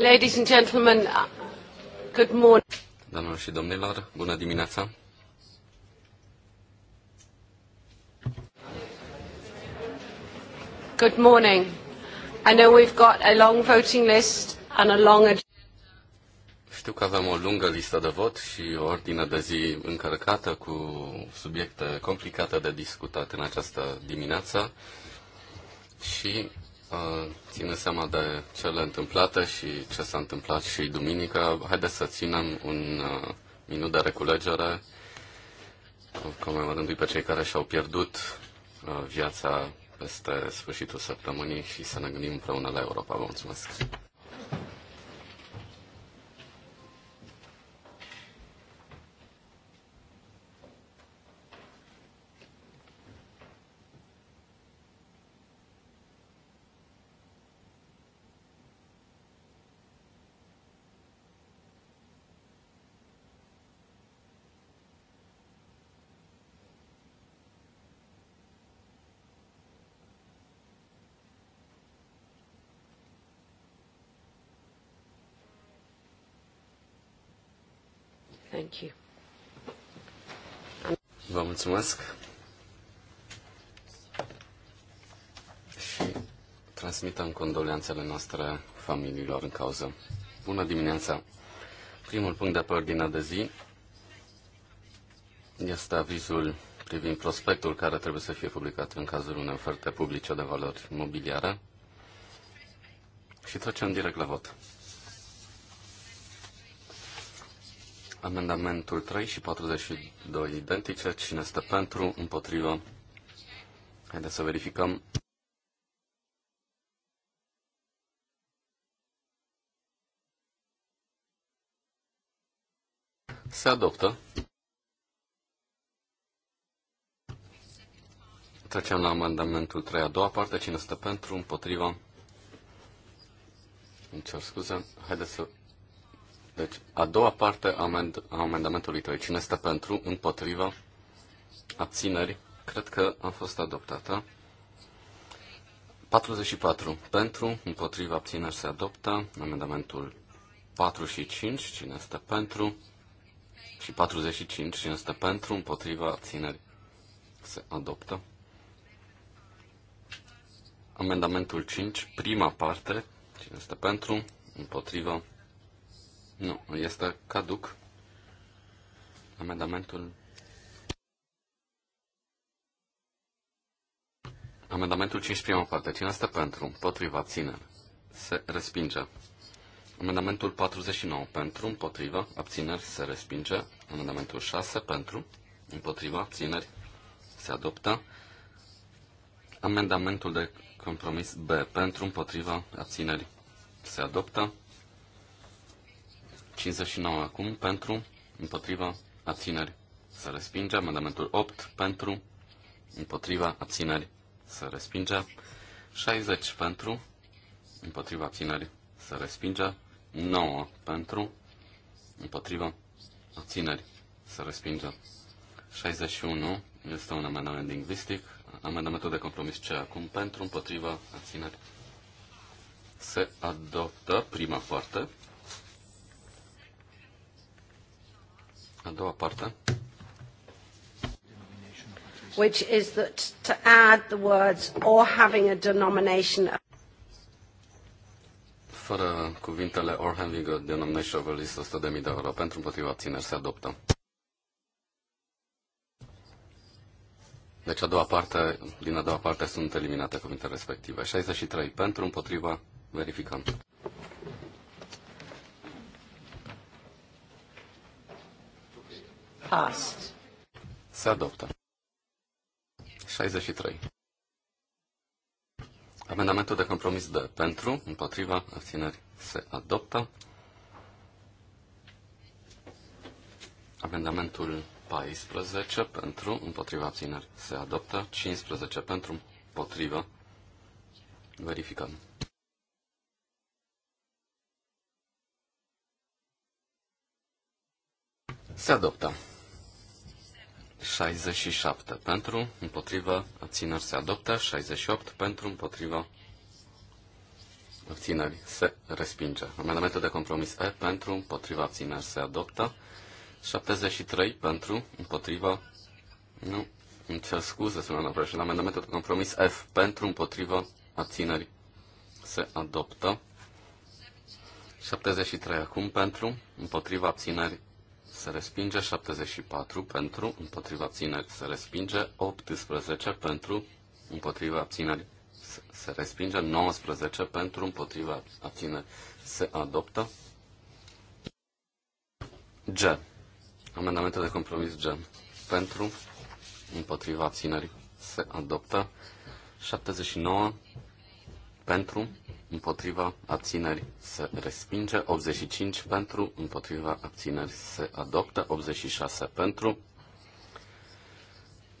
Ladies and gentlemen, good morning. Doamnelor și domnilor, bună dimineața. Good morning. I know we've got a long voting list and a long agenda. Știu că avem o lungă listă de vot și o ordine de zi încărcată cu subiecte complicate de discutat în această dimineață și ține seama de cele întâmplate și ce s-a întâmplat și duminică, haideți să ținem un minut de reculegere comemorându-i pe cei care și-au pierdut viața peste sfârșitul săptămânii și să ne gândim împreună la Europa. Vă mulțumesc! Mulțumesc. Și transmitem condoleanțele noastre familiilor în cauză. Bună dimineața! Primul punct de pe ordinea de zi este avizul privind prospectul care trebuie să fie publicat în cazul unei oferte publice de valori mobiliare. Și trecem direct la vot. Amendamentul 3 și 42 identice. Cine este pentru? Împotrivă? Haideți să verificăm. Se adoptă. Trecem la amendamentul 3, a doua parte. Cine este pentru, Împotrivă? Îmi cer scuze. Haideți să deci, a doua parte a, amend- a amendamentului 3. Cine este pentru, împotriva, abțineri, cred că a fost adoptată. 44. Pentru, împotriva, abțineri se adoptă. Amendamentul 45. și Cine este pentru? Și 45. Cine este pentru, împotriva, abțineri se adoptă. Amendamentul 5, prima parte, cine este pentru, împotriva, nu, este caduc. Amendamentul Amendamentul 5 prima parte. Cine este pentru? Împotriva. Ține. Se respinge. Amendamentul 49 pentru, împotriva, abțineri, se respinge. Amendamentul 6 pentru, împotriva, abțineri, se adoptă. Amendamentul de compromis B pentru, împotriva, abțineri, se adoptă. 59 acum pentru, împotriva, abțineri, să respinge. Amendamentul 8 pentru, împotriva, abțineri, să respinge. 60 pentru, împotriva, abțineri, să respinge. 9 pentru, împotriva, abțineri, să respinge. 61 este un amendament lingvistic. Amendamentul de compromis ce acum pentru, împotriva, abțineri, se adoptă prima parte A doua parte. Which is that to add the words or having a denomination fără cuvintele or having a denomination of at least 100.000 de euro pentru împotriva țineri se adoptă. Deci a doua parte, din a doua parte sunt eliminate cuvintele respective. 63 pentru împotriva verificăm. Passed. Se adoptă. 63. Amendamentul de compromis de pentru, împotriva, abțineri se adoptă. Amendamentul 14 pentru, împotriva abțineri se adoptă. 15 pentru, împotriva. Verificăm. Se adoptă. 67 pentru, împotriva, abțineri se adoptă, 68 pentru, împotriva, abțineri se respinge. Amendamentul de compromis E pentru, împotriva, abțineri se adoptă, 73 pentru, împotriva, nu, îmi cer scuze, sunt la președinte, amendamentul de compromis F pentru, împotriva, abțineri se adoptă, 73 acum pentru, împotriva, abțineri se respinge, 74 pentru, împotriva abțineri se respinge, 18 pentru, împotriva abțineri se respinge, 19 pentru, împotriva abțineri se adoptă. G. Amendamente de compromis G. Pentru, împotriva abținerii se adoptă. 79 pentru, împotriva, abțineri, se respinge. 85 pentru, împotriva, abțineri, se adoptă. 86 pentru,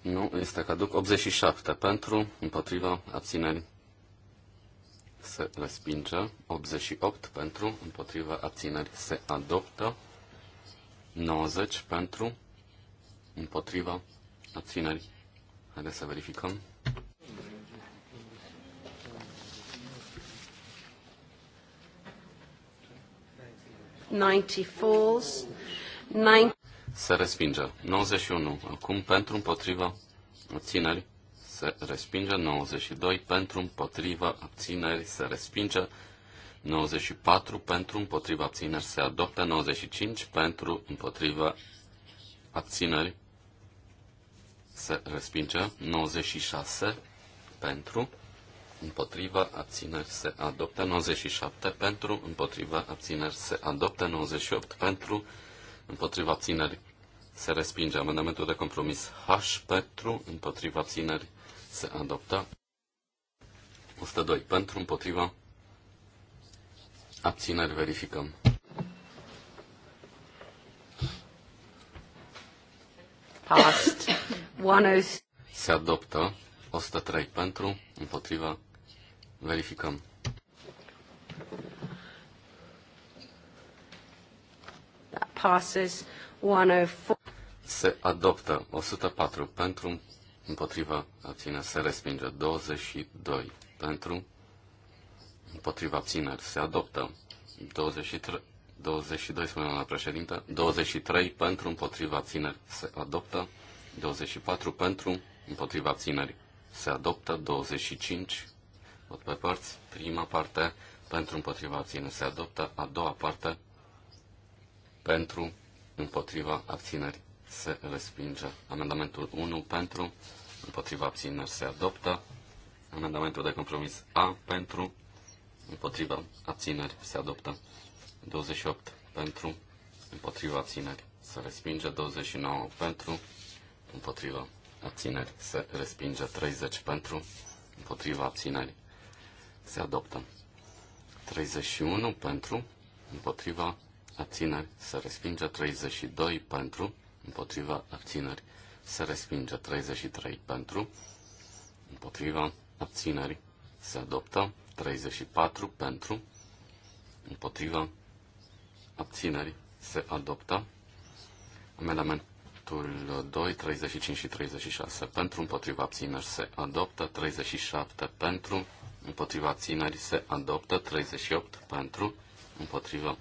nu, este caduc. 87 pentru, împotriva, abțineri, se respinge. 88 pentru, împotriva, abțineri, se adoptă. 90 pentru, împotriva, abțineri. Haideți să verificăm. 90 falls. Se respinge. 91. Acum pentru împotriva obțineri. se respinge. 92 pentru împotriva obțineri. se respinge. 94 pentru împotriva obțineri. se adoptă. 95 pentru împotriva obțineri. se respinge. 96 pentru împotriva, abțineri se adoptă 97 pentru, împotriva, abțineri se adoptă 98 pentru, împotriva, abțineri se respinge. Amendamentul de compromis H pentru, împotriva, abțineri se adoptă 102 pentru, împotriva, abțineri verificăm. Past. Oh- se adoptă 103 pentru, împotriva, Verificăm. That passes 104. Se adoptă 104 pentru, împotriva, abține, se respinge 22 pentru, împotriva abțineri, se adoptă 23, 22, spune la președinte, 23 pentru, împotriva abțineri, se adoptă 24 pentru, împotriva abțineri, se adoptă 25 Vot pe părți. Prima parte pentru împotriva abținerii se adoptă. A doua parte pentru împotriva abținerii se respinge. Amendamentul 1 pentru împotriva abținerii se adoptă. Amendamentul de compromis A pentru împotriva abținerii se adoptă. 28 pentru împotriva abținerii se respinge. 29 pentru împotriva abținerii se respinge. 30 pentru împotriva abținerii se adoptă. 31 pentru, împotriva, abțineri, se respinge. 32 pentru, împotriva, abțineri, se respinge. 33 pentru, împotriva, abțineri, se adoptă. 34 pentru, împotriva, abțineri, se adoptă. Amendament 2, 35 și 36 pentru, împotriva abțineri se adoptă, 37 pentru, împotriva abținerii se adoptă, 38 pentru, împotriva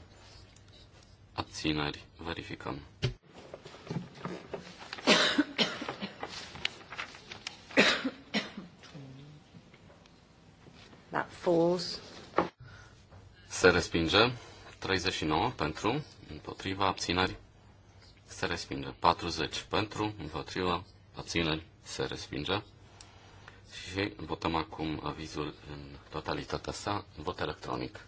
abținerii. Verificăm. That falls. Se respinge 39 pentru, împotriva abținerii. Se respinge 40 pentru, împotriva abținerii. Se respinge și votăm acum avizul în totalitatea sa, vot electronic.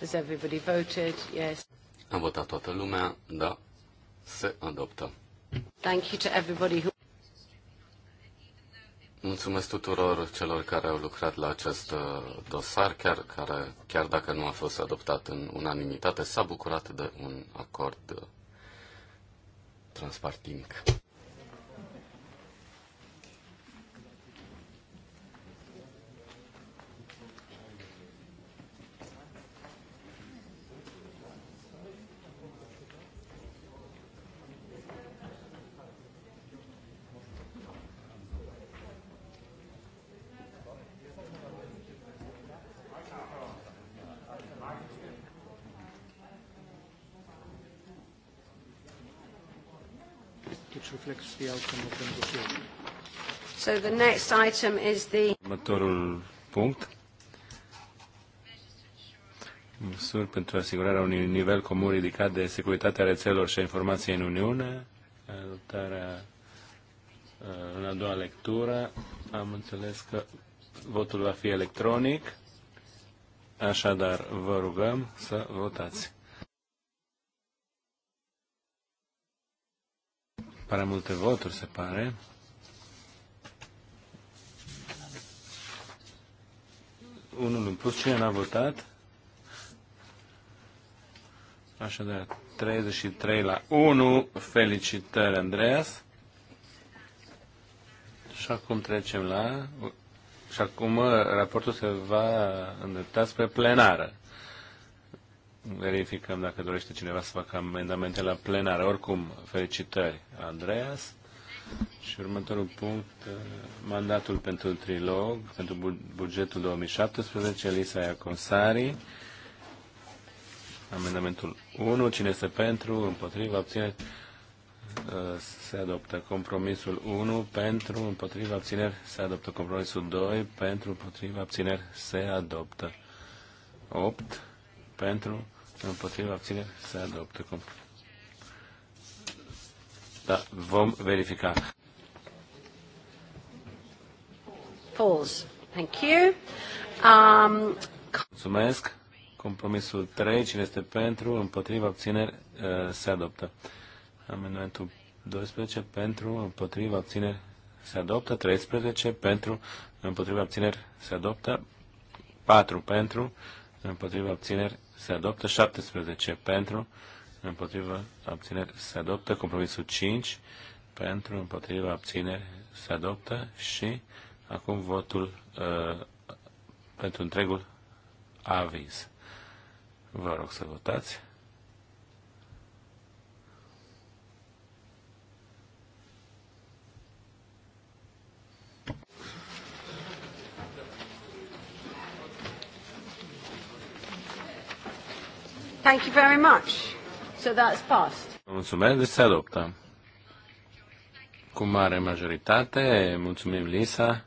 Has everybody voted? Yes. A votat toată lumea, da, se adoptă. Thank you to everybody who... Mulțumesc tuturor celor care au lucrat la acest uh, dosar, chiar, care, chiar dacă nu a fost adoptat în unanimitate, s-a bucurat de un acord uh, transpartinic. So the next item is the... Următorul punct. Măsuri pentru asigurarea unui nivel comun ridicat de securitate a rețelelor și a informației în Uniune. Adoptarea uh, în a doua lectură. Am înțeles că votul va fi electronic. Așadar, vă rugăm să votați. Pare multe voturi, se pare. unul în plus. Cine n-a votat? Așadar, 33 la 1. Felicitări, Andreas. Și acum trecem la... Și acum uh, raportul se va îndrepta spre plenară. Verificăm dacă dorește cineva să facă amendamente la plenară. Oricum, felicitări, Andreas. Și următorul punct, uh, mandatul pentru trilog, pentru bugetul 2017, Elisa Iaconsari. Amendamentul 1, cine este pentru, împotriva, abține, uh, se adoptă compromisul 1 pentru, împotriva, abțineri, se adoptă compromisul 2 pentru, împotriva, abțineri, se adoptă 8 pentru, împotriva, abțineri, se adoptă compromisul dar vom verifica. Falls. Thank you. Um... Mulțumesc. Compromisul 3, cine este pentru, împotriva, abțineri, uh, se adoptă. Amendamentul 12, pentru, împotriva, abțineri, se adoptă. 13, pentru, împotriva, abțineri, se adoptă. 4, pentru, împotriva, abțineri, se adoptă. 17, pentru, împotriva abțineri, se adoptă. Compromisul 5, pentru, împotrivă, abțineri, se adoptă. Și acum votul uh, pentru întregul aviz. Vă rog să votați. Thank you very much. So that's passed. Mulțumesc, deci se adoptă. Cu mare majoritate, mulțumim Lisa.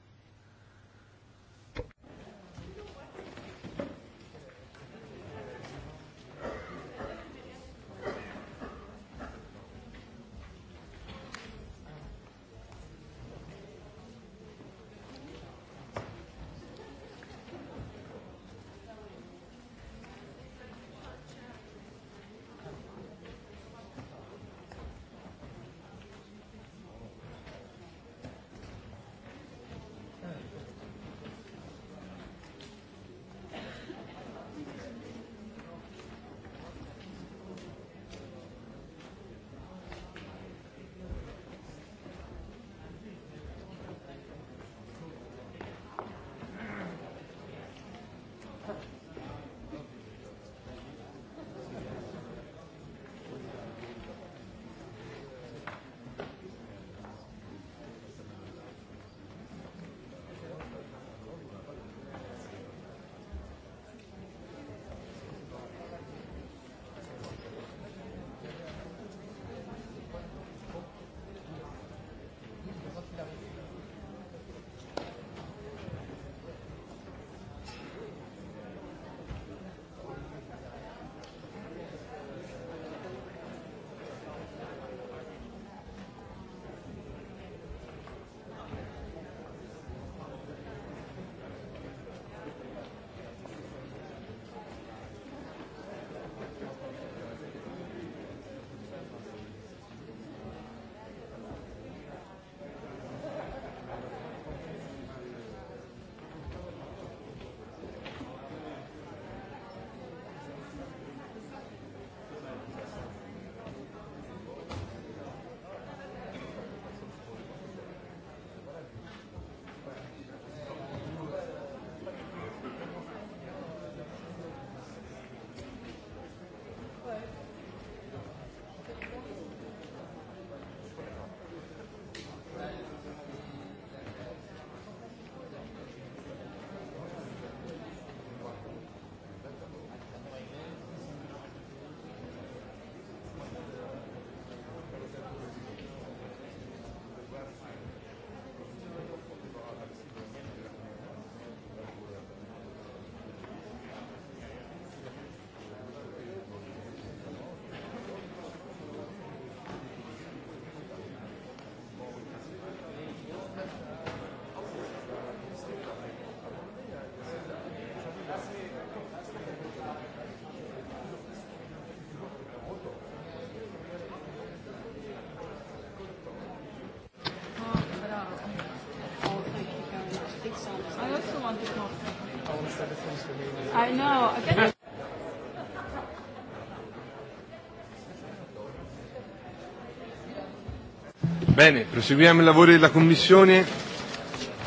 Bene, proseguiamo i lavori della Commissione.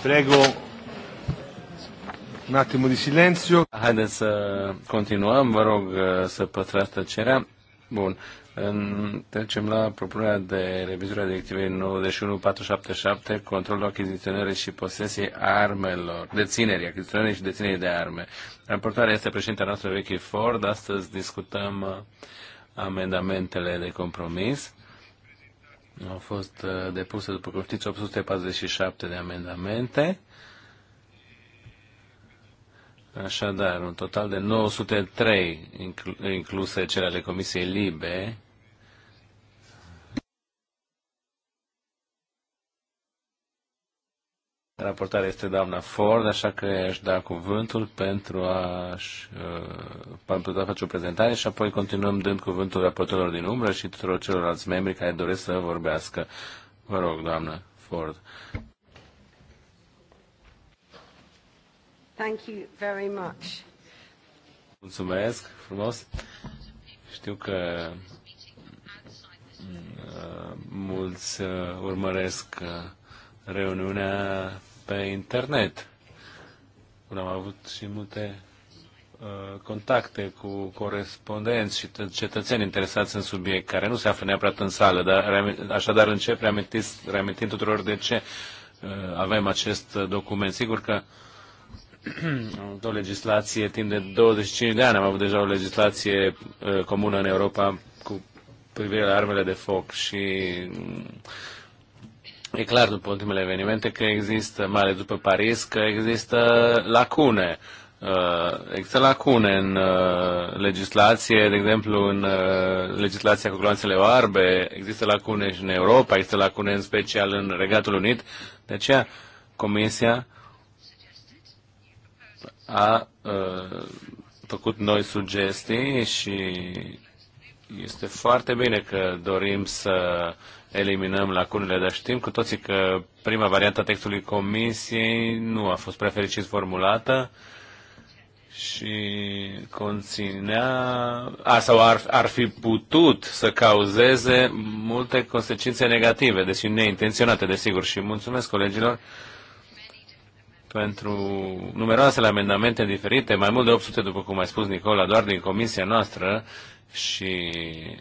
Prego un attimo di silenzio. Haideți să continuăm, vă rog uh, să păstrați tăcerea. Bun. Trecem la propunerea de revizuire a directivei 91.477, controlul achiziționării și posesiei armelor, deținerii, achiziționării și deținerii de arme. Raportarea este președintea noastră Vicky Ford. Astăzi discutăm uh, amendamentele de compromis. Au fost uh, depuse, după cum știți, 847 de amendamente. Așadar, un total de 903, incluse cele ale Comisiei Libe, Raportarea este doamna Ford, așa că aș da cuvântul pentru a, uh, pentru a face o prezentare și apoi continuăm dând cuvântul raportorilor din umbră și tuturor celorlalți membri care doresc să vorbească. Vă rog, doamnă Ford. Thank you very much. Mulțumesc frumos. Știu că uh, mulți uh, urmăresc reuniunea pe internet. Am avut și multe uh, contacte cu corespondenți și cetățeni interesați în subiect, care nu se află neapărat în sală, dar așadar încep reamintind, tuturor de ce uh, avem acest document. Sigur că o legislație timp de 25 de ani am avut deja o legislație uh, comună în Europa cu privire la armele de foc și E clar după ultimele evenimente că există, mai ales după Paris, că există lacune. Uh, există lacune în uh, legislație, de exemplu în uh, legislația cu gloanțele oarbe, există lacune și în Europa, există lacune în special în Regatul Unit. De aceea Comisia a făcut noi sugestii și este foarte bine că dorim să uh, eliminăm lacunile, dar știm cu toții că prima variantă a textului comisiei nu a fost prea fericit formulată și conținea, a, sau ar, ar fi putut să cauzeze multe consecințe negative, deși neintenționate, desigur. Și mulțumesc colegilor pentru numeroasele amendamente diferite, mai mult de 800, după cum ai spus, Nicola, doar din comisia noastră și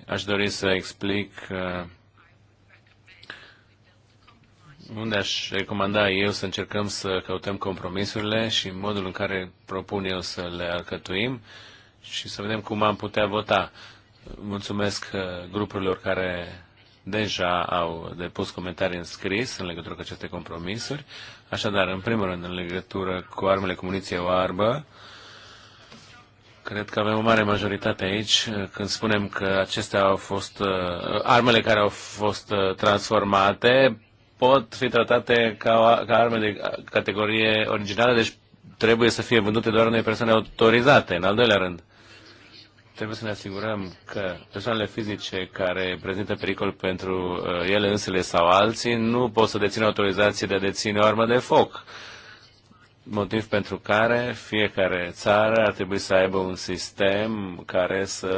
aș dori să explic uh, unde aș recomanda eu să încercăm să căutăm compromisurile și modul în care propun eu să le alcătuim și să vedem cum am putea vota. Mulțumesc uh, grupurilor care deja au depus comentarii în scris în legătură cu aceste compromisuri. Așadar, în primul rând, în legătură cu armele cu muniție oarbă, Cred că avem o mare majoritate aici uh, când spunem că acestea au fost uh, armele care au fost uh, transformate pot fi tratate ca, ca arme de categorie originală, deci trebuie să fie vândute doar unei persoane autorizate, în al doilea rând. Trebuie să ne asigurăm că persoanele fizice care prezintă pericol pentru uh, ele însele sau alții nu pot să dețină autorizație de a deține o armă de foc. Uh, motiv pentru care fiecare țară ar trebui să aibă un sistem care să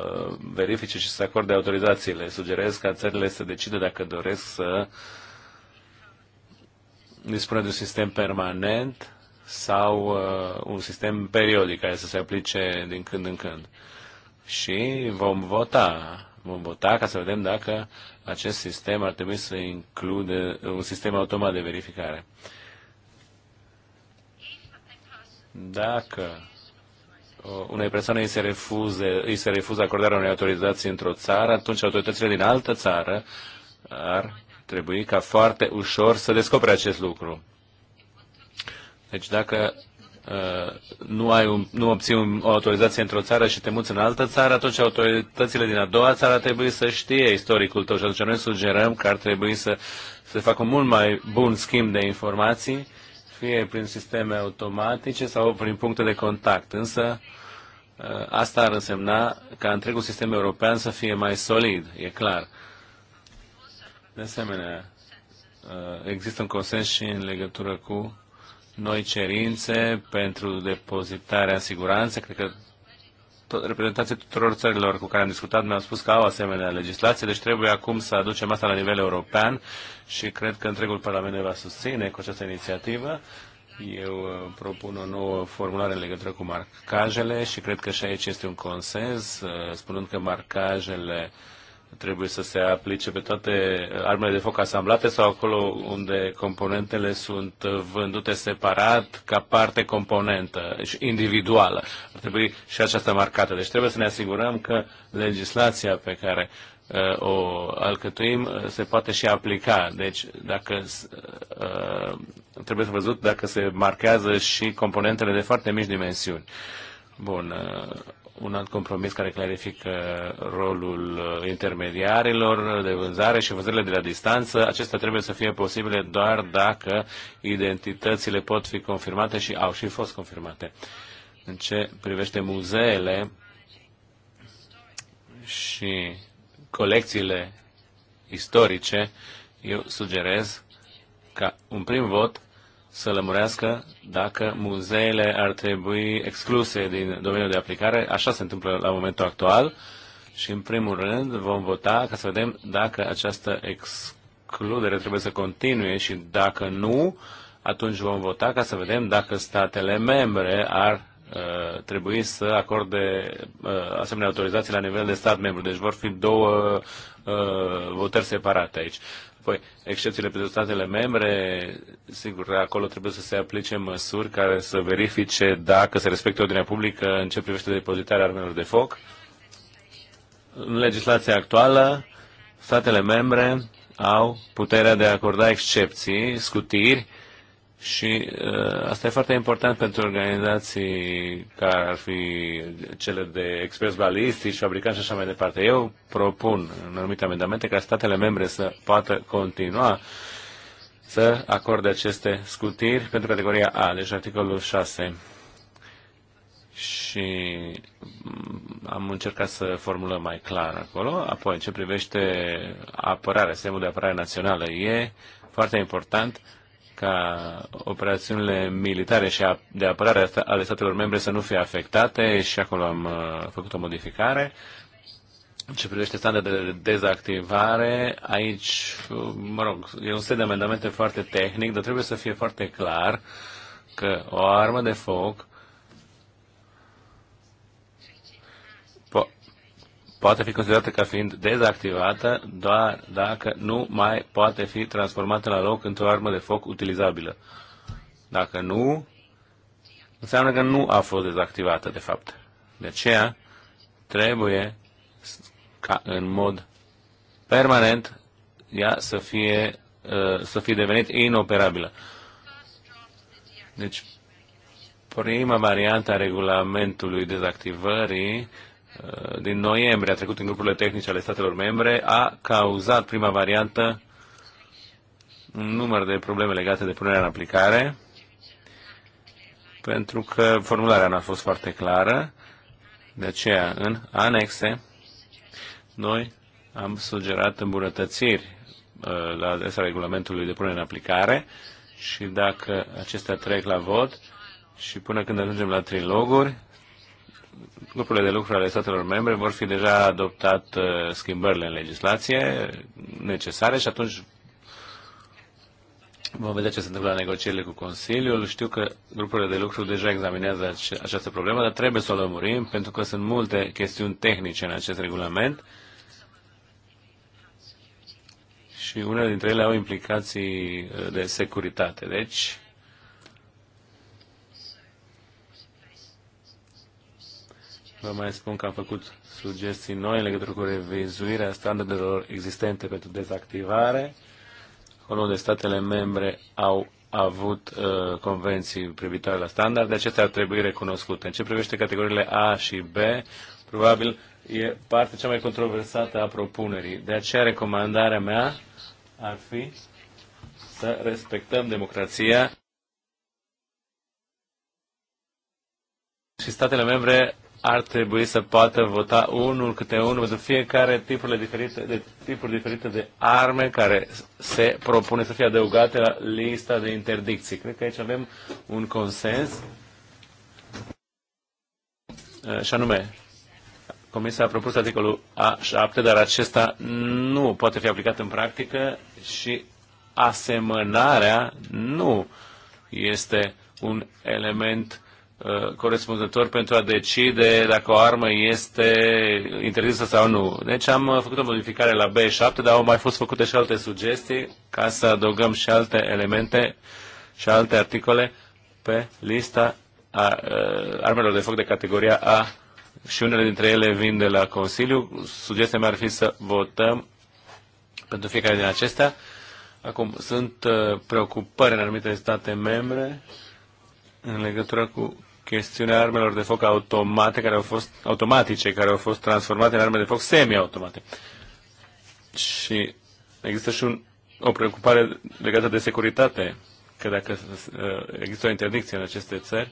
uh, verifice și să acorde autorizațiile. Sugerez ca țările să decide dacă doresc să dispună de un sistem permanent sau uh, un sistem periodic care să se aplice din când în când. Și vom vota. Vom vota ca să vedem dacă acest sistem ar trebui să includă un sistem automat de verificare. Dacă uh, unei persoane îi se, refuze, îi se refuză acordarea unei autorizații într-o țară, atunci autoritățile din altă țară ar trebui ca foarte ușor să descopere acest lucru. Deci dacă uh, nu, ai un, nu obții o autorizație într-o țară și te muți în altă țară, atunci autoritățile din a doua țară trebuie să știe istoricul tău și atunci noi sugerăm că ar trebui să se facă un mult mai bun schimb de informații fie prin sisteme automatice sau prin puncte de contact. Însă, ă, asta ar însemna ca întregul sistem european să fie mai solid, e clar. De asemenea, ă, există un consens și în legătură cu noi cerințe pentru depozitarea în siguranță. Cred că reprezentanții tuturor țărilor cu care am discutat mi-au spus că au asemenea legislație, deci trebuie acum să aducem asta la nivel european și cred că întregul Parlament ne va susține cu această inițiativă. Eu uh, propun o nouă formulare în legătură cu marcajele și cred că și aici este un consens, uh, spunând că marcajele uh, trebuie să se aplice pe toate uh, armele de foc asamblate sau acolo unde componentele sunt uh, vândute separat ca parte componentă și individuală. Ar trebui și această marcată. Deci trebuie să ne asigurăm că legislația pe care uh, o alcătuim se poate și aplica. Deci dacă trebuie să văzut dacă se marchează și componentele de foarte mici dimensiuni. Bun un alt compromis care clarifică rolul uh, intermediarilor de vânzare și vânzările de la distanță. Acestea trebuie să fie posibile doar dacă identitățile pot fi confirmate și au și fost confirmate. În ce privește muzeele și colecțiile istorice, eu sugerez ca un prim vot să lămurească dacă muzeele ar trebui excluse din domeniul de aplicare. Așa se întâmplă la momentul actual și, în primul rând, vom vota ca să vedem dacă această excludere trebuie să continue și, dacă nu, atunci vom vota ca să vedem dacă statele membre ar uh, trebui să acorde uh, asemenea autorizații la nivel de stat membru. Deci vor fi două uh, votări separate aici. Păi, excepțiile pentru statele membre, sigur, acolo trebuie să se aplice măsuri care să verifice dacă se respectă ordinea publică în ce privește depozitarea armelor de foc. În legislația actuală, statele membre au puterea de a acorda excepții, scutiri, și uh, asta e foarte important pentru organizații care ar fi cele de experți balistici, fabricanți și așa mai departe. Eu propun în anumite amendamente ca statele membre să poată continua să acorde aceste scutiri pentru categoria A, deci articolul 6. Și mm, am încercat să formulăm mai clar acolo. Apoi, ce privește apărarea, sistemul de apărare națională, e foarte important ca operațiunile militare și de apărare ale statelor membre să nu fie afectate și acolo am uh, făcut o modificare. Ce privește standardele de dezactivare, aici, uh, mă rog, e un set de amendamente foarte tehnic, dar trebuie să fie foarte clar că o armă de foc poate fi considerată ca fiind dezactivată doar dacă nu mai poate fi transformată la loc într-o armă de foc utilizabilă. Dacă nu, înseamnă că nu a fost dezactivată, de fapt. De aceea, trebuie ca în mod permanent ea să fie, uh, să fie devenit inoperabilă. Deci, prima variantă a regulamentului dezactivării Uh, din noiembrie a trecut în grupurile tehnice ale statelor membre a cauzat prima variantă un număr de probleme legate de punerea în aplicare, pentru că formularea nu a fost foarte clară, de aceea în anexe noi am sugerat îmbunătățiri uh, la adresa regulamentului de punere în aplicare și dacă acestea trec la vot și până când ajungem la triloguri, grupurile de lucru ale statelor membre vor fi deja adoptat uh, schimbările în legislație necesare și atunci Vom vedea ce se întâmplă la negocierile cu Consiliul. Știu că grupurile de lucru deja examinează ace- această problemă, dar trebuie să o lămurim, pentru că sunt multe chestiuni tehnice în acest regulament și unele dintre ele au implicații uh, de securitate. Deci, Vă mai spun că am făcut sugestii noi în legătură cu revizuirea standardelor existente pentru dezactivare, Unul de statele membre au avut uh, convenții privitoare la standard, de acestea ar trebui recunoscute. În ce privește categoriile A și B, probabil e partea cea mai controversată a propunerii. De aceea recomandarea mea ar fi să respectăm democrația și statele membre ar trebui să poată vota unul câte unul de fiecare tipurile diferite, de tipuri diferite de arme care se propune să fie adăugate la lista de interdicții. Cred că aici avem un consens uh, și anume Comisia a propus articolul A7, dar acesta nu poate fi aplicat în practică și asemănarea nu este un element Uh, corespunzător pentru a decide dacă o armă este interzisă sau nu. Deci am uh, făcut o modificare la B7, dar au mai fost făcute și alte sugestii ca să adăugăm și alte elemente și alte articole pe lista a, a, uh, armelor de foc de categoria A și unele dintre ele vin de la Consiliu. Sugestia mea ar fi să votăm pentru fiecare din acestea. Acum, sunt preocupări în anumite state membre în legătură cu chestiunea armelor de foc automate care au fost automatice, care au fost transformate în arme de foc semi-automate. Și există și un, o preocupare legată de securitate, că dacă uh, există o interdicție în aceste țări,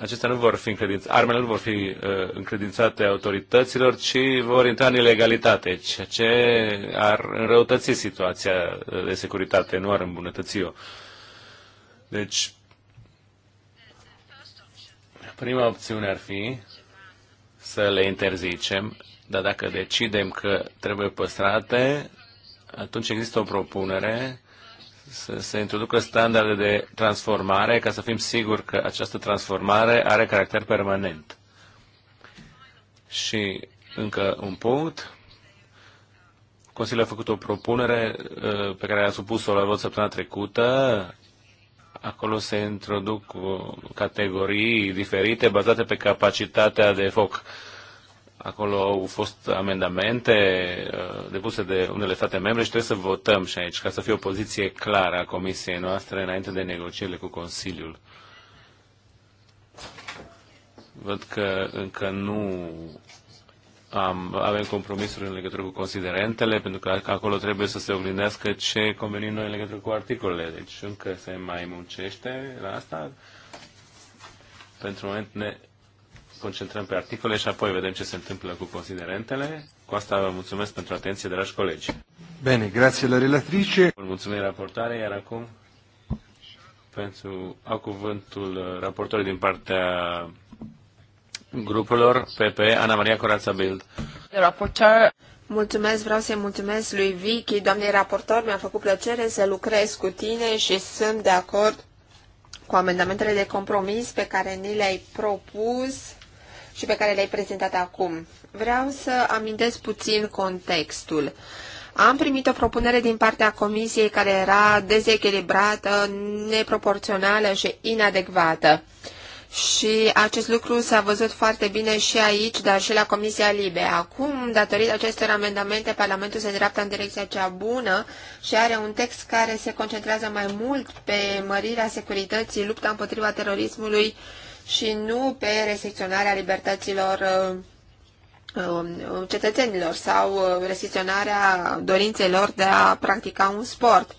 acestea nu vor fi încredințate, armele nu vor fi uh, încredințate autorităților, ci vor intra în ilegalitate, ceea ce ar înrăutăți situația uh, de securitate, nu ar îmbunătăți-o. Deci, Prima opțiune ar fi să le interzicem, dar dacă decidem că trebuie păstrate, atunci există o propunere să se introducă standarde de transformare ca să fim siguri că această transformare are caracter permanent. Și încă un punct. Consiliul a făcut o propunere uh, pe care a supus-o la vot săptămâna trecută Acolo se introduc uh, categorii diferite bazate pe capacitatea de foc. Acolo au fost amendamente uh, depuse de unele state membre și trebuie să votăm și aici, ca să fie o poziție clară a Comisiei noastre înainte de negocierile cu Consiliul. Văd că încă nu am, avem compromisuri în legătură cu considerentele, pentru că acolo trebuie să se oglindească ce convenim noi în legătură cu articolele. Deci încă se mai muncește la asta. Pentru moment ne concentrăm pe articole și apoi vedem ce se întâmplă cu considerentele. Cu asta vă mulțumesc pentru atenție, dragi colegi. Bine, grație la relatrice. Mulțumim raportare, iar acum pentru, au cuvântul uh, raportorului din partea grupurilor PP, Ana Maria Corața Bild. Raportor. Mulțumesc, vreau să-i mulțumesc lui Vicky, doamnei raportor, mi-a făcut plăcere să lucrez cu tine și sunt de acord cu amendamentele de compromis pe care ni le-ai propus și pe care le-ai prezentat acum. Vreau să amintesc puțin contextul. Am primit o propunere din partea comisiei care era dezechilibrată, neproporțională și inadecvată. Și acest lucru s-a văzut foarte bine și aici, dar și la Comisia Libe. Acum, datorită acestor amendamente, Parlamentul se îndreaptă în direcția cea bună și are un text care se concentrează mai mult pe mărirea securității, lupta împotriva terorismului și nu pe restricționarea libertăților uh, um, cetățenilor sau uh, restricționarea dorințelor de a practica un sport.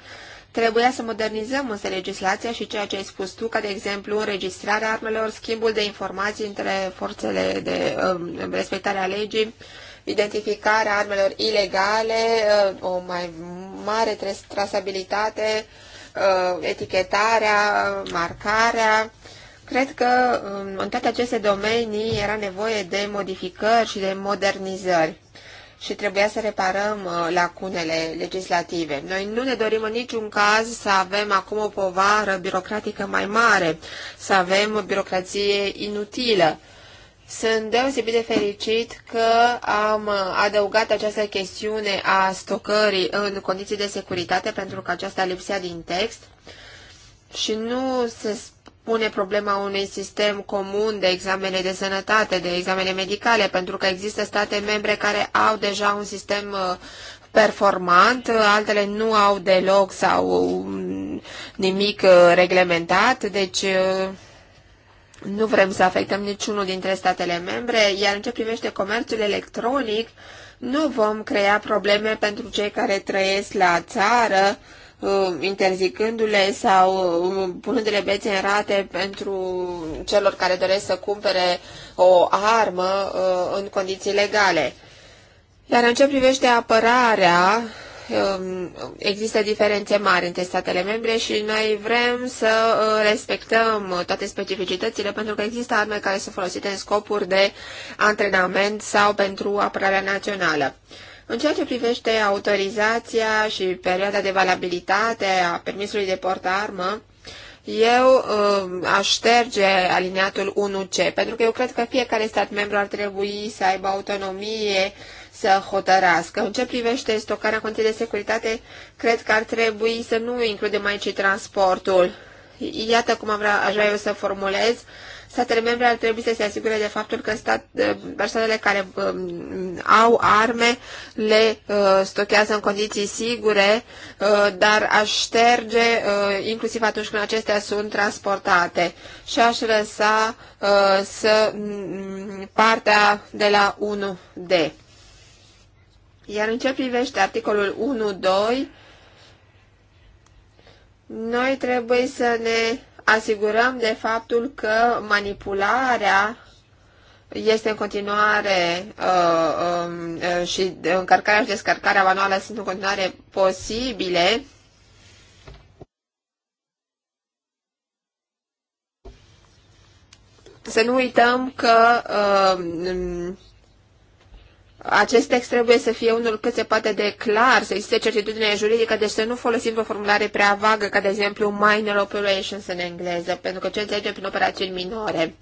Trebuia să modernizăm însă legislația și ceea ce ai spus tu, ca de exemplu înregistrarea armelor, schimbul de informații între forțele de um, respectarea legii, identificarea armelor ilegale, uh, o mai mare trasabilitate, uh, etichetarea, marcarea. Cred că um, în toate aceste domenii era nevoie de modificări și de modernizări și trebuia să reparăm uh, lacunele legislative. Noi nu ne dorim în niciun caz să avem acum o povară birocratică mai mare, să avem o birocrație inutilă. Sunt deosebit de fericit că am uh, adăugat această chestiune a stocării în condiții de securitate, pentru că aceasta lipsea din text și nu se pune problema unui sistem comun de examene de sănătate, de examene medicale, pentru că există state membre care au deja un sistem uh, performant, altele nu au deloc sau um, nimic uh, reglementat, deci uh, nu vrem să afectăm niciunul dintre statele membre, iar în ce privește comerțul electronic, nu vom crea probleme pentru cei care trăiesc la țară, Uh, interzicându-le sau uh, punându-le bețe în rate pentru celor care doresc să cumpere o armă uh, în condiții legale. Iar în ce privește apărarea, um, există diferențe mari între statele membre și noi vrem să respectăm toate specificitățile pentru că există arme care sunt folosite în scopuri de antrenament sau pentru apărarea națională. În ceea ce privește autorizația și perioada de valabilitate a permisului de portarmă, eu uh, aș șterge alineatul 1C, pentru că eu cred că fiecare stat membru ar trebui să aibă autonomie să hotărască. În ce privește stocarea conții de securitate, cred că ar trebui să nu includem aici transportul. Iată cum am vrea, aș vrea eu să formulez. Uh, statele membre ar trebui să se asigure de faptul că stat, persoanele care um, au arme le uh, stochează în condiții sigure, uh, dar aș șterge uh, inclusiv atunci când acestea sunt transportate și aș lăsa să mm, partea de la 1D. Iar în ce privește articolul 1.2, noi trebuie să ne asigurăm de faptul că manipularea este în continuare uh, um, uh, și încărcarea și descărcarea manuală sunt în continuare posibile. Să nu uităm că uh, acest text trebuie să fie unul cât se poate de clar, să existe certitudine juridică, deci să nu folosim o formulare prea vagă, ca de exemplu minor operations în engleză, pentru că ce înțelegem prin operațiuni minore.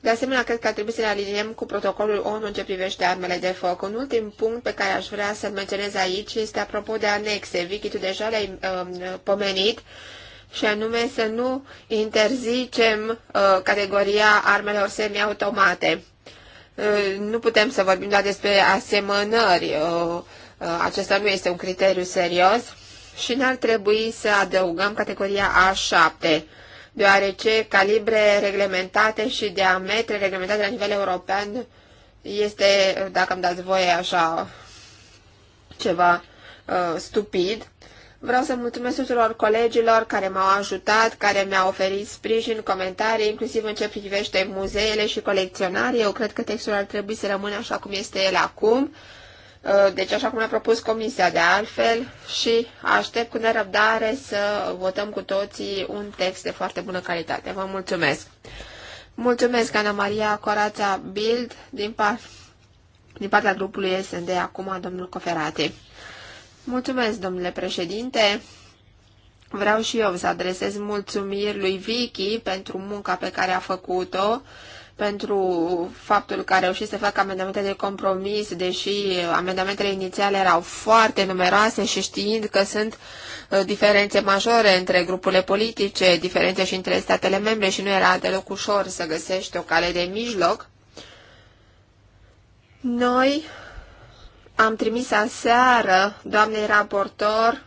De asemenea, cred că ar trebui să ne aliniem cu protocolul ONU în ce privește armele de foc. Un ultim punct pe care aș vrea să-l menționez aici este apropo de anexe. Vicky, tu deja le-ai um, pomenit și anume să nu interzicem uh, categoria armelor semiautomate. Uh, nu putem să vorbim doar despre asemănări. Uh, uh, acesta nu este un criteriu serios și n-ar trebui să adăugăm categoria A7, deoarece calibre reglementate și diametre reglementate la nivel european este, dacă îmi dați voie așa, ceva stupid Vreau să mulțumesc tuturor colegilor care m-au ajutat, care mi-au oferit sprijin, comentarii, inclusiv în ce privește muzeele și colecționarii. Eu cred că textul ar trebui să rămână așa cum este el acum, uh, deci așa cum a propus comisia de altfel și aștept cu nerăbdare să votăm cu toții un text de foarte bună calitate. Vă mulțumesc! Mulțumesc, Ana Maria Corața Bild, din, par- din partea grupului SND, acum domnul Coferati. Mulțumesc, domnule președinte. Vreau și eu să adresez mulțumiri lui Vicky pentru munca pe care a făcut-o, pentru faptul că a reușit să facă amendamente de compromis, deși amendamentele inițiale erau foarte numeroase și știind că sunt uh, diferențe majore între grupurile politice, diferențe și între statele membre și nu era deloc ușor să găsești o cale de mijloc. Noi am trimis aseară, doamnei raportor,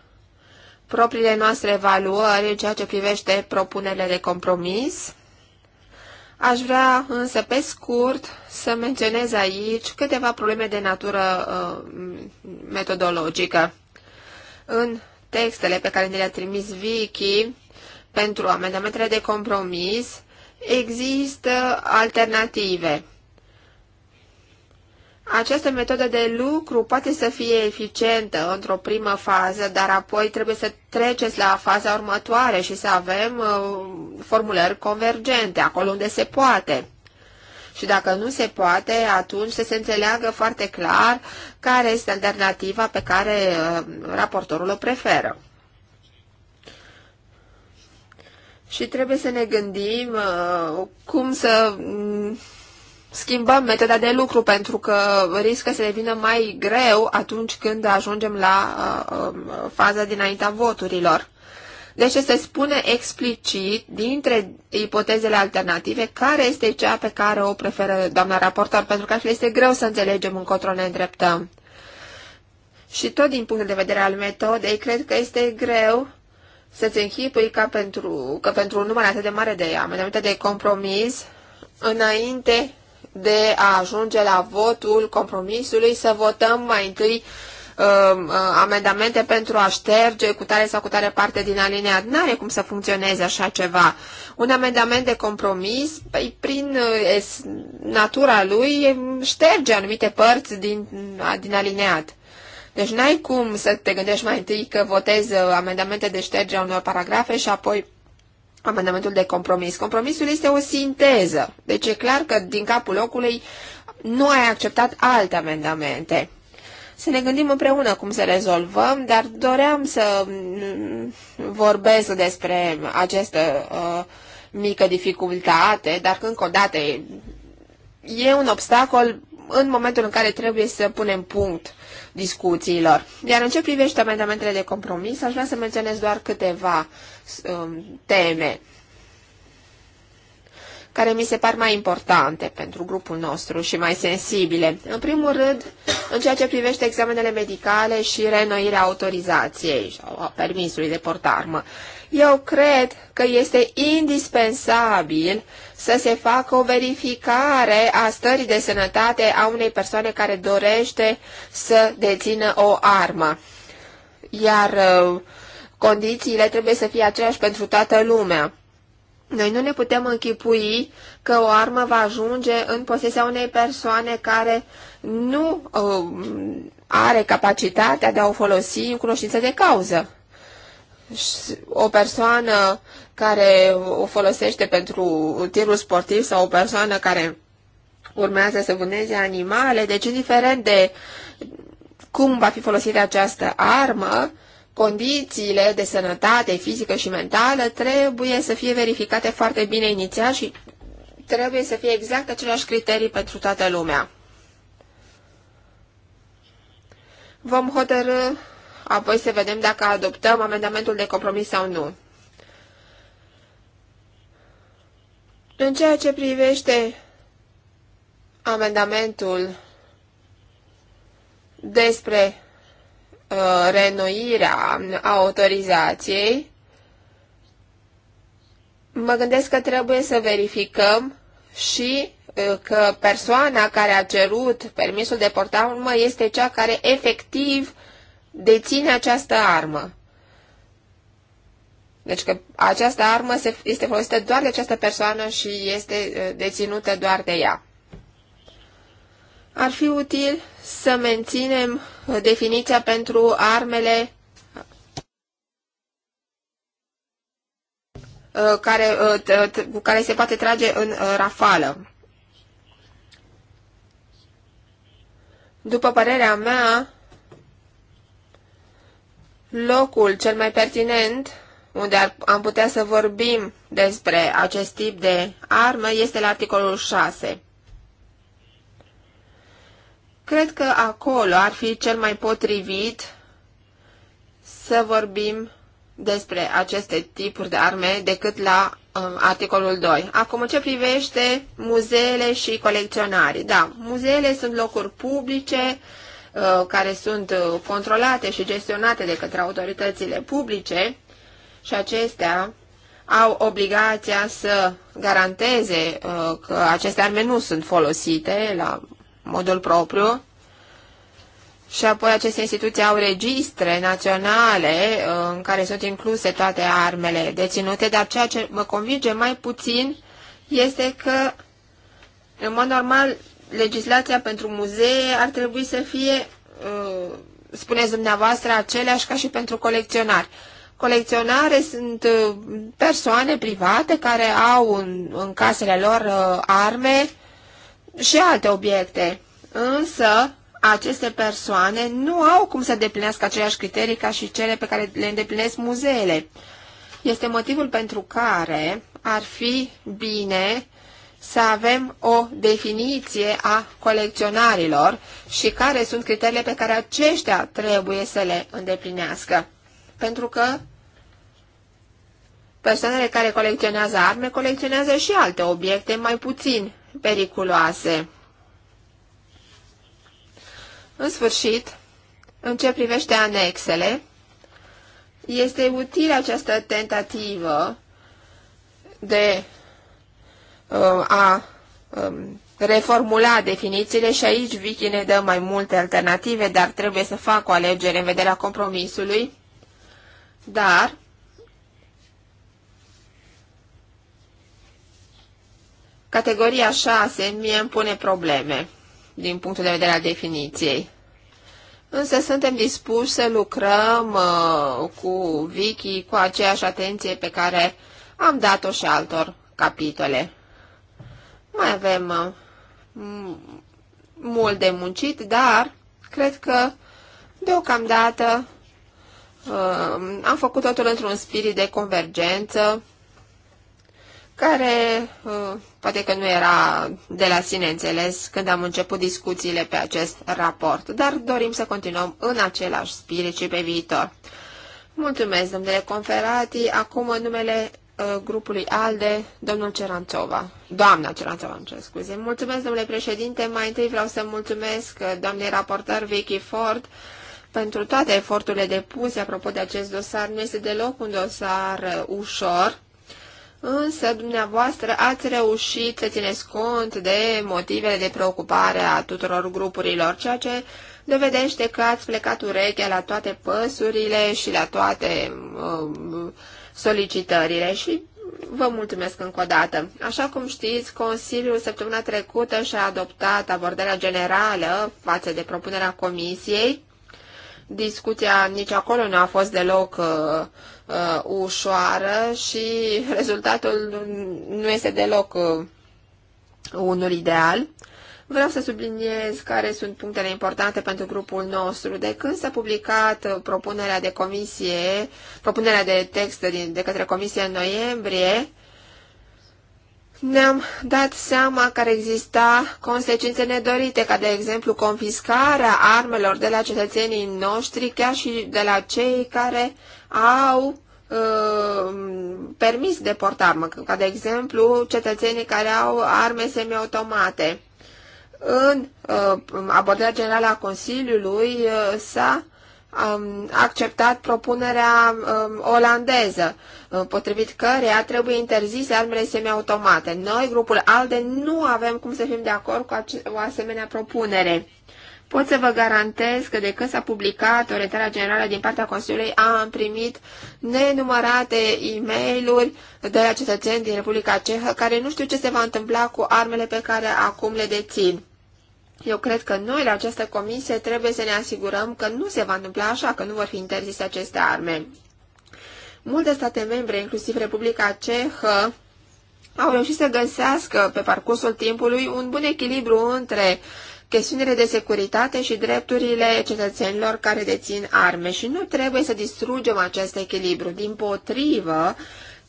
propriile noastre evaluări în ceea ce privește propunerile de compromis. Aș vrea însă pe scurt să menționez aici câteva probleme de natură uh, metodologică. În textele pe care ne le-a trimis Vicky pentru amendamentele de compromis există alternative această metodă de lucru poate să fie eficientă într-o primă fază, dar apoi trebuie să treceți la faza următoare și să avem uh, formulări convergente, acolo unde se poate. Și dacă nu se poate, atunci să se înțeleagă foarte clar care este alternativa pe care uh, raportorul o preferă. Și trebuie să ne gândim uh, cum să mm, schimbăm metoda de lucru pentru că riscă să devină mai greu atunci când ajungem la uh, um, faza dinaintea voturilor. Deci se spune explicit dintre ipotezele alternative care este cea pe care o preferă doamna raportor, pentru că este greu să înțelegem încotro ne îndreptăm. Și tot din punctul de vedere al metodei, cred că este greu să-ți închipui ca pentru, că pentru un număr atât de mare de amendamente de compromis, înainte de a ajunge la votul compromisului, să votăm mai întâi um, uh, amendamente pentru a șterge cu tare sau cu tare parte din alinea. Nu are cum să funcționeze așa ceva. Un amendament de compromis, păi, prin uh, natura lui, șterge anumite părți din, din alineat. Deci n-ai cum să te gândești mai întâi că votezi uh, amendamente de ștergere a unor paragrafe și apoi amendamentul de compromis. Compromisul este o sinteză, deci e clar că din capul locului nu ai acceptat alte amendamente. Să ne gândim împreună cum să rezolvăm, dar doream să mm, vorbesc despre această uh, mică dificultate, dar încă o dată e un obstacol în momentul în care trebuie să punem punct discuțiilor. Iar în ce privește amendamentele de compromis, aș vrea să menționez doar câteva um, teme care mi se par mai importante pentru grupul nostru și mai sensibile. În primul rând, în ceea ce privește examenele medicale și reînnoirea autorizației sau a permisului de portarmă. Eu cred că este indispensabil uh, să se facă o verificare a stării de sănătate a unei persoane care dorește să dețină o armă. Iar uh, condițiile trebuie să fie aceleași pentru toată lumea. Noi nu ne putem închipui că o armă va ajunge în posesia unei persoane care nu uh, are capacitatea de a o folosi în cunoștință de cauză. O persoană care o folosește pentru tirul sportiv sau o persoană care urmează să vâneze animale, deci indiferent de cum va fi folosită această armă, condițiile de sănătate fizică și mentală trebuie să fie verificate foarte bine inițial și trebuie să fie exact aceleași criterii pentru toată lumea. Vom hotărâ apoi să vedem dacă adoptăm amendamentul de compromis sau nu. În ceea ce privește amendamentul despre uh, renoirea autorizației, mă gândesc că trebuie să verificăm și uh, că persoana care a cerut permisul de portarmă este cea care efectiv deține această armă. Deci că această armă se, este folosită doar de această persoană și este uh, deținută doar de ea. Ar fi util să menținem uh, definiția pentru armele uh, care, cu care se poate trage în rafală. După părerea mea, locul cel mai pertinent unde am putea să vorbim despre acest tip de armă este la articolul 6. Cred că acolo ar fi cel mai potrivit să vorbim despre aceste tipuri de arme decât la um, articolul 2. Acum, ce privește muzeele și colecționarii? Da, muzeele sunt locuri publice uh, care sunt uh, controlate și gestionate de către autoritățile publice, și acestea au obligația să garanteze uh, că aceste arme nu sunt folosite la modul propriu și apoi aceste instituții au registre naționale uh, în care sunt incluse toate armele deținute, dar ceea ce mă convinge mai puțin este că, în mod normal, legislația pentru muzee ar trebui să fie, uh, spuneți dumneavoastră, aceleași ca și pentru colecționari. Colecționare sunt uh, persoane private care au în, în casele lor uh, arme și alte obiecte. Însă, aceste persoane nu au cum să deplinească aceleași criterii ca și cele pe care le îndeplinesc muzeele. Este motivul pentru care ar fi bine să avem o definiție a colecționarilor și care sunt criteriile pe care aceștia trebuie să le îndeplinească pentru că persoanele care colecționează arme colecționează și alte obiecte mai puțin periculoase. În sfârșit, în ce privește anexele, este utilă această tentativă de uh, a um, reformula definițiile și aici Vicky ne dă mai multe alternative, dar trebuie să fac o alegere în vederea compromisului dar categoria 6 mie îmi pune probleme din punctul de vedere al definiției. Însă suntem dispuși să lucrăm uh, cu Vicky cu aceeași atenție pe care am dat-o și altor capitole. Mai avem uh, mult de muncit, dar cred că deocamdată Uh, am făcut totul într-un spirit de convergență, care uh, poate că nu era de la sine înțeles când am început discuțiile pe acest raport, dar dorim să continuăm în același spirit și pe viitor. Mulțumesc, domnule Conferati. Acum, în numele uh, grupului ALDE, domnul Ceranțova. Doamna Ceranțova, îmi cer scuze. Mulțumesc, domnule președinte. Mai întâi vreau să mulțumesc doamnei raportor Vicky Ford pentru toate eforturile depuse apropo de acest dosar. Nu este deloc un dosar uh, ușor, însă dumneavoastră ați reușit să țineți cont de motivele de preocupare a tuturor grupurilor, ceea ce dovedește că ați plecat urechea la toate păsurile și la toate um, solicitările și vă mulțumesc încă o dată. Așa cum știți, Consiliul săptămâna trecută și-a adoptat abordarea generală față de propunerea Comisiei Discuția nici acolo nu a fost deloc uh, uh, ușoară și rezultatul nu este deloc uh, unul ideal. Vreau să subliniez care sunt punctele importante pentru grupul nostru. De când s-a publicat uh, propunerea de comisie, propunerea de text de, de către comisie în noiembrie, ne-am dat seama că ar exista consecințe nedorite, ca de exemplu confiscarea armelor de la cetățenii noștri, chiar și de la cei care au uh, permis de portarmă, ca de exemplu cetățenii care au arme semiautomate. În uh, abordarea generală a Consiliului uh, s-a uh, um, acceptat propunerea um, olandeză, uh, potrivit căreia trebuie interzise armele semiautomate. Noi, grupul ALDE, nu avem cum să fim de acord cu o asemenea propunere. Pot să vă garantez că de când s-a publicat orientarea generală din partea Consiliului, am primit nenumărate e mail de la cetățeni din Republica Cehă care nu știu ce se va întâmpla cu armele pe care acum le dețin. Eu cred că noi, la această comisie, trebuie să ne asigurăm că nu se va întâmpla așa, că nu vor fi interzise aceste arme. Multe state membre, inclusiv Republica Cehă, au reușit să găsească pe parcursul timpului un bun echilibru între chestiunile de securitate și drepturile cetățenilor care dețin arme și nu trebuie să distrugem acest echilibru. Din potrivă,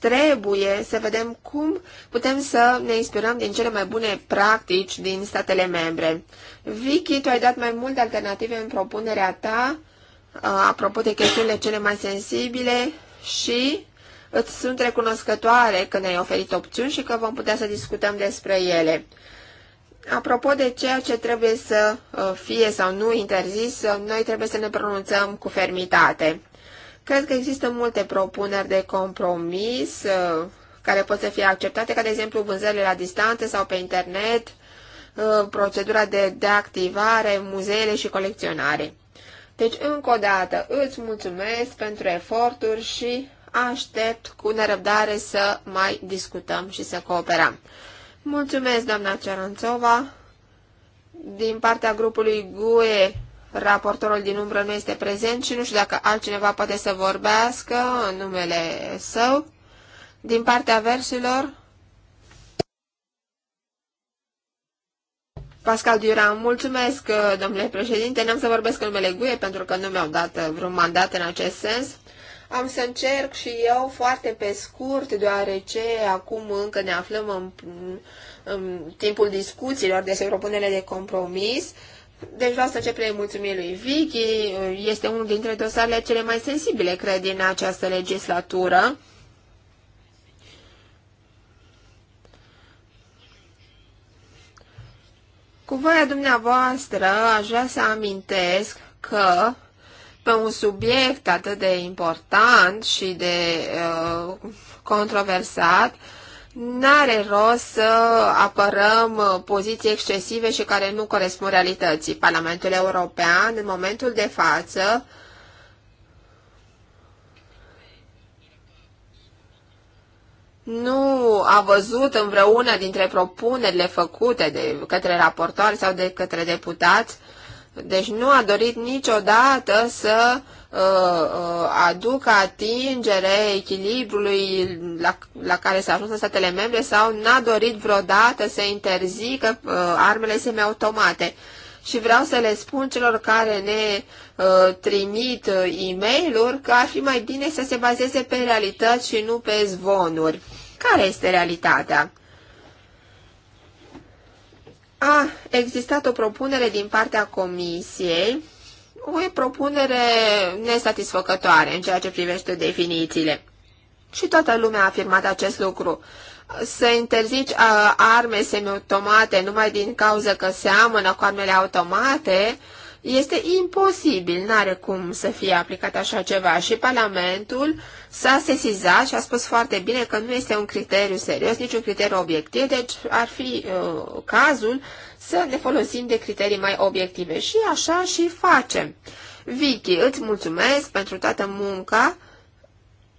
trebuie să vedem cum putem să ne inspirăm din cele mai bune practici din statele membre. Vicky, tu ai dat mai multe alternative în propunerea ta, uh, apropo de chestiunile cele mai sensibile și îți sunt recunoscătoare că ne-ai oferit opțiuni și că vom putea să discutăm despre ele. Apropo de ceea ce trebuie să uh, fie sau nu interzis, uh, noi trebuie să ne pronunțăm cu fermitate. Cred că există multe propuneri de compromis uh, care pot să fie acceptate, ca de exemplu vânzările la distanță sau pe internet, uh, procedura de, deactivare muzeele și colecționare. Deci, încă o dată, îți mulțumesc pentru eforturi și aștept cu nerăbdare să mai discutăm și să cooperăm. Mulțumesc, doamna Ceranțova. Din partea grupului GUE raportorul din umbră nu este prezent și nu știu dacă altcineva poate să vorbească în numele său. Din partea versilor, Pascal Duran, mulțumesc, domnule președinte. N-am să vorbesc în numele GUE pentru că nu mi-au dat vreun mandat în acest sens. Am să încerc și eu foarte pe scurt, deoarece acum încă ne aflăm în, în timpul discuțiilor despre propunerile de compromis. Uh, deci vreau să cer le mulțumiri lui Vicky. Este unul dintre dosarele cele mai sensibile, cred, din această legislatură. Cu voia dumneavoastră, aș vrea să amintesc că pe un subiect atât de important și de uh, controversat, uh, N-are rost să apărăm poziții excesive și care nu corespund realității. Parlamentul European, în momentul de față, nu a văzut în vreuna dintre propunerile făcute de către raportori sau de către deputați deci nu a dorit niciodată să uh, uh, aducă atingere echilibrului la, la care s-a ajuns în statele membre sau n-a dorit vreodată să interzică uh, armele semiautomate. Și vreau să le spun celor care ne uh, trimit uh, e mail că ar fi mai bine să se bazeze pe realități și nu pe zvonuri. Care este realitatea? a existat o propunere din partea Comisiei, o propunere nesatisfăcătoare în ceea ce privește definițiile. Și toată lumea a afirmat acest lucru. Să interzici uh, arme semiautomate numai din cauza că seamănă cu armele automate, uh, este imposibil, n-are cum să fie aplicat așa ceva și Parlamentul s-a sesizat și a spus foarte bine că nu este un criteriu serios, nici un criteriu obiectiv, deci ar fi uh, cazul să ne folosim de criterii mai obiective și așa și facem. Vicky, îți mulțumesc pentru toată munca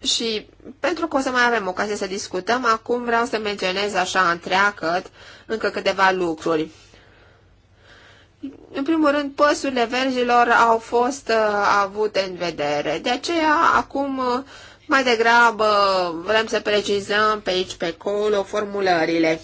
și pentru că o să mai avem ocazie să discutăm, acum vreau să menționez așa întreagăt încă câteva lucruri. În primul rând, păsurile verzilor au fost uh, avute în vedere. De aceea, acum, uh, mai degrabă, vrem să precizăm pe aici, pe acolo, formulările.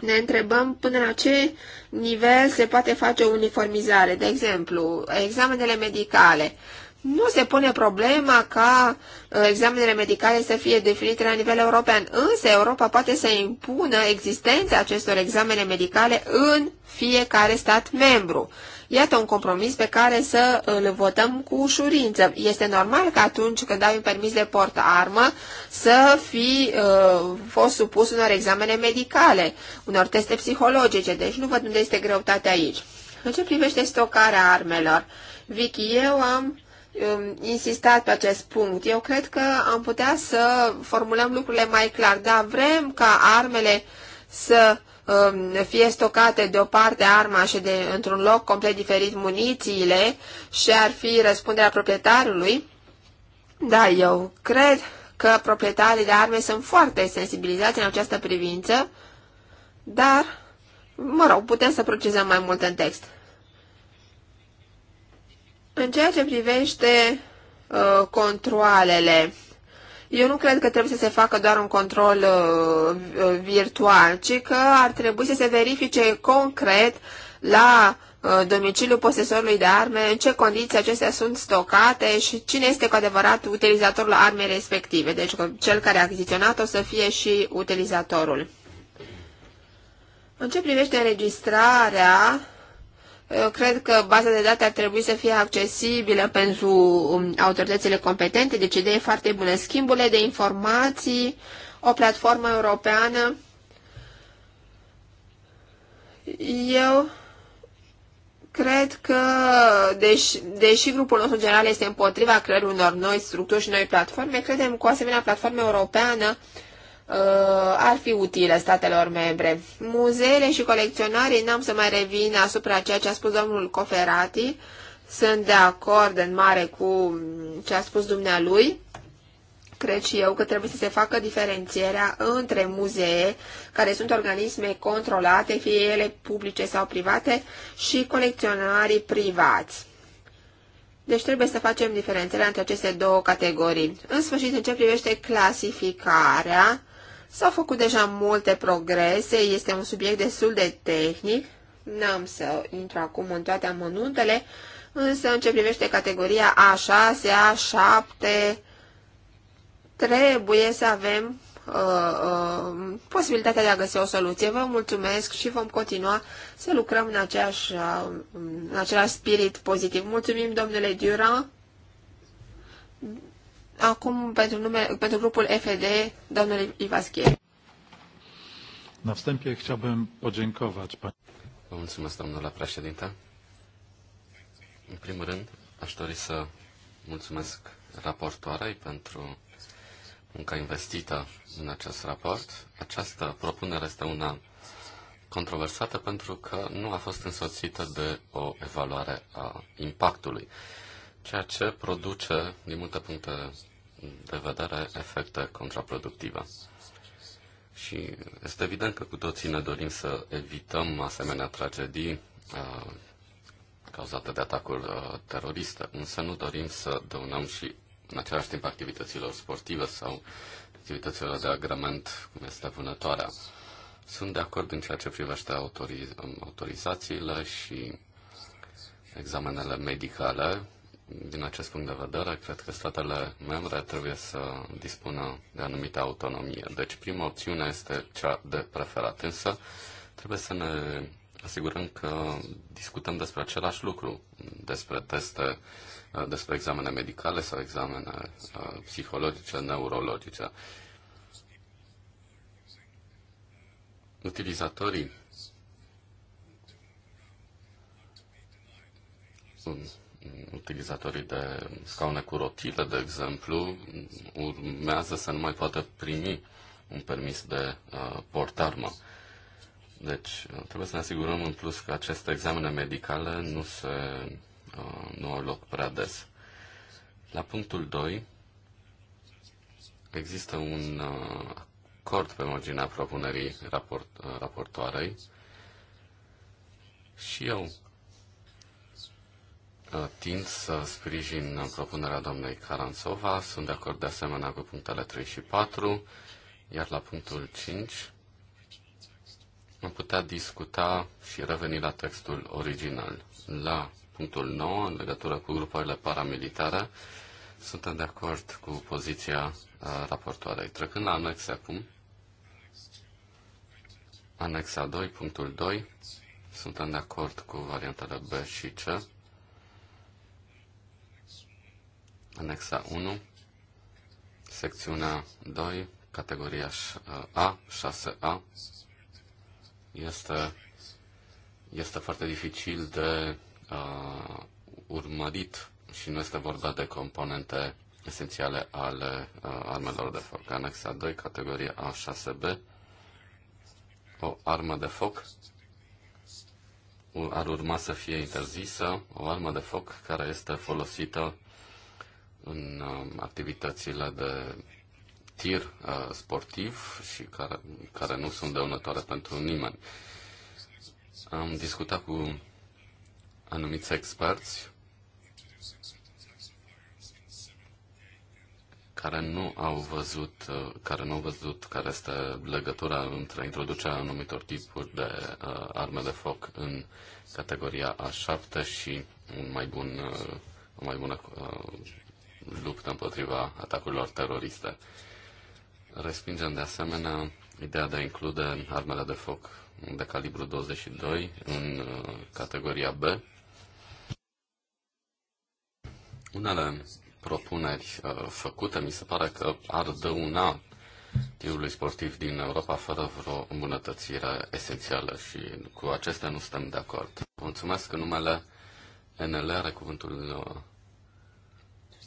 Ne întrebăm până la ce nivel se poate face uniformizare. De exemplu, examenele medicale. Uh, nu se pune problema ca uh, examenele medicale să fie definite la nivel european, însă Europa poate să impună existența acestor examene medicale în fiecare stat membru. Iată un compromis pe care să îl votăm cu ușurință. Este normal că atunci când ai un permis de port armă să fi uh, fost supus unor examene medicale, unor teste psihologice, deci nu văd unde este greutatea aici. În ce privește stocarea armelor, Vicky, eu am Um, insistat pe acest punct. Eu cred că am putea să formulăm lucrurile mai clar, dar vrem ca armele să um, fie stocate deoparte arma și de, într-un loc complet diferit munițiile și ar fi răspunderea proprietarului. Da, eu cred că proprietarii de arme sunt foarte sensibilizați în această privință, dar, mă rog, putem să procesăm mai mult în text. În ceea ce privește uh, controlele, eu nu cred că trebuie să se facă doar un control uh, uh, virtual, ci că ar trebui să se verifice concret la uh, domiciliul posesorului de arme, în ce condiții acestea sunt stocate și cine este cu adevărat utilizatorul armei respective. Deci cel care a achiziționat o să fie și utilizatorul. În ce privește înregistrarea Cred că baza de date ar trebui să fie accesibilă pentru um, autoritățile competente, deci idee foarte bună. Schimbule de informații, o platformă europeană. Eu cred că, deși, deși grupul nostru general este împotriva creării unor noi structuri și noi platforme, credem că o asemenea platformă europeană Uh, ar fi utile statelor membre. Muzeele și colecționarii, n-am să mai revin asupra ceea ce a spus domnul Coferati, sunt de acord în mare cu ce a spus dumnealui. Cred și eu că trebuie să se facă diferențierea între muzee, care sunt organisme controlate, fie ele publice sau private, și colecționarii privați. Deci trebuie să facem diferențele între aceste două categorii. În sfârșit, în ce privește clasificarea, S-au făcut deja multe progrese, este un subiect destul de tehnic, n-am să intru acum în toate amănuntele, însă în ce privește categoria A6, A7, trebuie să avem uh, uh, posibilitatea de a găsi o soluție. Vă mulțumesc și vom continua să lucrăm în, aceeași, uh, în același spirit pozitiv. Mulțumim, domnule Durand! Acum, pentru, nume, pentru grupul FD, domnul Ivaschie. Na wstępie chciałbym podziękować pani. Vă mulțumesc, domnule președinte. În primul rând, aș dori să mulțumesc raportoarei pentru munca investită în acest raport. Această propunere este una controversată pentru că nu a fost însoțită de o evaluare a impactului ceea ce produce, din multe puncte de vedere, efecte contraproductive. Și este evident că cu toții ne dorim să evităm asemenea tragedii uh, cauzate de atacuri uh, teroriste, însă nu dorim să dăunăm și în același timp activităților sportive sau activităților de agrement, cum este vânătoarea. Sunt de acord în ceea ce privește autoriz- um, autorizațiile și examenele medicale din acest punct de vedere, cred că statele membre trebuie să dispună de anumită autonomie. Deci prima opțiune este cea de preferat, însă trebuie să ne asigurăm că discutăm despre același lucru, despre teste, despre examene medicale sau examene uh, psihologice, neurologice. Utilizatorii um, utilizatorii de scaune cu rotile, de exemplu, urmează să nu mai poată primi un permis de uh, portarmă. Deci, uh, trebuie să ne asigurăm în plus că aceste examene medicale nu, se, uh, nu au loc prea des. La punctul 2, există un uh, acord pe marginea propunerii raport, uh, raportoarei și eu Uh, tind să sprijin uh, propunerea doamnei Caranțova. Sunt de acord de asemenea cu punctele 3 și 4, iar la punctul 5 am putea discuta și reveni la textul original. La punctul 9, în legătură cu grupările paramilitare, suntem de acord cu poziția uh, raportoarei. Trecând la anexe acum, anexa 2, punctul 2, suntem de acord cu variantele B și C. anexa 1, secțiunea 2, categoria uh, A, 6A, este, este foarte dificil de uh, urmărit și nu este vorba de componente esențiale ale uh, armelor de foc. Anexa 2, categoria A6B, o armă de foc ar urma să fie interzisă, o armă de foc care este folosită în um, activitățile de tir uh, sportiv și care, care nu sunt dăunătoare pentru nimeni. Am discutat cu anumiți experți care nu au văzut, uh, care nu au văzut care este legătura între introducerea anumitor tipuri de uh, arme de foc în categoria A7 și un mai bun, uh, o mai bună uh, luptă împotriva atacurilor teroriste. Respingem de asemenea ideea de a include armele de foc de calibru 22 în uh, categoria B. Unele propuneri uh, făcute mi se pare că ar dăuna tirului sportiv din Europa fără vreo îmbunătățire esențială și cu acestea nu suntem de acord. Mulțumesc în numele NLR, cuvântul uh,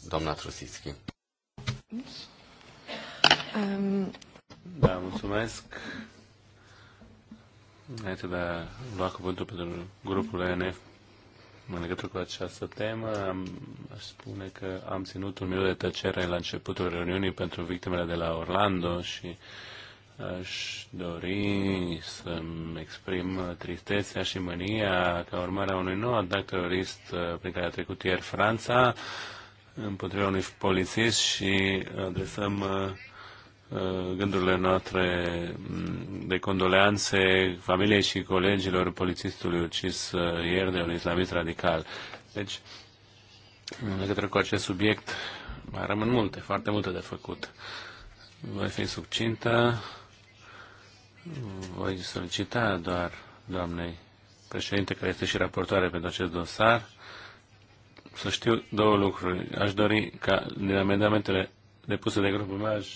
doamna Trusitski. Da, mulțumesc. Înainte de a lua cuvântul pentru grupul ENF în legătură cu această temă, am, aș spune că am ținut un minut de tăcere la începutul reuniunii pentru victimele de la Orlando și aș dori să-mi exprim tristețea și mânia ca urmare a unui nou atac terorist uh, prin care a trecut ieri Franța împotriva unui polițist și adresăm uh, uh, gândurile noastre mm, de condoleanțe familiei și colegilor polițistului ucis uh, ieri de un islamist radical. Deci, în legătură cu acest subiect, mai rămân multe, foarte multe de făcut. Voi fi subcintă, voi solicita doar doamnei președinte, care este și raportoare pentru acest dosar, să știu două lucruri. Aș dori ca din amendamentele depuse de grupul meu aș,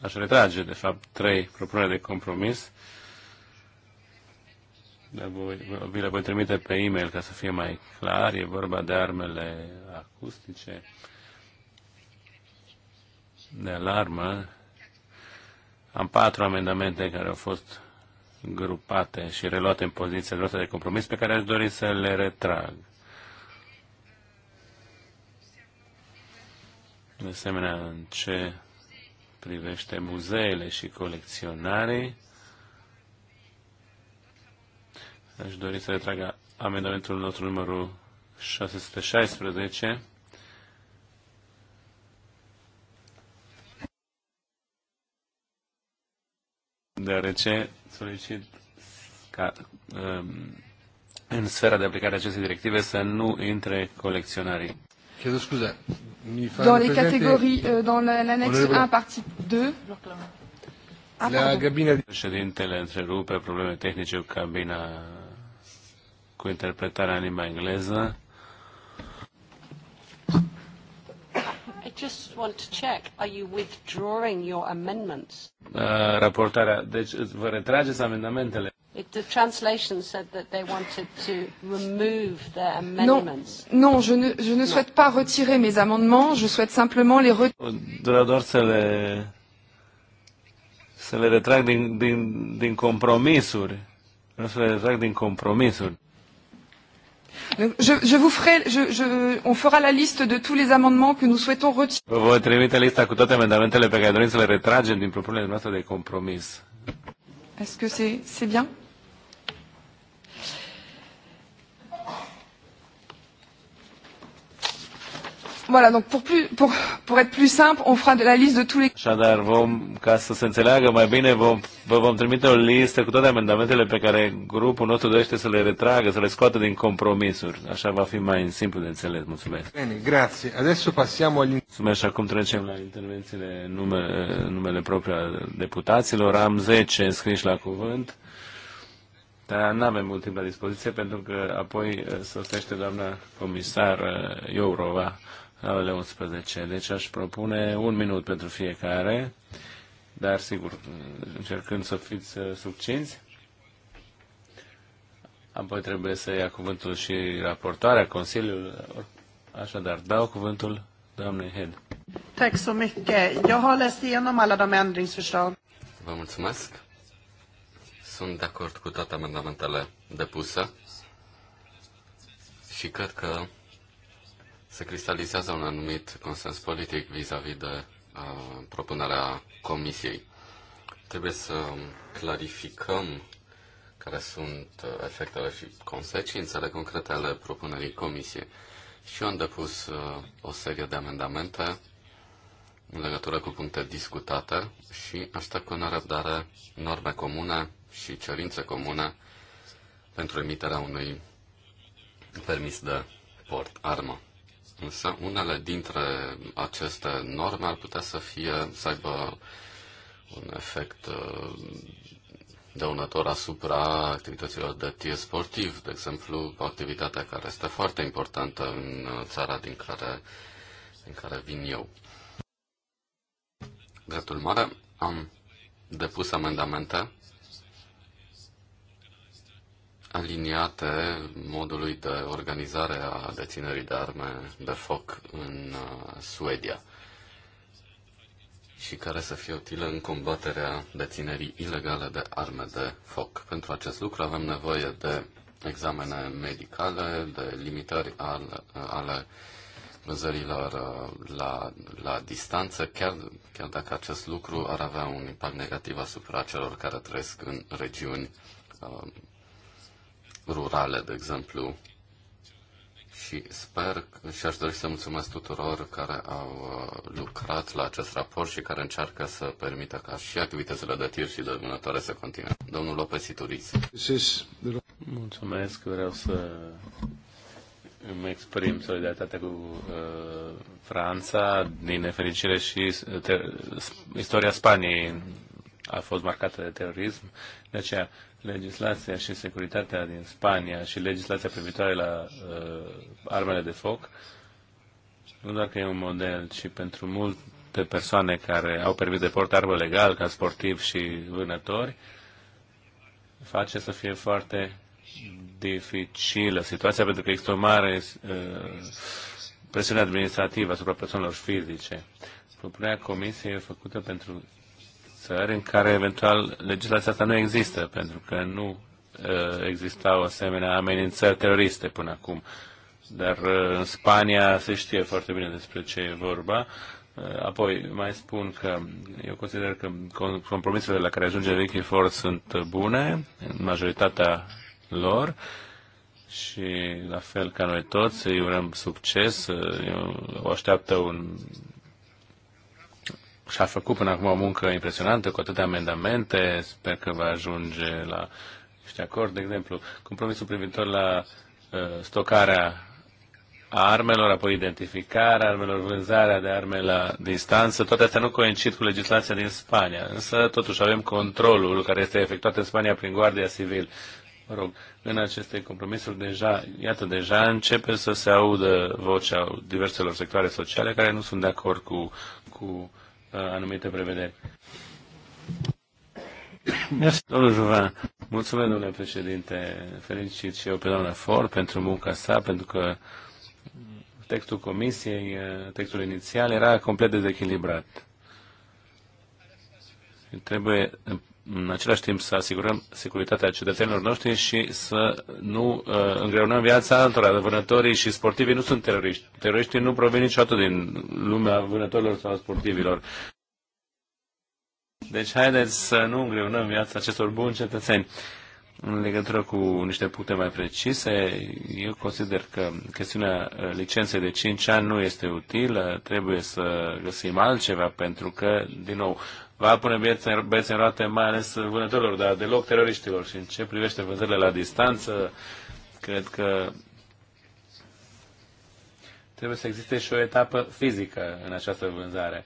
aș retrage, de fapt, trei propuneri de compromis. Dar voi, vi le voi trimite pe e-mail ca să fie mai clar. E vorba de armele acustice, de alarmă. Am patru amendamente care au fost grupate și reluate în poziția noastră de compromis pe care aș dori să le retrag. De asemenea, în ce privește muzeele și colecționare, aș dori să retrag amendamentul nostru numărul 616, deoarece solicit ca um, în sfera de aplicare a acestei directive să nu intre colecționarii. Chiedo scuze, dans les catégories, euh, dans l'annexe 1, partie 2. Ah, la cabina președintele întrerupe probleme tehnice cu cabina cu interpretarea în limba engleză. I just want to check, are you withdrawing your amendments? Uh, raportarea. Deci vă retrageți amendamentele. It, the translation said that they wanted to remove their amendments. Non, non je ne, je ne souhaite pas retirer mes amendements, je souhaite simplement les retirer. să le retrag din, din, din compromisuri. Vreau să le retrag din compromisuri. Donc, je, je vous ferai, je, je, on fera la liste de tous les amendements que nous souhaitons retirer. Vă voi trimite lista cu toate amendamentele pe care dorim să le retragem din propunerea noastră de compromis. Est-ce que c'est est bien? Voilà, donc pour, plus, pour, pour être plus simple, on fera de la liste de tous les... Așadar, vom, ca să se înțeleagă mai bine, vom, vă vom trimite o listă cu toate amendamentele pe care grupul nostru dorește să le retragă, să le scoată din compromisuri. Așa va fi mai simplu de înțeles. Mulțumesc. Bine, grazie. Adesso passiamo agli... Mulțumesc și acum trecem la intervențiile nume, numele propriu al deputaților. Am 10 înscriși la cuvânt. Dar nu avem mult timp la dispoziție pentru că apoi eh, sosește doamna comisar eh, Iorova la 11. Deci aș propune un minut pentru fiecare, dar sigur, încercând să fiți uh, succinți. Apoi trebuie să ia cuvântul și raportarea Consiliului. Așadar, dau cuvântul doamnei Head. Tack så mycket. Jag har läst igenom alla de ändringsförslag. Vă mulțumesc. Sunt de acord cu toate amendamentele depuse și cred că se cristalizează un anumit consens politic vis-a-vis -vis de uh, propunerea Comisiei. Trebuie să clarificăm care sunt uh, efectele și consecințele concrete ale propunerii Comisiei. Și eu am depus uh, o serie de amendamente în legătură cu puncte discutate și aștept cu nerăbdare norme comune și cerințe comune pentru emiterea unui permis de port armă. Însă unele dintre aceste norme ar putea să fie, să aibă un efect uh, dăunător asupra activităților de tir sportiv, de exemplu, o activitate care este foarte importantă în țara din care, din care vin eu. Dreptul mare, am depus amendamente aliniate modului de organizare a deținerii de arme de foc în uh, Suedia și care să fie utilă în combaterea deținerii ilegale de arme de foc. Pentru acest lucru avem nevoie de examene medicale, de limitări al, uh, ale vânzărilor uh, la, la distanță, chiar, chiar dacă acest lucru ar avea un impact negativ asupra celor care trăiesc în regiuni rurale, de exemplu. Și sper și aș dori să mulțumesc tuturor care au uh, lucrat la acest raport și care încearcă să permită ca și activitățile de tir și de vânătoare să continue. Domnul Lopez Ituriz. Mulțumesc, vreau să îmi exprim solidaritatea cu uh, Franța. Din nefericire și uh, istoria Spaniei a fost marcată de terorism. De aceea legislația și securitatea din Spania și legislația privitoare la uh, armele de foc, nu doar că e un model, ci pentru multe persoane care au permis de port armă legal ca sportivi și vânători, face să fie foarte dificilă situația pentru că există o mare uh, presiune administrativă asupra persoanelor fizice. Propunerea comisiei e făcută pentru țări în care eventual legislația asta nu există, pentru că nu uh, existau asemenea amenințări teroriste până acum. Dar uh, în Spania se știe foarte bine despre ce e vorba. Uh, apoi mai spun că eu consider că compromisurile la care ajunge Ricky Ford sunt bune, în majoritatea lor, și la fel ca noi toți îi urăm succes, o așteaptă un și-a făcut până acum o muncă impresionantă cu atâtea amendamente. Sper că va ajunge la niște acord, de exemplu, compromisul privitor la uh, stocarea a armelor, apoi identificarea armelor, vânzarea de arme la distanță, toate astea nu coincid cu legislația din Spania, însă totuși avem controlul care este efectuat în Spania prin Guardia Civil. Mă rog, în aceste compromisuri deja, iată, deja începe să se audă vocea diverselor sectoare sociale care nu sunt de acord cu, cu uh, Uh, anumite prevederi. Domnul Jovan, mulțumesc, domnule președinte. Felicit și eu pe doamna Ford pentru munca sa, pentru că textul comisiei, uh, textul inițial, era complet dezechilibrat. Trebuie, în același timp să asigurăm securitatea cetățenilor noștri și să nu uh, îngreunăm viața altora. Vânătorii și sportivii nu sunt teroriști. Teroriștii nu provin niciodată din lumea vânătorilor sau sportivilor. Deci haideți să nu îngreunăm viața acestor buni cetățeni. În legătură cu niște puncte mai precise, eu consider că chestiunea uh, licenței de 5 ani nu este utilă, trebuie să găsim altceva, pentru că, din nou, va pune bețe în, bețe în roate mai ales vânătorilor, dar deloc teroriștilor. Și în ce privește vânzările la distanță, cred că trebuie să existe și o etapă fizică în această vânzare.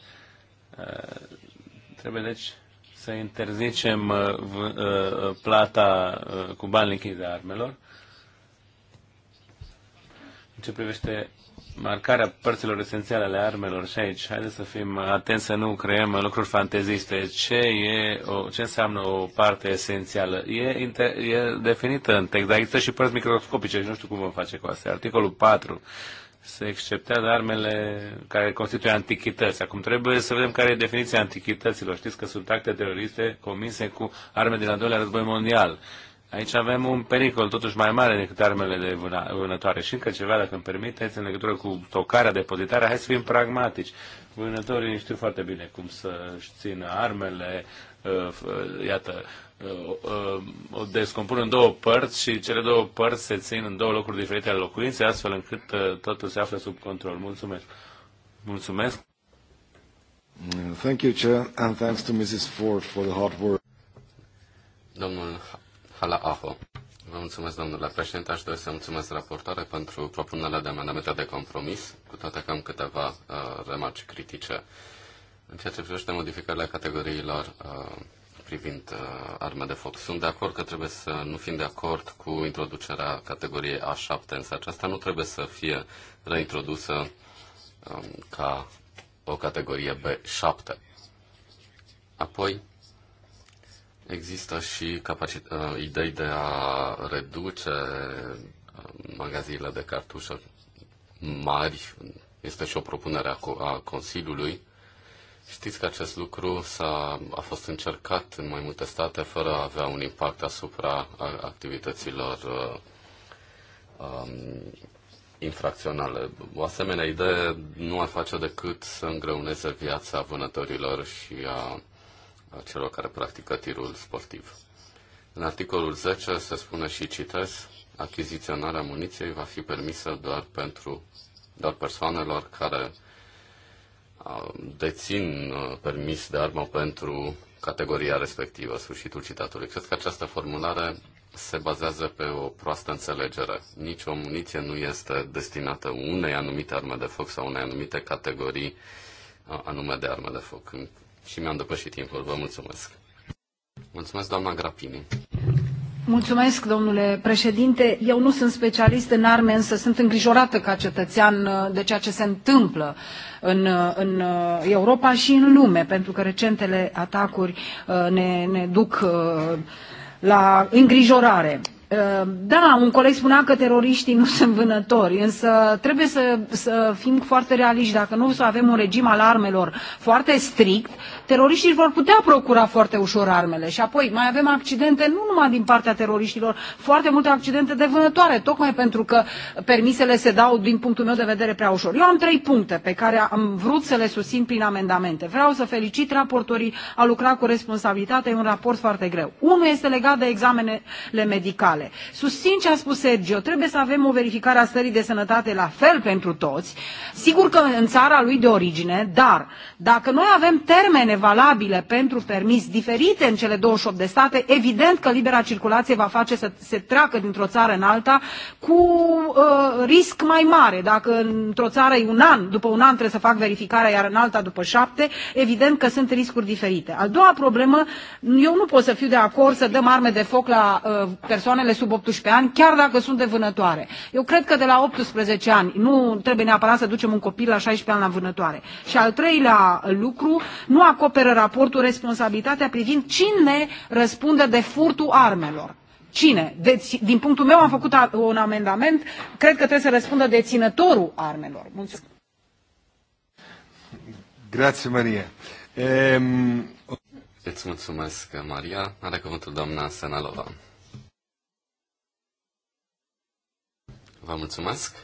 Uh, trebuie deci să interzicem uh, uh, plata cu bani lichizi armelor în ce privește marcarea părților esențiale ale armelor și aici, haideți să fim atenți să nu creăm lucruri fanteziste. Ce, e o, ce înseamnă o parte esențială? E, inter, e definită în text, dar există și părți microscopice și nu știu cum vom face cu asta. Articolul 4 se exceptează armele care constituie antichități. Acum trebuie să vedem care e definiția antichităților. Știți că sunt acte teroriste comise cu arme din al doilea război mondial. Aici avem un pericol totuși mai mare decât armele de vânătoare. Și încă ceva, dacă îmi permiteți, în legătură cu tocarea, depozitarea, hai să fim pragmatici. Vânătorii știu foarte bine cum să-și țină armele, uh, iată, uh, uh, o descompun în două părți și cele două părți se țin în două locuri diferite ale locuinței, astfel încât totul se află sub control. Mulțumesc! Mulțumesc! Thank you, Chair, and thanks to Mrs. Ford for the hard work. Domnul Hala-Aho. Vă mulțumesc, domnule președinte. Aș dori să mulțumesc raportoare pentru propunerea de amendamente de compromis, cu toate că am câteva uh, remarci critice. În ceea ce privește modificările categoriilor uh, privind uh, arme de foc, sunt de acord că trebuie să nu fim de acord cu introducerea categoriei A7, însă aceasta nu trebuie să fie reintrodusă um, ca o categorie B7. Apoi, Există și capacit- uh, idei de a reduce uh, magazinele de cartușe mari. Este și o propunere a, Consiliului. Știți că acest lucru s-a, a fost încercat în mai multe state fără a avea un impact asupra activităților uh, um, infracționale. O asemenea idee nu ar face decât să îngreuneze viața vânătorilor și a celor care practică tirul sportiv. În articolul 10 se spune și citez, achiziționarea muniției va fi permisă doar pentru doar persoanelor care dețin permis de armă pentru categoria respectivă, sfârșitul citatului. Cred că această formulare se bazează pe o proastă înțelegere. Nici o muniție nu este destinată unei anumite arme de foc sau unei anumite categorii anume de arme de foc și mi-am depășit timpul. Vă mulțumesc. Mulțumesc, doamna Grapini. Mulțumesc, domnule președinte. Eu nu sunt specialist în arme, însă sunt îngrijorată ca cetățean uh, de ceea ce se întâmplă în, uh, în uh, Europa și în lume, pentru că recentele atacuri ne, ne duc la îngrijorare Ehm, da, un coleg spunea că teroriștii nu sunt vânători, însă trebuie să, să fim foarte realiști. Dacă nu o să avem un regim al armelor foarte strict, teroriștii vor putea procura foarte ușor armele. Și apoi mai avem accidente nu numai din partea teroriștilor, foarte multe accidente de vânătoare, tocmai pentru că permisele se dau, din punctul meu de vedere, prea ușor. Eu am trei puncte pe care am vrut să le susțin prin amendamente. Vreau să felicit raportorii, a lucrat cu responsabilitate, e un raport foarte greu. Unul este legat de examenele medicale. Susțin ce a spus Sergio, trebuie să avem o verificare a stării de sănătate la fel pentru toți. Sigur că în țara lui de origine, dar dacă noi avem termene valabile pentru permis diferite în cele 28 de state, evident că libera circulație va face să se treacă dintr-o țară în alta cu uh, risc mai mare. Dacă într-o țară e un an, după un an trebuie să fac verificarea, iar în alta după șapte, evident că sunt riscuri diferite. Al doua problemă, eu nu pot să fiu de acord să dăm arme de foc la uh, persoanele sub 18 ani, chiar dacă sunt de vânătoare. Eu cred că de la 18 ani nu trebuie neapărat să ducem un copil la 16 ani la vânătoare. Și al treilea lucru, nu acum acoperă raportul responsabilitatea privind cine răspunde de furtul armelor. Cine? Deci, din punctul meu am făcut un amendament. Cred că trebuie să răspundă deținătorul armelor. Mulțumesc. Grazie, Maria. Ehm... Îți mulțumesc, Maria. Are cuvântul doamna Senalova. Vă mulțumesc.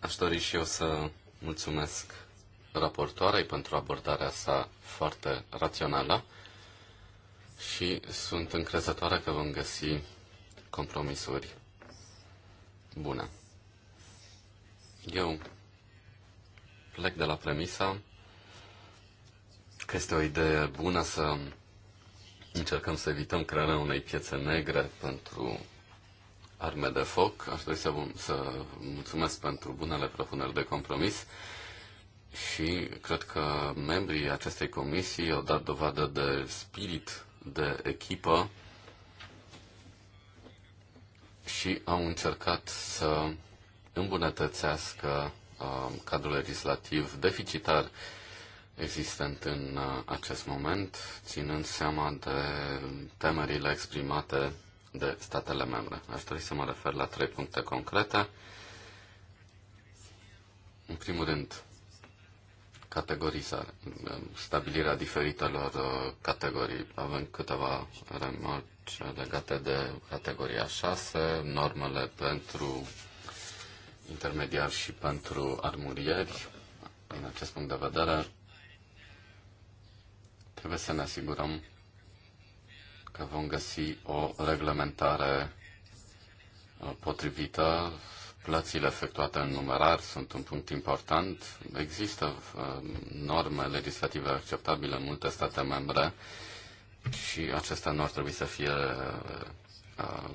Aș dori și eu să mulțumesc raportoarei pentru abordarea sa foarte rațională și sunt încrezătoare că vom găsi compromisuri bune. Eu plec de la premisa că este o idee bună să încercăm să evităm crearea unei piețe negre pentru arme de foc. Aș dori să, să mulțumesc pentru bunele propuneri de compromis și cred că membrii acestei comisii au dat dovadă de spirit de echipă și au încercat să îmbunătățească uh, cadrul legislativ deficitar existent în uh, acest moment, ținând seama de temerile exprimate de statele membre. Aș dori să mă refer la trei puncte concrete. În primul rând, categorizare, stabilirea diferitelor uh, categorii. Avem câteva remarci legate de categoria 6, normele pentru intermediari și pentru armurieri. În acest punct de vedere, trebuie să ne asigurăm că vom găsi o reglementare uh, potrivită plățile efectuate în numerar sunt un punct important. Există uh, norme legislative acceptabile în multe state membre și acestea nu ar trebui să fie uh,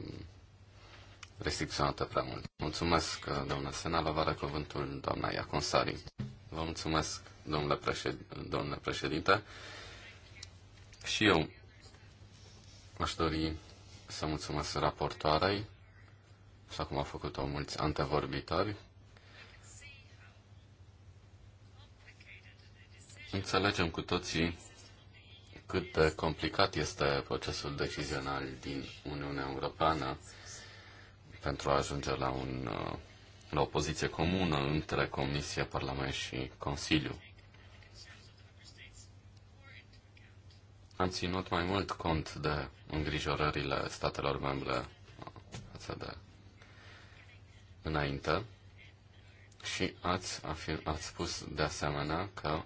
restricționate prea mult. Mulțumesc, uh, doamna Senalova, are cuvântul doamna Iaconsari. Vă mulțumesc, domnule, președ- domnule președinte. Și eu aș dori să mulțumesc raportoarei așa cum au făcut-o mulți antevorbitori, înțelegem cu toții cât de complicat este procesul decizional din Uniunea Europeană pentru a ajunge la, un, la o poziție comună între Comisie, Parlament și Consiliu. Am ținut mai mult cont de îngrijorările statelor membre față de înainte și ați, afir, ați spus de asemenea că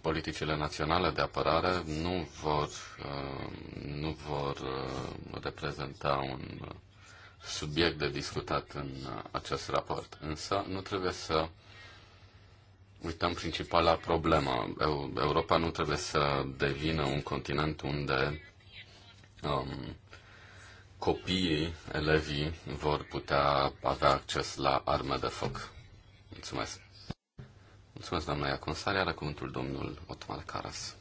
politicile naționale de apărare nu vor, uh, nu vor uh, reprezenta un subiect de discutat în uh, acest raport. Însă nu trebuie să uităm principala problemă. Europa nu trebuie să devină un continent unde um, copiii, elevii, vor putea avea acces la arme de foc. Mulțumesc. Mulțumesc, doamna Iaconsari. Are cuvântul domnul Otmar Caras.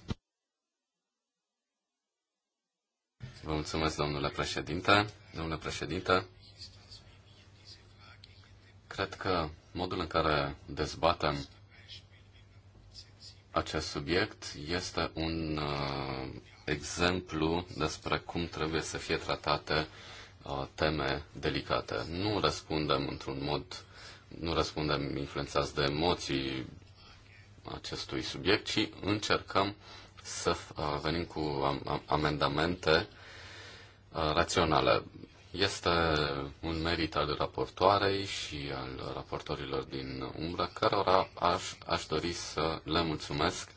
Vă mulțumesc, domnule președinte. Domnule președinte, cred că modul în care dezbatem acest subiect este un uh, exemplu despre cum trebuie să fie tratate uh, teme delicate. Nu răspundem într-un mod, nu răspundem influențați de emoții acestui subiect, ci încercăm să uh, venim cu amendamente uh, raționale. Este un merit al raportoarei și al raportorilor din umbră, cărora aș, aș dori să le mulțumesc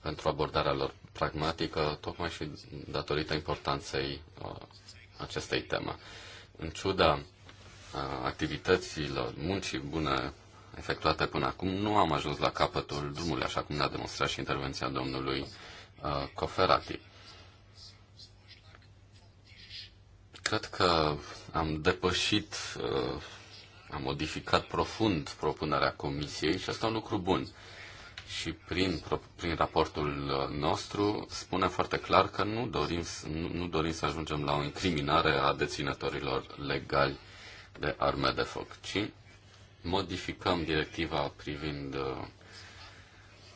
pentru abordarea lor pragmatică, tocmai și datorită importanței uh, acestei teme. În ciuda uh, activităților, muncii bune efectuate până acum, nu am ajuns la capătul drumului, așa cum ne-a demonstrat și intervenția domnului uh, Coferati. Cred că am depășit, am modificat profund propunerea comisiei și asta e un lucru bun și prin, prin raportul uh, nostru spune foarte clar că nu dorim, nu, nu dorim să ajungem la o incriminare a deținătorilor legali de arme de foc, ci modificăm directiva privind uh,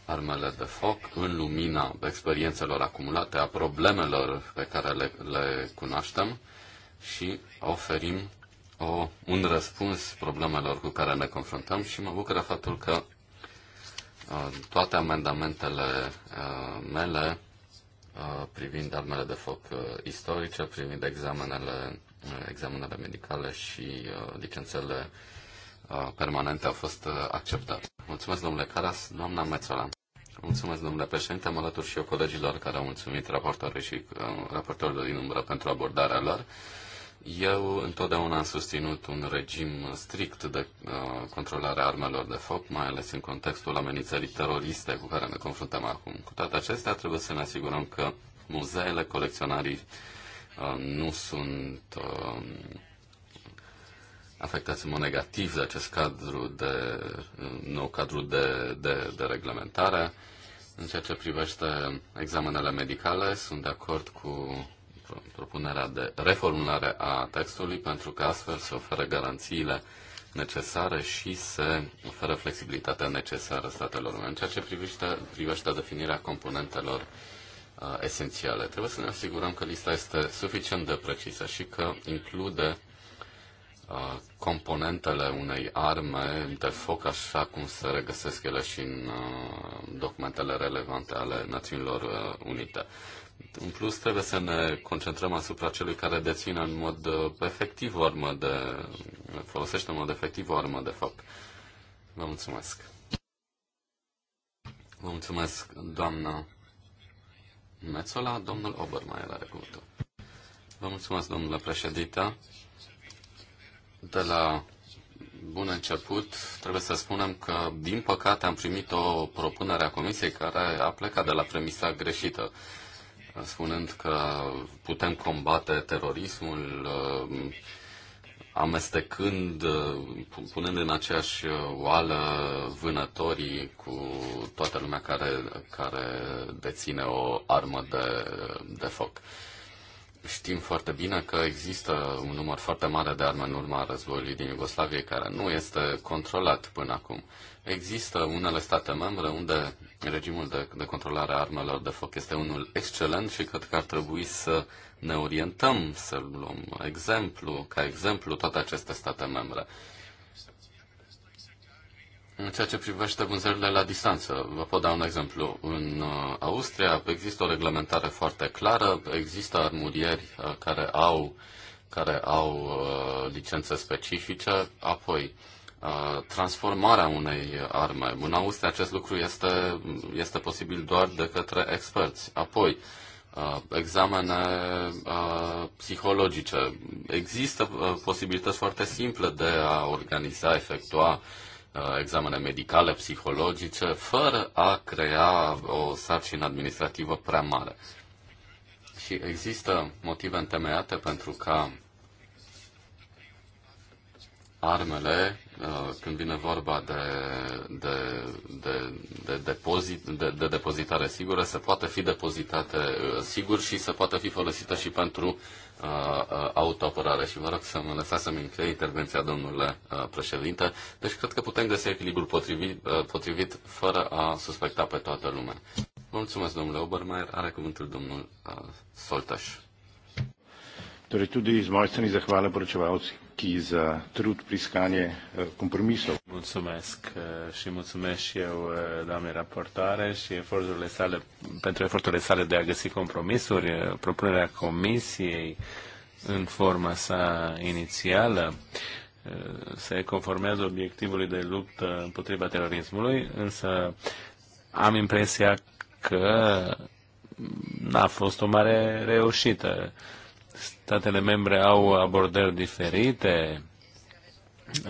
armele de foc în lumina experiențelor acumulate, a problemelor pe care le, le cunoaștem și oferim o, un răspuns problemelor cu care ne confruntăm și mă bucură faptul că Uh, toate amendamentele uh, mele uh, privind armele de foc istorice, privind examenele, examenele medicale și licențele permanente au fost acceptate. Mulțumesc, domnule Caras, doamna Mețola. Mulțumesc, domnule președinte. Mă alături și eu colegilor care au mulțumit raportorului și raportorilor din umbră pentru abordarea lor. Eu întotdeauna am susținut un regim strict de uh, controlare a armelor de foc, mai ales în contextul amenințării teroriste cu care ne confruntăm acum. Cu toate acestea, trebuie să ne asigurăm că muzeele, colecționarii uh, nu sunt uh, afectați în mod negativ de acest cadru de, uh, nou cadru de, de, de reglementare. În ceea ce privește examenele medicale, sunt de acord cu propunerea de reformulare a textului pentru că astfel se oferă garanțiile necesare și se oferă flexibilitatea necesară statelor În ceea ce privește, privește definirea componentelor uh, esențiale, trebuie să ne asigurăm că lista este suficient de precisă și că include uh, componentele unei arme de foc așa cum se regăsesc ele și în uh, documentele relevante ale Națiunilor uh, Unite. În plus, trebuie să ne concentrăm asupra celui care deține în mod uh, efectiv o armă de... folosește în mod efectiv o armă, de fapt. Vă mulțumesc. Vă mulțumesc, doamna Mețola. Domnul Obermaier are cuvântul. Vă mulțumesc, domnule președinte. De la bun început, trebuie să spunem că, din păcate, am primit o propunere a Comisiei care a plecat de la premisa greșită spunând că putem combate terorismul uh, amestecând, uh, punând în aceeași oală vânătorii cu toată lumea care, care deține o armă de, de foc. Știm foarte bine că există un număr foarte mare de arme în urma războiului din Iugoslavie care nu este controlat până acum. Există unele state membre unde regimul de, de controlare a armelor de foc este unul excelent și cred că ar trebui să ne orientăm, să luăm exemplu, ca exemplu toate aceste state membre. În ceea ce privește vânzările la distanță, vă pot da un exemplu. În uh, Austria există o reglementare foarte clară, există armurieri uh, care au, care au uh, licențe specifice, apoi transformarea unei arme. În Austria acest lucru este, este posibil doar de către experți. Apoi, examene psihologice. Există posibilități foarte simple de a organiza, efectua examene medicale, psihologice, fără a crea o sarcină administrativă prea mare. Și există motive întemeiate pentru ca armele Uh, când vine vorba de, de, de, de, depozit, de, de depozitare sigură, se poate fi depozitate uh, sigur și se poate fi folosită și pentru uh, uh autoapărare. Și vă rog să mă lăsați să-mi încheie intervenția, domnule uh, președinte. Deci cred că putem găsi echilibrul potrivit, uh, potrivit fără a suspecta pe toată lumea. mulțumesc, domnule Obermeier. Are cuvântul domnul uh, Soltaș. Torej tudi iz moje strani zahvala ki za trud pri iskanje eh, Mulțumesc eh, și mulțumesc și eu, eh, doamne raportoare, și eforturile sale, pentru eforturile sale de a găsi compromisuri, propunerea comisiei în forma sa inițială se conformează obiectivului de luptă împotriva terorismului, însă am impresia că n-a fost o mare reușită statele membre au abordări diferite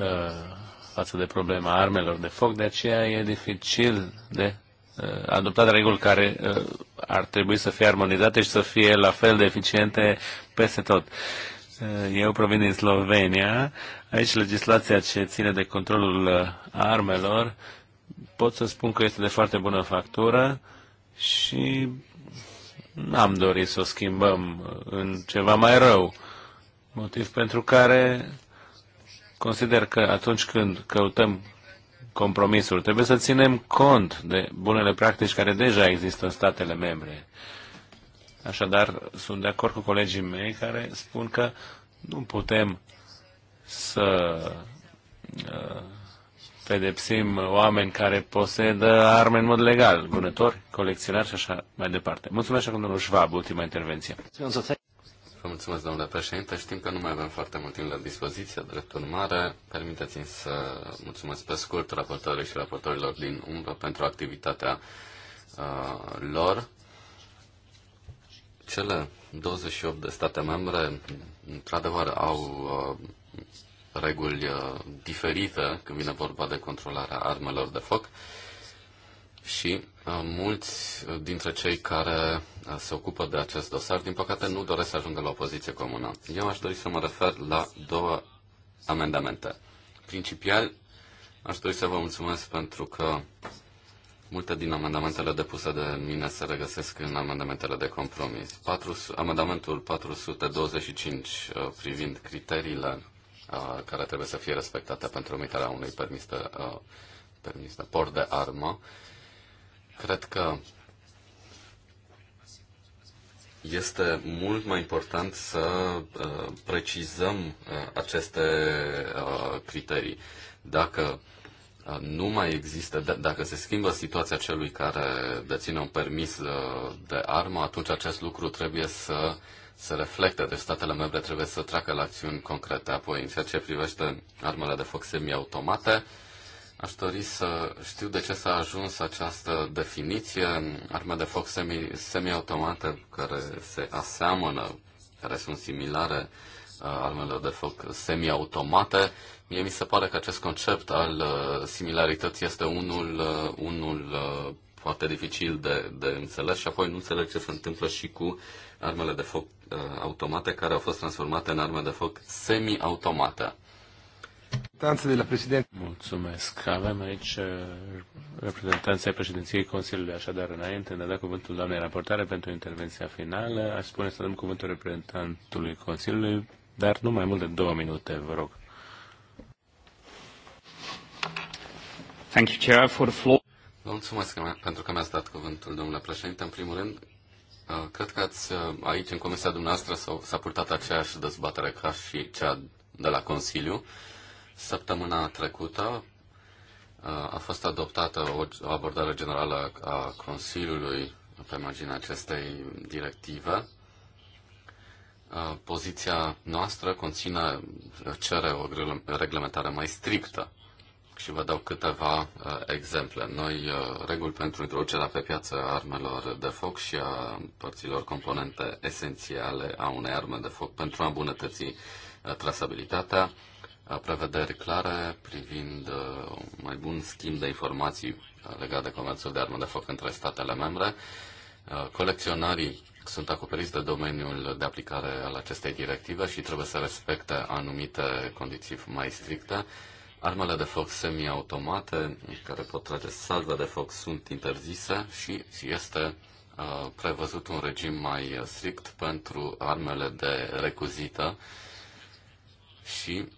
uh, față de problema armelor de foc, de aceea e dificil de uh, adoptat reguli care uh, ar trebui să fie armonizate și să fie la fel de eficiente peste tot. Eu provin din Slovenia. Aici legislația ce ține de controlul armelor pot să spun că este de foarte bună factură și n-am dorit să o schimbăm în ceva mai rău. Motiv pentru care consider că atunci când căutăm compromisul, trebuie să ținem cont de bunele practici care deja există în statele membre. Așadar, sunt de acord cu colegii mei care spun că nu putem să uh, pedepsim oameni care posedă arme în mod legal, vânători, colecționari și așa mai departe. Mulțumesc acum domnul Schwab, ultima intervenție. Vă mulțumesc, domnule președinte. Știm că nu mai avem foarte mult timp la dispoziție, drept urmare. Permiteți-mi să mulțumesc pe scurt raportorii și raportorilor din umbră pentru activitatea uh, lor. Cele 28 de state membre, într-adevăr, au uh, reguli uh, diferite când vine vorba de controlarea armelor de foc și uh, mulți dintre cei care uh, se ocupă de acest dosar, din păcate, nu doresc să ajungă la o poziție comună. Eu aș dori să mă refer la două amendamente. Principial, aș dori să vă mulțumesc pentru că multe din amendamentele depuse de mine se regăsesc în amendamentele de compromis. 4, amendamentul 425 privind criteriile care trebuie să fie respectate pentru emiterea unui permis de, permis de port de armă. Cred că este mult mai important să precizăm aceste criterii. Dacă nu mai există, da, dacă se schimbă situația celui care deține un permis de armă, atunci acest lucru trebuie să se reflectă, deci statele membre trebuie să treacă la acțiuni concrete. Apoi, în ceea ce privește armele de foc semi-automate, aș dori să știu de ce s-a ajuns această definiție, arme de foc semi, semiautomate care se aseamănă, care sunt similare uh, armelor de foc semi-automate. Mie mi se pare că acest concept al uh, similarității este unul, uh, unul foarte dificil de, de înțeles și apoi nu înțeleg ce se întâmplă și cu armele de foc uh, automate care au fost transformate în arme de foc semi-automate. De la președinte. Mulțumesc. Avem aici uh, reprezentanța ai președinției Consiliului, așadar înainte de a da cuvântul doamnei raportare pentru intervenția finală, aș spune să dăm cuvântul reprezentantului Consiliului, dar nu mai mult de două minute, vă rog. Thank you, Chair, for the floor. Vă mulțumesc pentru că mi-ați dat cuvântul, domnule președinte. În primul rând, uh, cred că ați, uh, aici, în comisia dumneavoastră, s-a purtat aceeași dezbatere ca și cea de la Consiliu. Săptămâna trecută uh, a fost adoptată o abordare generală a Consiliului pe marginea acestei directive. Poziția noastră conține, cere o reglementare mai strictă și vă dau câteva uh, exemple. Noi uh, reguli pentru introducerea pe piață a armelor de foc și a părților componente esențiale a unei arme de foc pentru a îmbunătăți uh, trasabilitatea, uh, prevederi clare privind uh, mai bun schimb de informații legate uh, legat de comerțul de arme de foc între statele membre, uh, colecționarii sunt acoperiți de domeniul de aplicare al acestei directive și trebuie să respecte anumite condiții mai stricte, Armele de foc semiautomate care pot trage salve de foc sunt interzise și este uh, prevăzut un regim mai strict pentru armele de recuzită și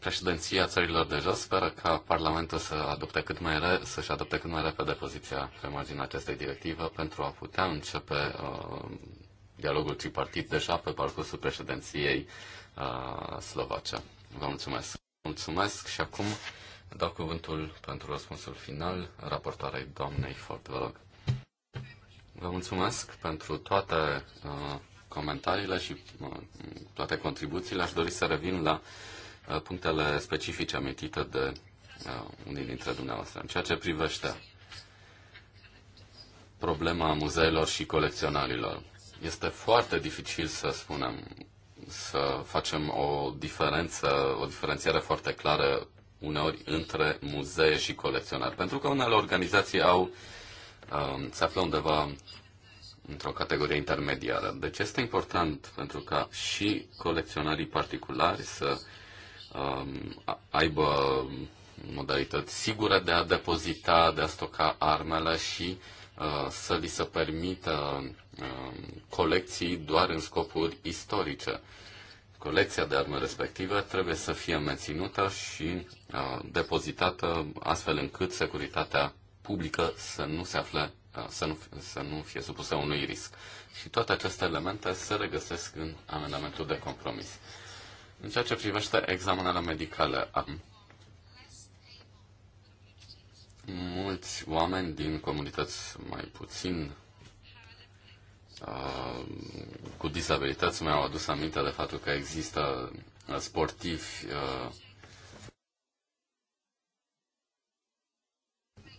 președinția țărilor de jos speră ca Parlamentul să adopte cât mai re- să-și adopte cât mai repede poziția pe marginea acestei directive pentru a putea începe uh, dialogul tripartit deja pe parcursul președinției uh, slovace. Vă mulțumesc. Mulțumesc și acum dau cuvântul pentru răspunsul final raportoarei doamnei Ford, vă rog. Vă mulțumesc pentru toate uh, comentariile și uh, toate contribuțiile. Aș dori să revin la uh, punctele specifice amintite de uh, unii dintre dumneavoastră. În ceea ce privește problema muzeilor și colecționarilor, este foarte dificil să spunem să facem o diferență, o diferențiere foarte clară uneori între muzee și colecționari. Pentru că unele organizații au, um, se află undeva într-o categorie intermediară. Deci este important pentru ca și colecționarii particulari să um, aibă modalități sigure de a depozita, de a stoca armele și uh, Uh, să li se permită uh, colecții doar în scopuri istorice. Colecția de arme respectivă trebuie să fie menținută și uh, depozitată astfel încât securitatea publică să nu se afle să nu, să nu fie supusă unui risc. Și toate aceste elemente se regăsesc în amendamentul de compromis. În ceea ce privește examenele medicale, am mulți oameni din comunități mai puțin uh, cu dizabilități mi-au adus aminte de faptul că există uh, sportivi uh,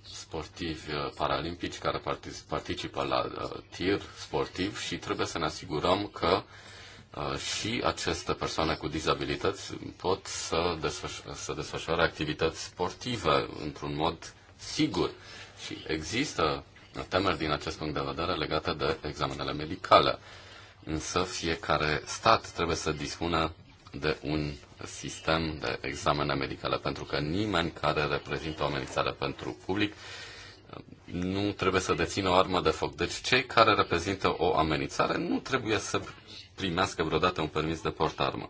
sportivi uh, paralimpici care participă la uh, tir sportiv și trebuie să ne asigurăm că și aceste persoane cu dizabilități pot să, să desfășoare activități sportive într-un mod sigur. Și există temeri din acest punct de vedere legate de examenele medicale. Însă fiecare stat trebuie să dispună de un sistem de examene medicale, pentru că nimeni care reprezintă o amenințare pentru public eh, nu trebuie să dețină o armă de foc. Deci cei care reprezintă o amenințare nu trebuie să primească vreodată un permis de portarmă. armă.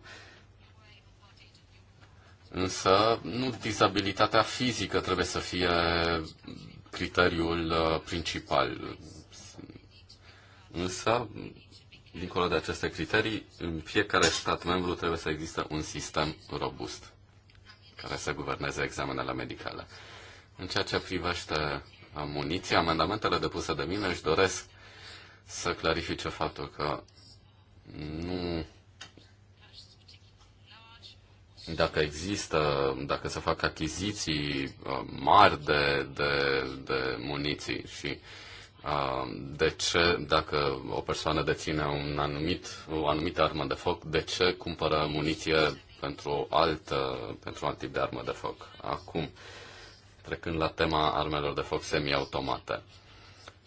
Însă nu dizabilitatea fizică trebuie să fie criteriul uh, principal. Însă, dincolo de aceste criterii, în fiecare stat membru trebuie să existe un sistem robust care să guverneze examenele medicale. În ceea ce privește muniția, amendamentele depuse de mine își doresc să clarifice faptul că nu dacă există, dacă se fac achiziții uh, mari de, de, de muniții și uh, de ce, dacă o persoană deține un anumit, o anumită armă de foc, de ce cumpără muniție pentru, altă, pentru alt tip de armă de foc? Acum, trecând la tema armelor de foc semiautomate.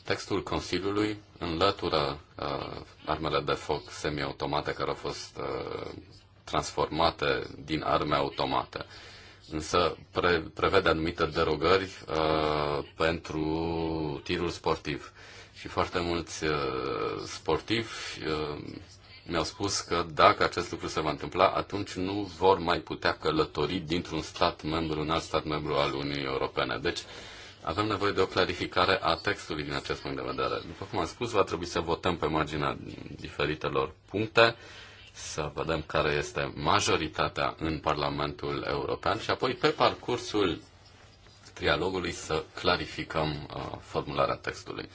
Textul Consiliului înlătură uh, armele de foc semiautomate care au fost uh, transformate din arme automate. Însă pre, prevede anumite derogări uh, pentru tirul sportiv. Și foarte mulți uh, sportivi uh, mi-au spus că dacă acest lucru se va întâmpla, atunci nu vor mai putea călători dintr-un stat membru în alt stat membru al Uniunii Europene. Deci avem nevoie de o clarificare a textului din acest punct de vedere. După cum am spus, va trebui să votăm pe marginea diferitelor puncte să vedem care este majoritatea în Parlamentul European și apoi pe parcursul trialogului să clarificăm uh, formularea textului.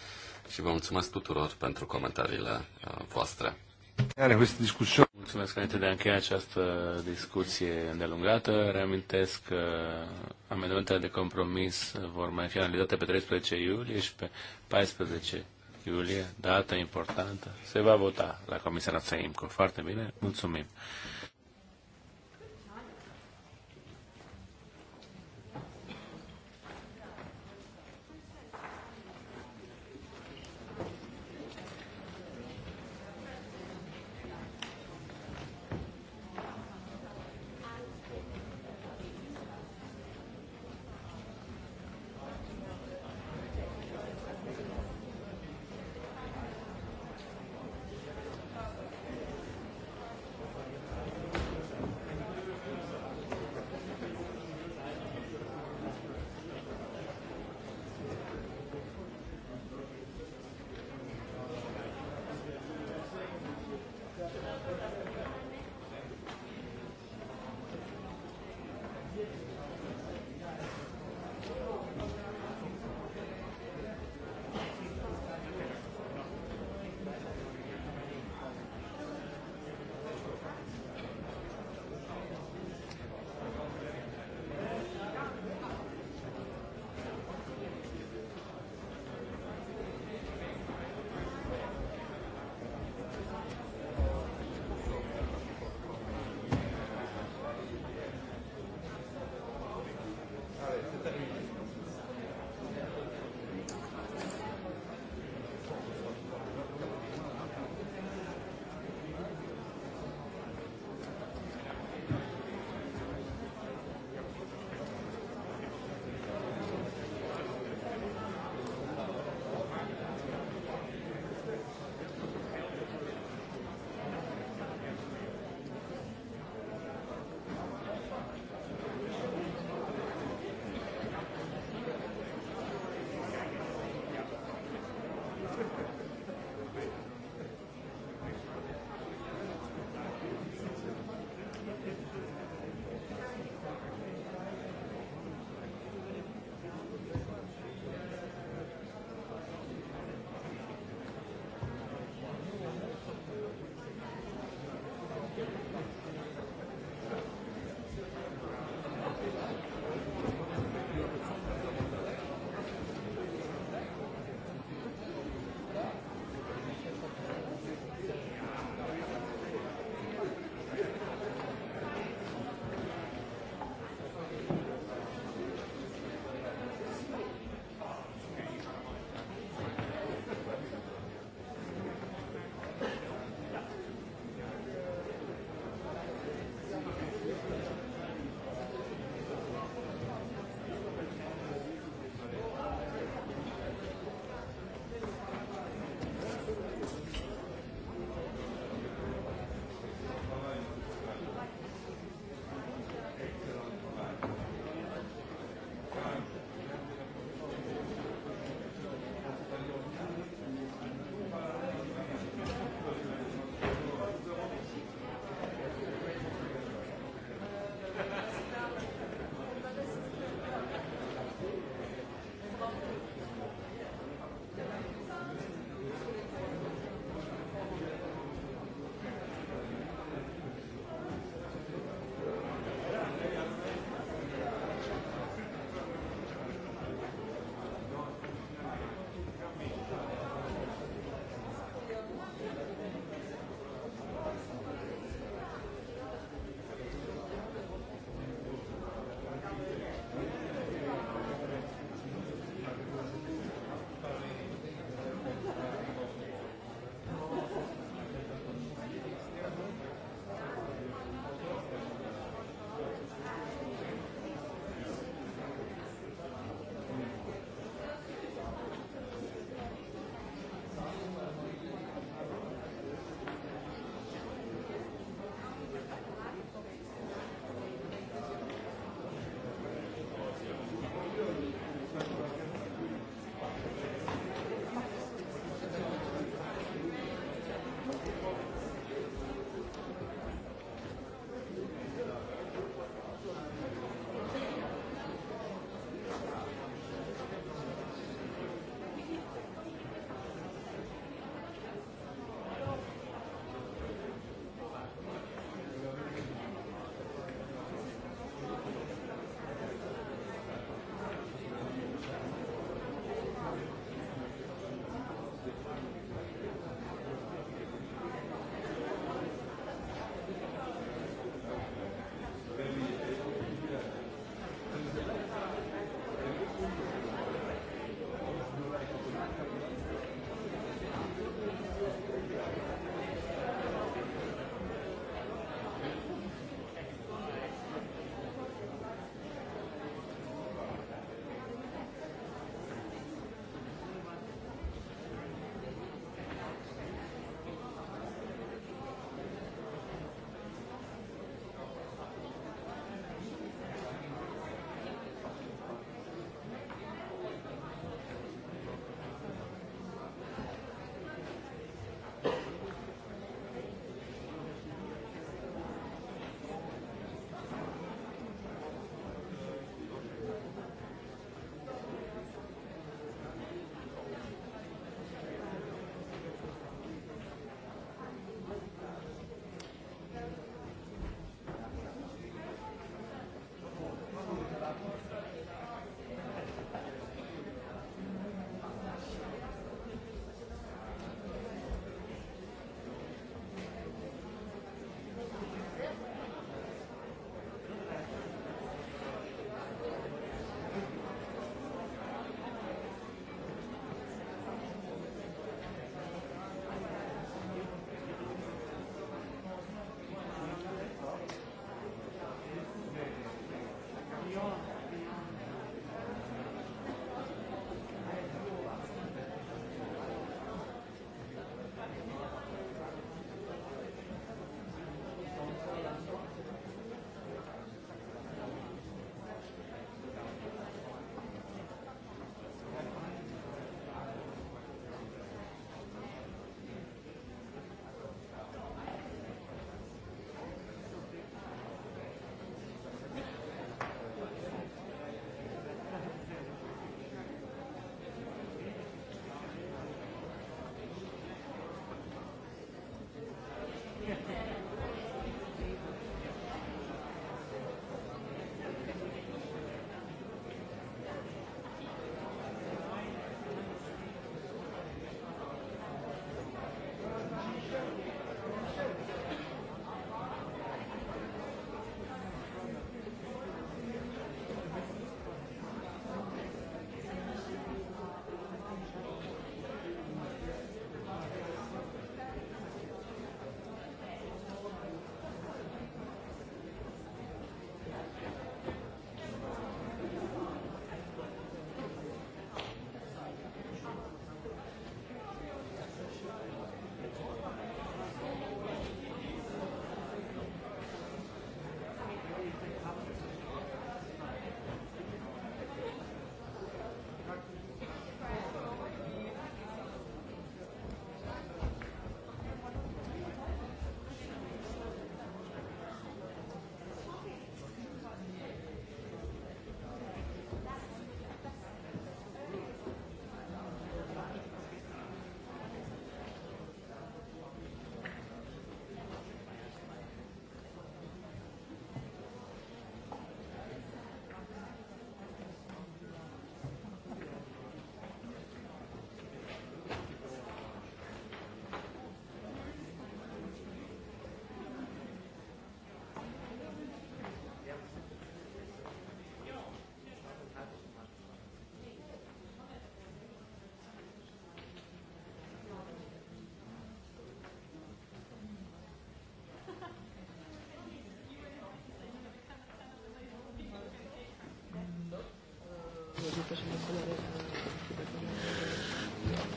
Și vă mulțumesc tuturor pentru comentariile uh, voastre. Mulțumesc înainte de a încheia această discuție îndelungată. Reamintesc că amendamentele de compromis vor mai fi analizate pe 13 iulie și pe 14 iulie, dată importantă, se va vota la Comisia Națională IMCO. Foarte bine, mulțumim!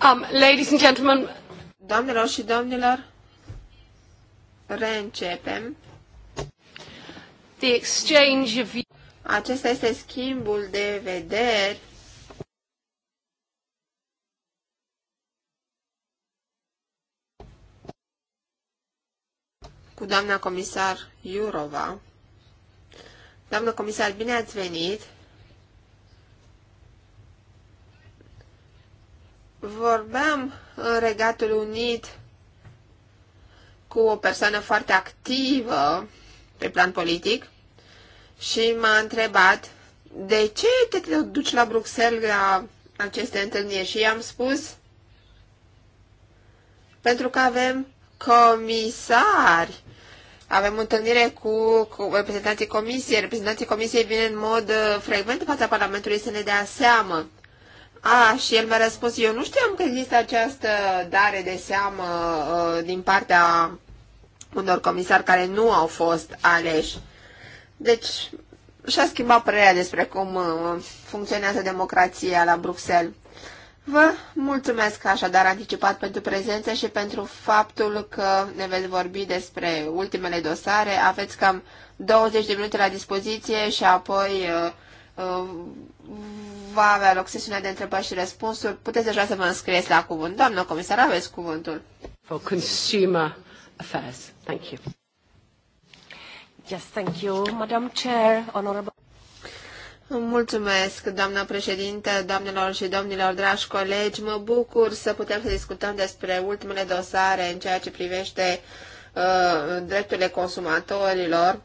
Um, ladies and gentlemen. Doamnelor și domnilor, reîncepem. The exchange of... Acesta este schimbul de vederi cu doamna comisar Iurova. Doamna comisar, bine ați venit! vorbeam în Regatul Unit cu o persoană foarte activă pe plan politic și m-a întrebat de ce te duci la Bruxelles la aceste întâlniri și i-am spus pentru că avem comisari avem întâlnire cu, cu reprezentanții comisiei. Reprezentanții comisiei vin în mod uh, frecvent în fața Parlamentului să ne dea seamă a, și el mi-a răspuns, eu nu știam că există această dare de seamă uh, din partea unor comisari care nu au fost aleși. Deci, și-a schimbat părerea despre cum uh, funcționează democrația la Bruxelles. Vă mulțumesc așadar anticipat pentru prezență și pentru faptul că ne veți vorbi despre ultimele dosare. Aveți cam 20 de minute la dispoziție și apoi uh, uh, va avea loc sesiunea de întrebări și răspunsuri. Puteți deja să vă înscrieți la cuvânt. Doamnă comisar, aveți cuvântul. For consumer affairs. Thank you. Yes, thank you, Madam Chair, Honorable... Mulțumesc, doamnă președinte, doamnelor și domnilor, dragi colegi. Mă bucur să putem să discutăm despre ultimele dosare în ceea ce privește uh, drepturile consumatorilor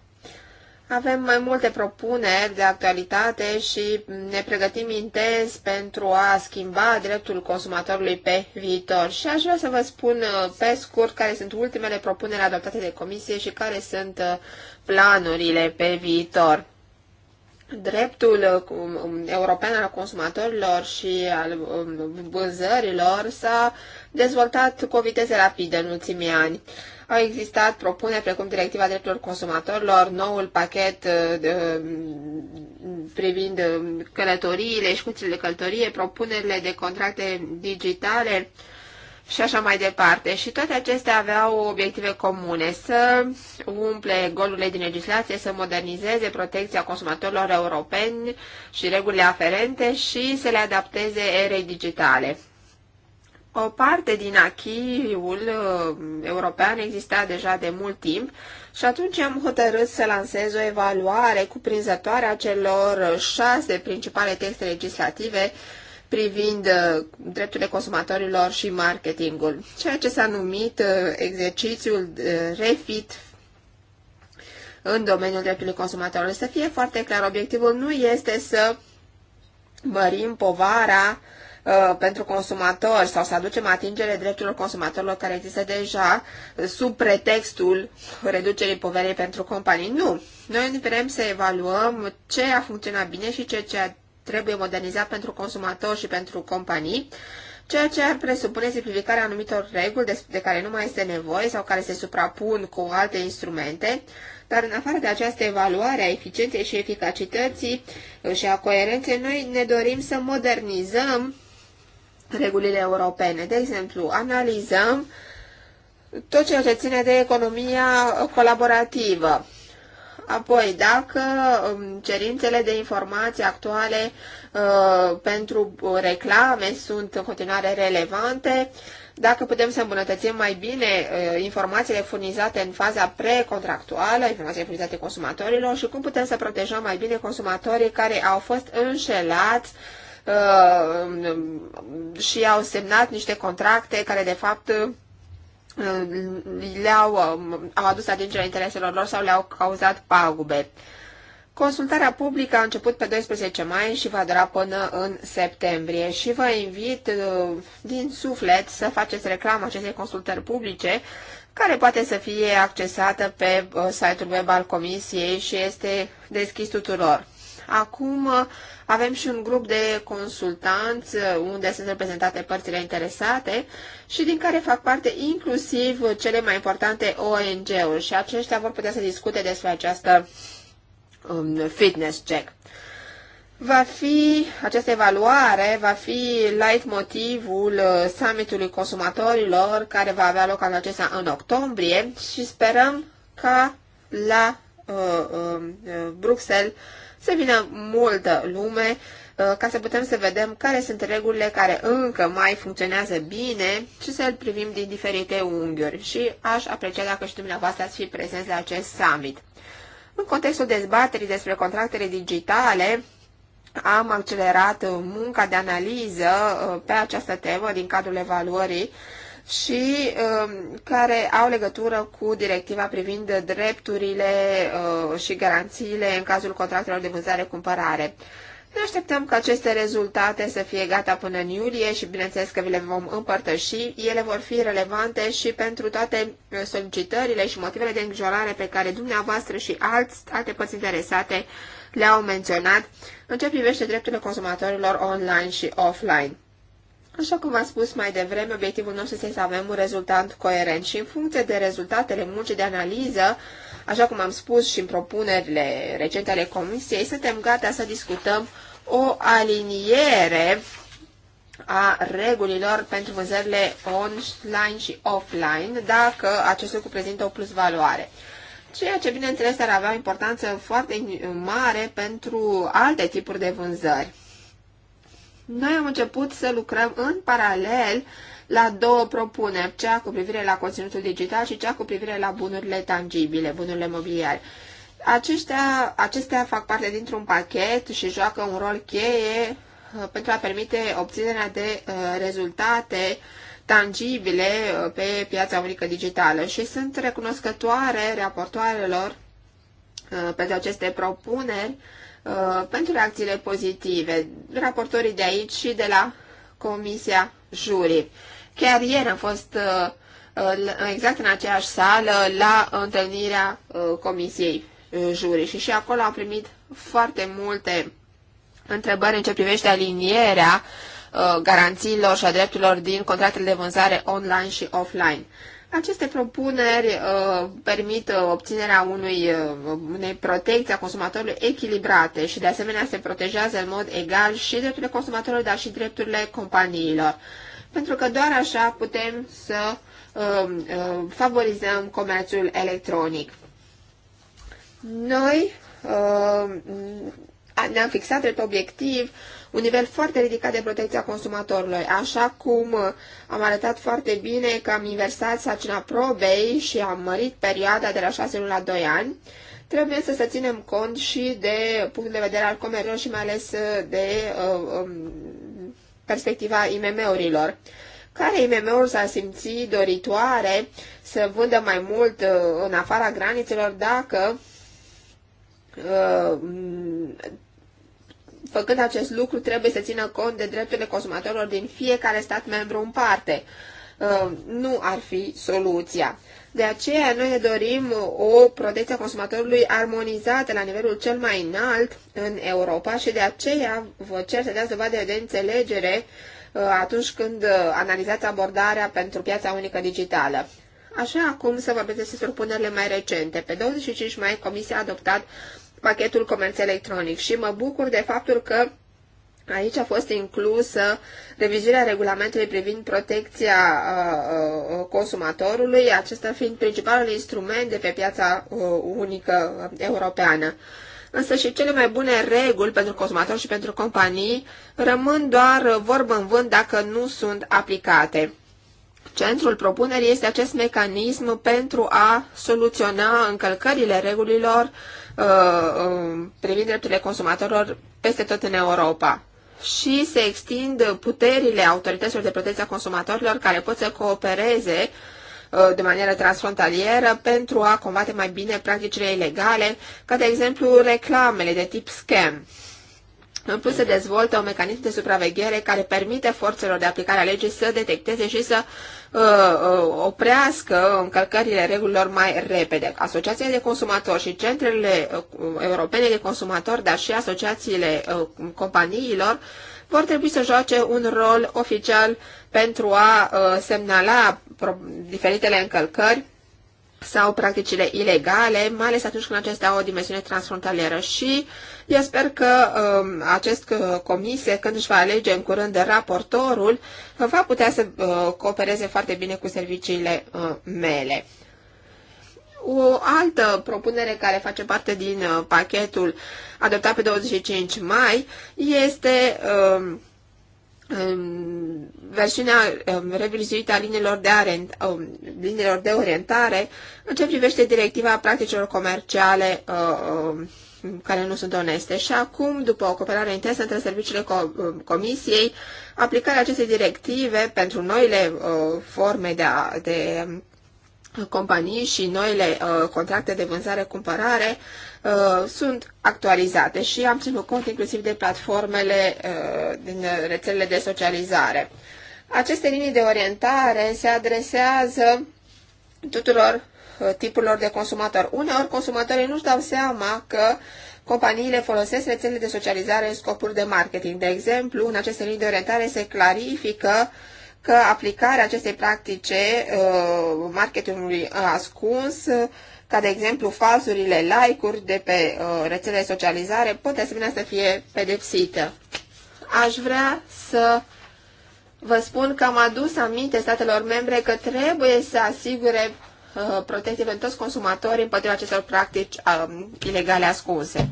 avem mai multe propuneri de actualitate și ne pregătim intens pentru a schimba dreptul consumatorului pe viitor. Și aș vrea să vă spun uh, pe scurt care sunt ultimele propuneri adoptate de comisie și care sunt uh, planurile pe viitor. Dreptul uh, um, european al consumatorilor și al um, vânzărilor s-a dezvoltat cu o viteză rapidă în ultimii ani. Au existat propuneri precum Directiva Drepturilor Consumatorilor, noul pachet uh, de, um, privind um, călătoriile și cuțile de călătorie, propunerile de contracte digitale și așa mai departe. Și toate acestea aveau obiective comune, să umple golurile din legislație, să modernizeze protecția consumatorilor europeni și regulile aferente și să le adapteze erei digitale. O parte din achiul uh, european exista deja de mult timp și atunci am hotărât să lansez o evaluare cuprinzătoare a celor șase principale texte legislative privind uh, drepturile consumatorilor și marketingul, ceea ce s-a numit uh, exercițiul refit în domeniul dreptului consumatorilor. Să fie foarte clar, obiectivul nu este să mărim povara Uh, pentru consumatori sau să aducem atingere drepturilor consumatorilor care există deja uh, sub pretextul reducerii poverii pentru companii. Nu. Noi vrem să evaluăm ce a funcționat bine și ce, ce trebuie modernizat pentru consumatori și pentru companii ceea ce ar presupune simplificarea anumitor reguli de, de care nu mai este nevoie sau care se suprapun cu alte instrumente, dar în afară de această evaluare a eficienței și eficacității uh, și a coerenței, noi ne dorim să modernizăm regulile europene. De exemplu, analizăm tot ceea ce ține de economia colaborativă. Apoi, dacă um, cerințele de informații actuale uh, pentru reclame sunt în continuare relevante, dacă putem să îmbunătățim mai bine uh, informațiile furnizate în faza precontractuală, informațiile furnizate consumatorilor și cum putem să protejăm mai bine consumatorii care au fost înșelați uh, Uh, și au semnat niște contracte care de fapt uh, le-au um, au adus atingerea intereselor lor sau le-au cauzat pagube. Consultarea publică a început pe 12 mai și va dura până în septembrie și vă invit uh, din suflet să faceți reclamă acestei consultări publice care poate să fie accesată pe site-ul web al Comisiei și este deschis tuturor. Acum uh, avem și un grup de consultanți uh, unde sunt reprezentate părțile interesate și din care fac parte inclusiv cele mai importante ONG-uri și aceștia vor putea să discute despre această um, fitness check. Va fi, această evaluare va fi light motivul uh, summitului consumatorilor care va avea loc anul acesta în octombrie și sperăm ca la uh, um, uh, Bruxelles să vină multă lume uh, ca să putem să vedem care sunt regulile care încă mai funcționează bine și să-l privim din diferite unghiuri și aș aprecia dacă și dumneavoastră ați fi prezenți la acest summit. În contextul dezbaterii despre contractele digitale, am accelerat munca de analiză uh, pe această temă din cadrul evaluării și um, care au legătură cu directiva privind drepturile uh, și garanțiile în cazul contractelor de vânzare-cumpărare. Ne așteptăm ca aceste rezultate să fie gata până în iulie și bineînțeles că vi le vom împărtăși. Ele vor fi relevante și pentru toate uh, solicitările și motivele de îngrijorare pe care dumneavoastră și alți, alte părți interesate le-au menționat în ce privește drepturile consumatorilor online și offline. Așa cum v-am spus mai devreme, obiectivul nostru este să avem un rezultat coerent și în funcție de rezultatele muncii de analiză, așa cum am spus și în propunerile recente ale Comisiei, suntem gata să discutăm o aliniere a regulilor pentru vânzările online și offline, dacă acest lucru prezintă o plusvaloare. Ceea ce, bineînțeles, ar avea o importanță foarte mare pentru alte tipuri de vânzări. Noi am început să lucrăm în paralel la două propuneri, cea cu privire la conținutul digital și cea cu privire la bunurile tangibile, bunurile mobiliare. Aceștia, acestea fac parte dintr-un pachet și joacă un rol cheie uh, pentru a permite obținerea de uh, rezultate tangibile uh, pe piața unică digitală și sunt recunoscătoare raportoarelor pentru aceste propuneri Uh, pentru reacțiile pozitive, raportorii de aici și de la Comisia Jurii. Chiar ieri am fost uh, uh, exact în aceeași sală la întâlnirea Comisiei Juri și și acolo am primit foarte multe întrebări în ce privește alinierea garanțiilor și a drepturilor din contractele de vânzare online și offline. Aceste propuneri uh, permit uh, obținerea unui, uh, unei protecții a consumatorului echilibrate și de asemenea se protejează în mod egal și drepturile consumatorilor, dar și drepturile companiilor. Pentru că doar așa putem să uh, uh, favorizăm comerțul electronic. Noi uh, ne-am fixat drept obiectiv uh, un nivel foarte ridicat de protecția consumatorului, așa cum uh, am arătat foarte bine că am inversat sarcina probei și am mărit perioada de la 6 luni la 2 ani, trebuie să se ținem cont și de punctul de vedere al comerțului și mai ales uh, de uh, um, perspectiva IMM-urilor care IMM-uri s a simțit doritoare să vândă mai mult uh, în afara granițelor dacă uh, Făcând acest lucru, trebuie să țină cont de drepturile consumatorilor din fiecare stat membru în parte. Uh, nu ar fi soluția. De aceea, noi ne dorim o protecție a consumatorului armonizată la nivelul cel mai înalt în Europa și de aceea vă cer să dați dovadă de înțelegere uh, atunci când uh, analizați abordarea pentru piața unică digitală. Așa acum să vorbesc despre propunerile mai recente. Pe 25 mai, Comisia a adoptat pachetul comerț electronic și mă bucur de faptul că aici a fost inclusă revizuirea regulamentului privind protecția uh, uh consumatorului, acesta fiind principalul instrument de pe piața uh, unică uh, europeană. Însă și cele mai bune reguli pentru consumatori și pentru companii rămân doar vorbă în vânt dacă nu sunt aplicate. Centrul propunerii este acest mecanism pentru a soluționa încălcările regulilor Uh, uh, privind drepturile consumatorilor peste tot în Europa și se extind puterile autorităților de protecție a consumatorilor care pot să coopereze uh, de manieră transfrontalieră pentru a combate mai bine practicile ilegale, ca de exemplu reclamele de tip scam. În plus, se dezvoltă un mecanism de supraveghere care permite forțelor de aplicare a legii să detecteze și să uh, uh, oprească încălcările regulilor mai repede. Asociațiile de consumatori și centrele uh, europene de consumatori, dar și asociațiile uh, companiilor, vor trebui să joace un rol oficial pentru a uh, semnala diferitele încălcări sau practicile ilegale, mai ales atunci când acestea au o dimensiune transfrontalieră. Și eu sper că um, acest uh, comisie, când își va alege în curând raportorul, va putea să uh, coopereze foarte bine cu serviciile uh, mele. O altă propunere care face parte din uh, pachetul adoptat pe 25 mai este uh, Um, versiunea um, revizuită a liniilor de, arent, um, liniilor de orientare în ce privește directiva practicilor comerciale uh, care nu sunt oneste. Și acum, după o cooperare intensă între serviciile comisiei, aplicarea acestei directive pentru noile uh, forme de, de companii și noile uh, contracte de vânzare-cumpărare uh, sunt actualizate și am ținut cont inclusiv de platformele uh, din rețelele de socializare. Aceste linii de orientare se adresează tuturor uh, tipurilor de consumatori. Uneori consumatorii nu-și dau seama că companiile folosesc rețelele de socializare în scopuri de marketing. De exemplu, în aceste linii de orientare se clarifică uh, că aplicarea acestei practice uh, marketingului ascuns, ca de exemplu falsurile like-uri de pe uh, rețelele socializare, pot de asemenea să fie pedepsită. Aș vrea să vă spun că am adus aminte statelor membre că trebuie să asigure uh, protecție pentru toți consumatorii împotriva acestor practici um, ilegale ascunse.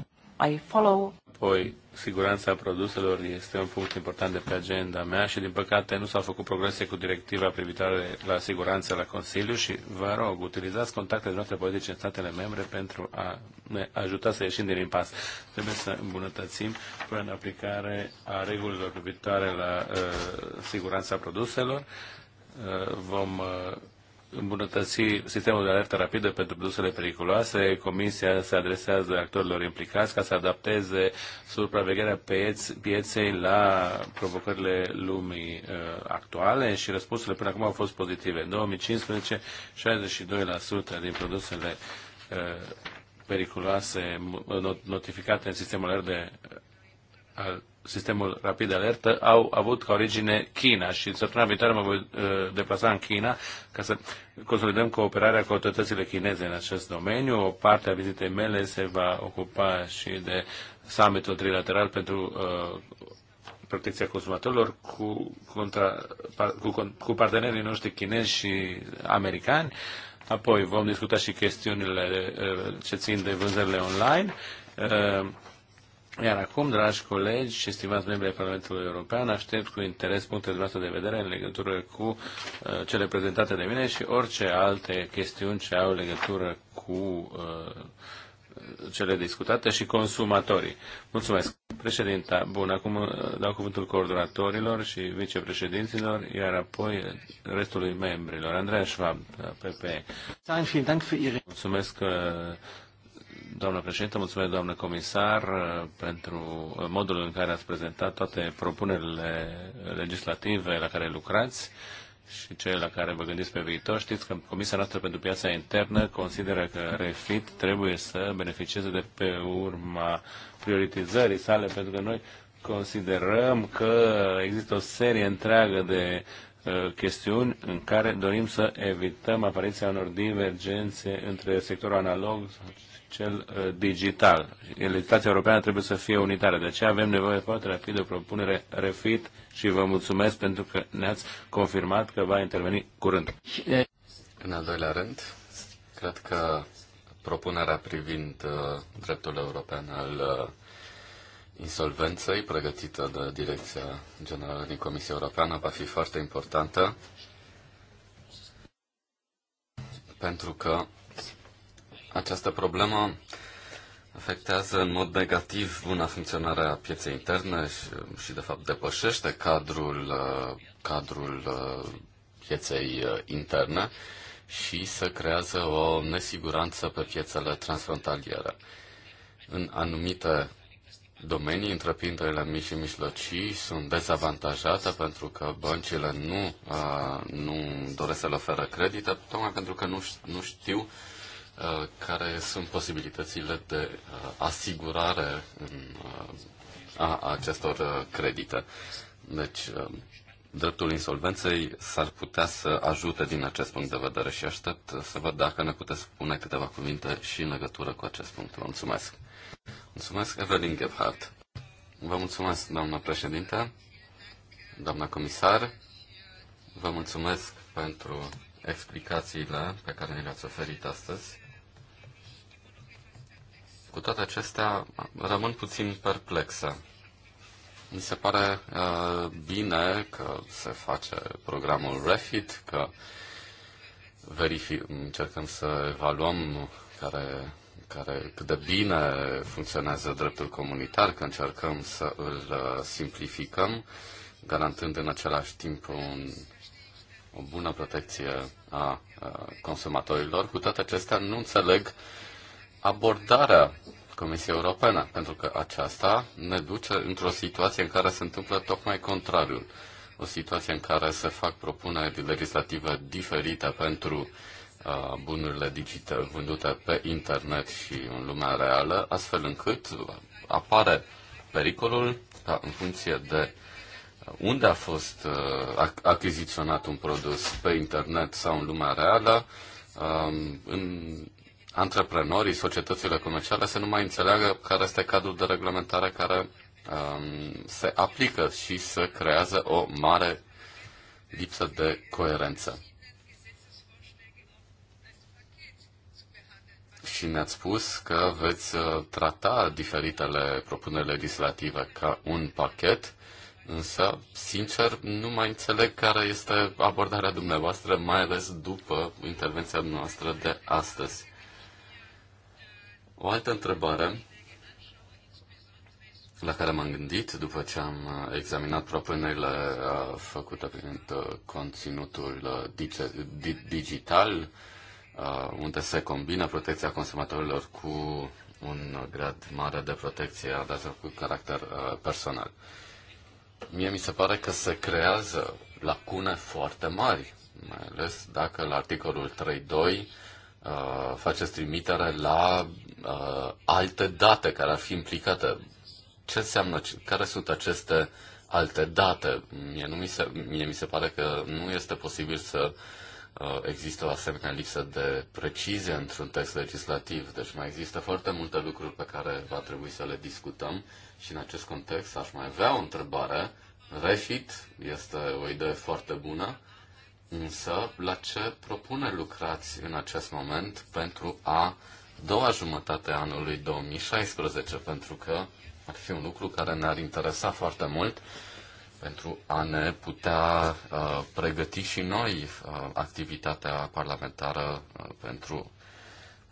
I follow. Apoi siguranța produselor este un punct important de pe agenda mea și, din păcate, nu s-au făcut progrese cu directiva privitoare la siguranță la Consiliu și vă rog, utilizați contactele noastre politice în statele membre pentru a ne ajuta să ieșim din impas. Trebuie să îmbunătățim până în aplicare a regulilor privitoare la uh, siguranța produselor. Uh, vom uh, îmbunătăți sistemul de alertă rapidă pentru produsele periculoase. Comisia se adresează actorilor implicați ca să adapteze supravegherea pieței la provocările lumii uh, actuale și răspunsurile până acum au fost pozitive. În 2015, 62% din produsele uh, periculoase notificate în sistemul de sistemul rapid de alertă au avut ca origine China și săptămâna viitoare mă voi uh, deplasa în China ca să consolidăm cooperarea cu autoritățile chineze în acest domeniu. O parte a vizitei mele se va ocupa și de summitul trilateral pentru uh, protecția consumatorilor cu, contra, cu, cu partenerii noștri chinezi și americani. Apoi vom discuta și chestiunile uh, ce țin de vânzările online. Uh, iar acum, dragi colegi și stimați membri ai Parlamentului European, aștept cu interes punctele dumneavoastră de vedere în legătură cu uh, cele prezentate de mine și orice alte chestiuni ce au legătură cu uh, cele discutate și consumatorii. Mulțumesc. Președinta, bun, acum uh, dau cuvântul coordonatorilor și vicepreședinților, iar apoi restului membrilor. Andreea Schwab, PP. Mulțumesc uh, doamnă președintă, mulțumesc, doamnă comisar, pentru modul în care ați prezentat toate propunerile legislative la care lucrați și cele la care vă gândiți pe viitor. Știți că Comisia noastră pentru piața internă consideră că Refit trebuie să beneficieze de pe urma prioritizării sale, pentru că noi considerăm că există o serie întreagă de uh, chestiuni în care dorim să evităm apariția unor divergențe între sectorul analog cel uh, digital. Legislația europeană trebuie să fie unitară, de aceea avem nevoie foarte rapid de o propunere refit și vă mulțumesc pentru că ne-ați confirmat că va interveni curând. În al doilea rând, cred că propunerea privind uh, dreptul european al uh, insolvenței, pregătită de Direcția Generală din Comisia Europeană, va fi foarte importantă pentru că această problemă afectează în mod negativ buna funcționare a pieței interne și, și de fapt, depășește cadrul, uh, cadrul uh, pieței uh, interne și se creează o nesiguranță pe piețele transfrontaliere. În anumite domenii, întreprinderile mici și mijlocii sunt dezavantajate pentru că băncile nu, nu doresc să le oferă credite, tocmai pentru că nu, nu știu Uh, care sunt posibilitățile de uh, asigurare în, uh, a acestor credite. Deci, dreptul insolvenței s-ar putea să ajute din acest punct de vedere și aștept să văd dacă ne puteți spune câteva cuvinte și în legătură cu acest punct. Vă mulțumesc. Mulțumesc, Evelyn Gebhardt. Vă mulțumesc, doamna președinte, doamna comisar. Vă mulțumesc pentru explicațiile pe care ni le-ați oferit astăzi. Cu toate acestea, rămân puțin perplexă. Mi se pare uh, bine că se face programul Refit, că verific, încercăm să evaluăm care, care, cât de bine funcționează dreptul comunitar, că încercăm să îl uh, simplificăm, garantând în același timp un, o bună protecție a, a uh, consumatorilor. Cu toate acestea, nu înțeleg uh, abordarea Comisiei Europene, pentru că aceasta ne duce într-o situație în care se întâmplă tocmai contrariul. O situație în care se fac propuneri legislative diferite pentru uh, bunurile digitale vândute pe internet și în lumea reală, astfel încât apare pericolul ca în funcție de unde a fost uh, achiziționat un produs pe internet sau în lumea reală, um, în antreprenorii, societățile comerciale să nu mai înțeleagă care este cadrul de reglementare care um, se aplică și să creează o mare lipsă de coerență. Și ne-ați spus că veți uh, trata diferitele propuneri legislative ca un pachet, însă, sincer, nu mai înțeleg care este abordarea dumneavoastră, mai ales după intervenția noastră de astăzi. O altă întrebare la care m-am gândit după ce am uh, examinat propunerile uh, făcute prin uh, conținutul digital, unde se combină protecția consumatorilor cu un grad mare de protecție a datelor cu caracter personal. Mie mi se pare că se creează lacune foarte mari, mai ales dacă la articolul 3.2 faceți trimitere la uh, alte date care ar fi implicate. Ce înseamnă, care sunt aceste alte date? Mie, nu mi, se, mie mi se pare că nu este posibil să uh, există o asemenea lipsă de precizie într-un text legislativ. Deci mai există foarte multe lucruri pe care va trebui să le discutăm și în acest context aș mai avea o întrebare. Refit este o idee foarte bună. Însă, la ce propune lucrați în acest moment pentru a doua jumătate a anului 2016, pentru că ar fi un lucru care ne-ar interesa foarte mult pentru a ne putea uh, pregăti și noi uh, activitatea parlamentară uh, pentru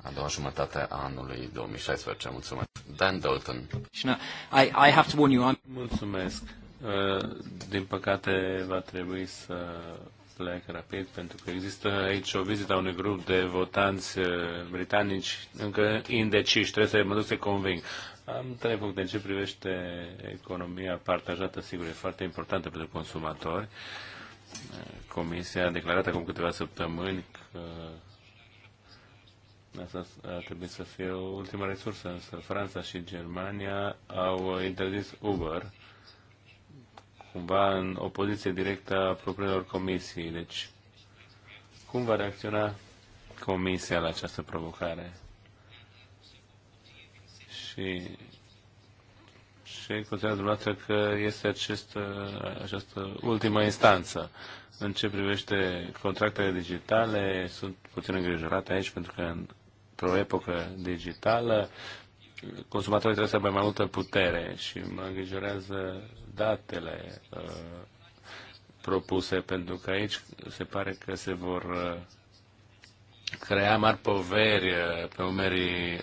a doua jumătate a anului 2016. Mulțumesc. Dan Dalton. I, I have to warn you, I'm... Mulțumesc. Uh, din păcate va trebui să plec rapid pentru că există aici o vizită a unui grup de votanți eh, britanici încă indeciși. Trebuie să mă duc să conving. Am trei puncte. În ce privește economia partajată, sigur, e foarte importantă pentru consumatori. Eh, Comisia a declarat acum câteva săptămâni că Asta a trebuit să fie ultima resursă, însă Franța și Germania au eh, interzis Uber cumva în opoziție directă a propriilor comisii. Deci, cum va reacționa comisia la această provocare? Și și considerați dumneavoastră că este acest, această ultima instanță? În ce privește contractele digitale, sunt puțin îngrijorate aici pentru că într-o epocă digitală consumatorii trebuie să aibă mai multă putere și mă îngrijorează datele uh, propuse, pentru că aici se pare că se vor uh, crea mari poveri uh, pe umerii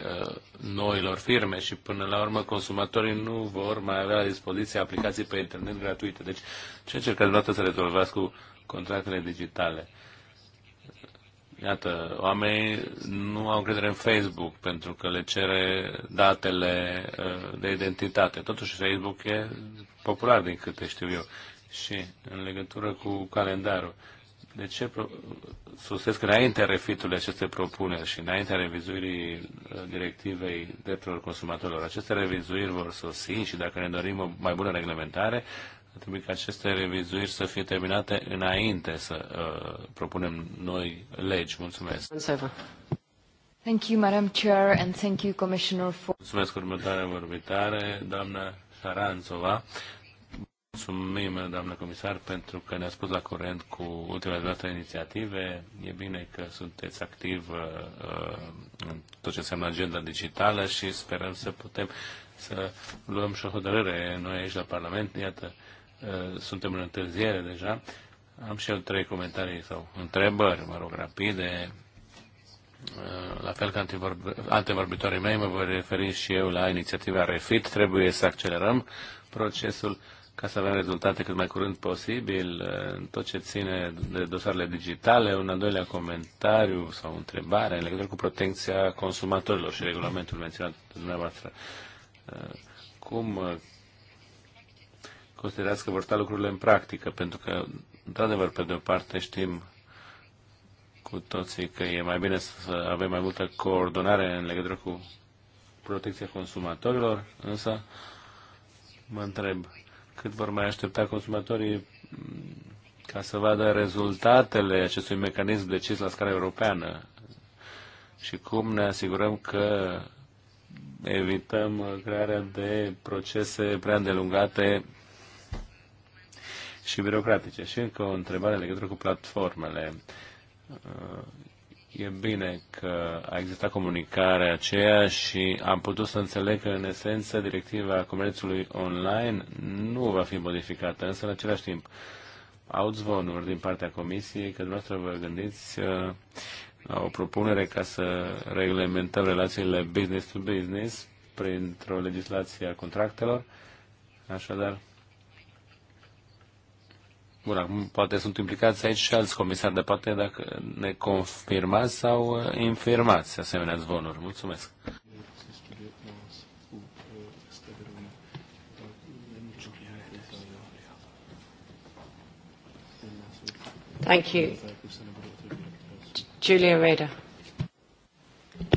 noilor firme și până la urmă consumatorii nu vor mai avea la dispoziție aplicații pe internet gratuite. Deci ce încercați dată să rezolvați cu contractele digitale? Iată, oamenii nu au încredere în Facebook pentru că le cere datele uh, de identitate. Totuși Facebook e popular din câte știu eu. Și în legătură cu calendarul, de ce susțesc înaintea refitului aceste propuneri și înaintea revizuirii uh, directivei drepturilor consumatorilor? Aceste revizuiri vor sosi și dacă ne dorim o mai bună reglementare, a trebuit ca aceste revizuiri să fie terminate înainte să uh, propunem noi legi. Mulțumesc. Thank you, Madam Chair, and thank you, Commissioner, for... Mulțumesc următoarea vorbitare, doamna Saranțova. Mulțumim, doamna comisar, pentru că ne-a spus la curent cu ultimele noastre inițiative. E bine că sunteți activ uh, în tot ce înseamnă agenda digitală și sperăm să putem să luăm și o hotărâre noi aici la Parlament. Iată, Uh, suntem în întârziere deja. Am și eu trei comentarii sau întrebări, mă rog, rapide. Uh, la fel ca antevorbitorii mei, mă voi referi și eu la inițiativa REFIT. Trebuie să accelerăm procesul ca să avem rezultate cât mai curând posibil uh, în tot ce ține de dosarele digitale. Un al doilea comentariu sau întrebare în legătură cu protecția consumatorilor și regulamentul menționat de dumneavoastră. Cum considerați că vor sta lucrurile în practică? Pentru că, într-adevăr, pe de o parte știm cu toții că e mai bine să avem mai multă coordonare în legătură cu protecția consumatorilor, însă mă întreb cât vor mai aștepta consumatorii ca să vadă rezultatele acestui mecanism decis la scară europeană și cum ne asigurăm că evităm crearea de procese prea îndelungate și birocratice. Și încă o întrebare legătură cu platformele. Uh, e bine că a existat comunicarea aceea și am putut să înțeleg că, în esență, directiva comerțului online nu va fi modificată, însă, în același timp, au zvonuri din partea Comisiei că dumneavoastră vă gândiți uh, la o propunere ca să reglementăm relațiile business to business printr-o legislație a contractelor. Așadar, Bun, acum poate sunt implicați aici și alți comisari, de parte, dacă ne confirmați sau uh, infirmați asemenea zvonuri. Mulțumesc. Thank you. Julia Reda.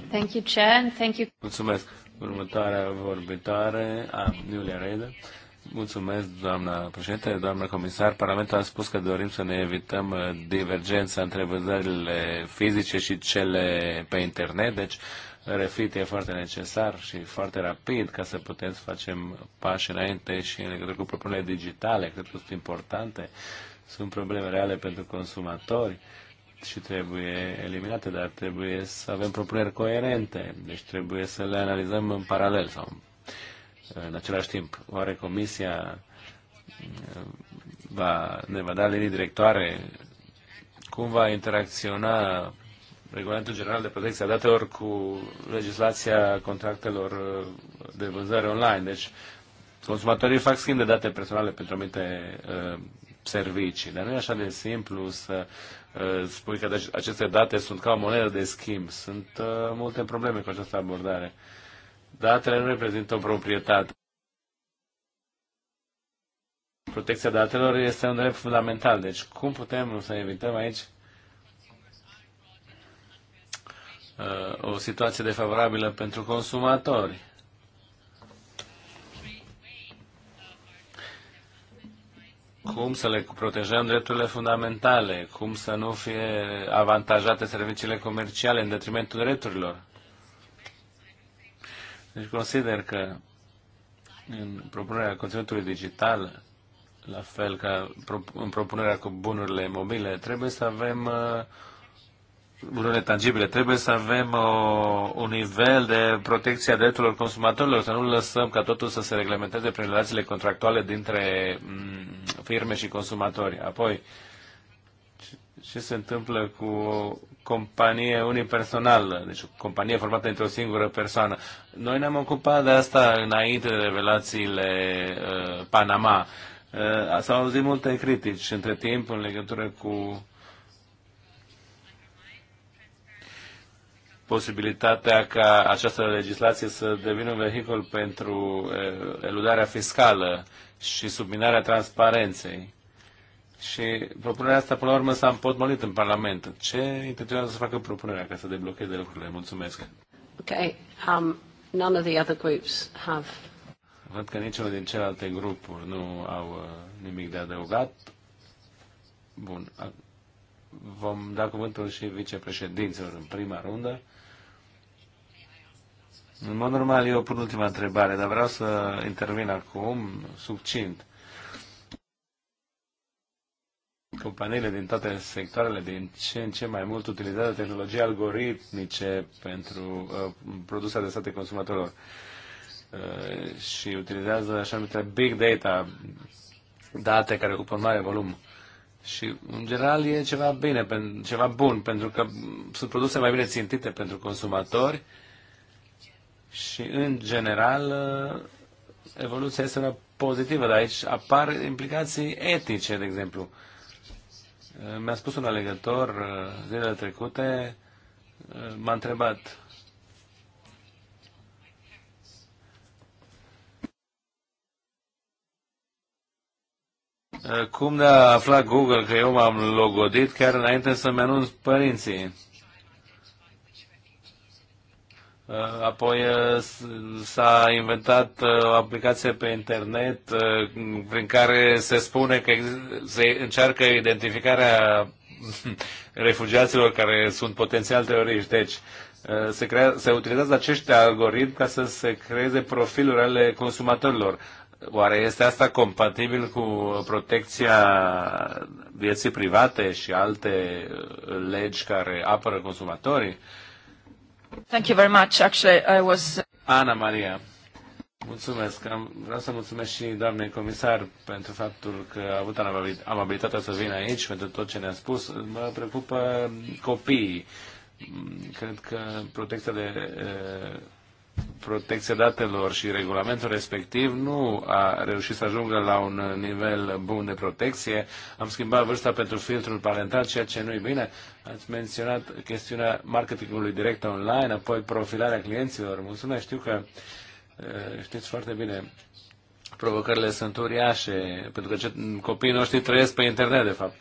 Thank you, Chair, and thank you. Mulțumesc. Următoarea vorbitoare, a, Julia Reda. Mulțumesc, doamna președinte, doamna comisar. Parlamentul a spus că dorim să ne evităm uh, divergența între vânzările fizice și cele pe internet, deci refit e foarte necesar și foarte rapid ca să putem să facem pași înainte și în legătură cu propunerile digitale, cred că sunt importante, sunt probleme reale pentru consumatori și trebuie eliminate, dar trebuie să avem propuneri coerente, deci trebuie să le analizăm în paralel sau în același timp. Oare Comisia uh, va, ne va da linii directoare? Cum va interacționa Regulamentul General de Protecție a Datelor cu legislația contractelor uh, de vânzare online? Deci, consumatorii fac schimb de date personale pentru anumite uh, servicii, dar nu e așa de simplu să uh, spui că deci aceste date sunt ca o monedă de schimb. Sunt uh, multe probleme cu această abordare. Uh, Datele nu reprezintă o proprietate. Protecția datelor este un drept fundamental. Deci cum putem să evităm aici uh, o situație defavorabilă pentru consumatori? cum să le protejăm drepturile fundamentale, cum să nu fie avantajate serviciile comerciale în detrimentul drepturilor. Deci consider că în propunerea conținutului digital, la fel ca în propunerea cu bunurile mobile, trebuie să avem uh, bunurile tangibile, trebuie să avem o, uh, un nivel de protecție a drepturilor consumatorilor, să nu lăsăm ca totul să se reglementeze prin relațiile contractuale dintre mm, firme și consumatori. Apoi, uh, ce se întâmplă cu o companie unipersonală, deci o companie formată dintr-o singură persoană. Noi ne-am ocupat de asta înainte de revelațiile uh, Panama. Uh, s-au auzit multe critici între timp în legătură cu posibilitatea ca această legislație să devină un vehicul pentru uh, eludarea fiscală și subminarea transparenței. Și propunerea asta, până la urmă, s-a împotmolit în Parlament. Ce intenționează să facă propunerea ca să deblocheze lucrurile? Mulțumesc. Ok. Um, none of the other groups have... Văd că niciunul din celelalte grupuri nu au uh, nimic de adăugat. Bun. Vom da cuvântul și vicepreședinților în prima rundă. În mod normal, eu pun ultima întrebare, dar vreau să intervin acum, succint. companiile din toate sectoarele din ce în ce mai mult utilizează tehnologii algoritmice pentru uh, produse adresate consumatorilor uh, și utilizează așa numite big data, date care ocupă mare volum. Și, în general, e ceva bine, ceva bun, pentru că sunt produse mai bine țintite pentru consumatori și, în general, uh, evoluția este una pozitivă, dar aici apar implicații etice, de exemplu. Uh, mi-a spus un alegător uh, zilele trecute, uh, m-a întrebat uh, Cum de-a afla Google că eu m-am logodit chiar înainte să-mi anunț părinții? Uh, apoi uh, s-a inventat uh, o aplicație pe internet prin care se spune că se încearcă identificarea refugiaților care sunt potențial teroriști. Deci, se, crea, se utilizează acești algoritmi ca să se creeze profiluri ale consumatorilor. Oare este asta compatibil cu protecția vieții private și alte legi care apără consumatorii? Thank you very much. Actually, I was... Uh, Ana Maria. Mulțumesc. Am, vreau să mulțumesc și doamnei comisar pentru faptul că a avut amabilitatea să vină aici, pentru tot ce ne-a spus. Mă preocupă copiii. Cred că protecția de uh, protecția datelor și regulamentul respectiv nu a reușit să ajungă la un nivel bun de protecție. Am schimbat vârsta pentru filtrul parental, ceea ce nu e bine. Ați menționat chestiunea marketingului direct online, apoi profilarea clienților. Mulțumesc, știu că eh, știți foarte bine provocările sunt uriașe, pentru că copiii noștri trăiesc pe internet, de fapt.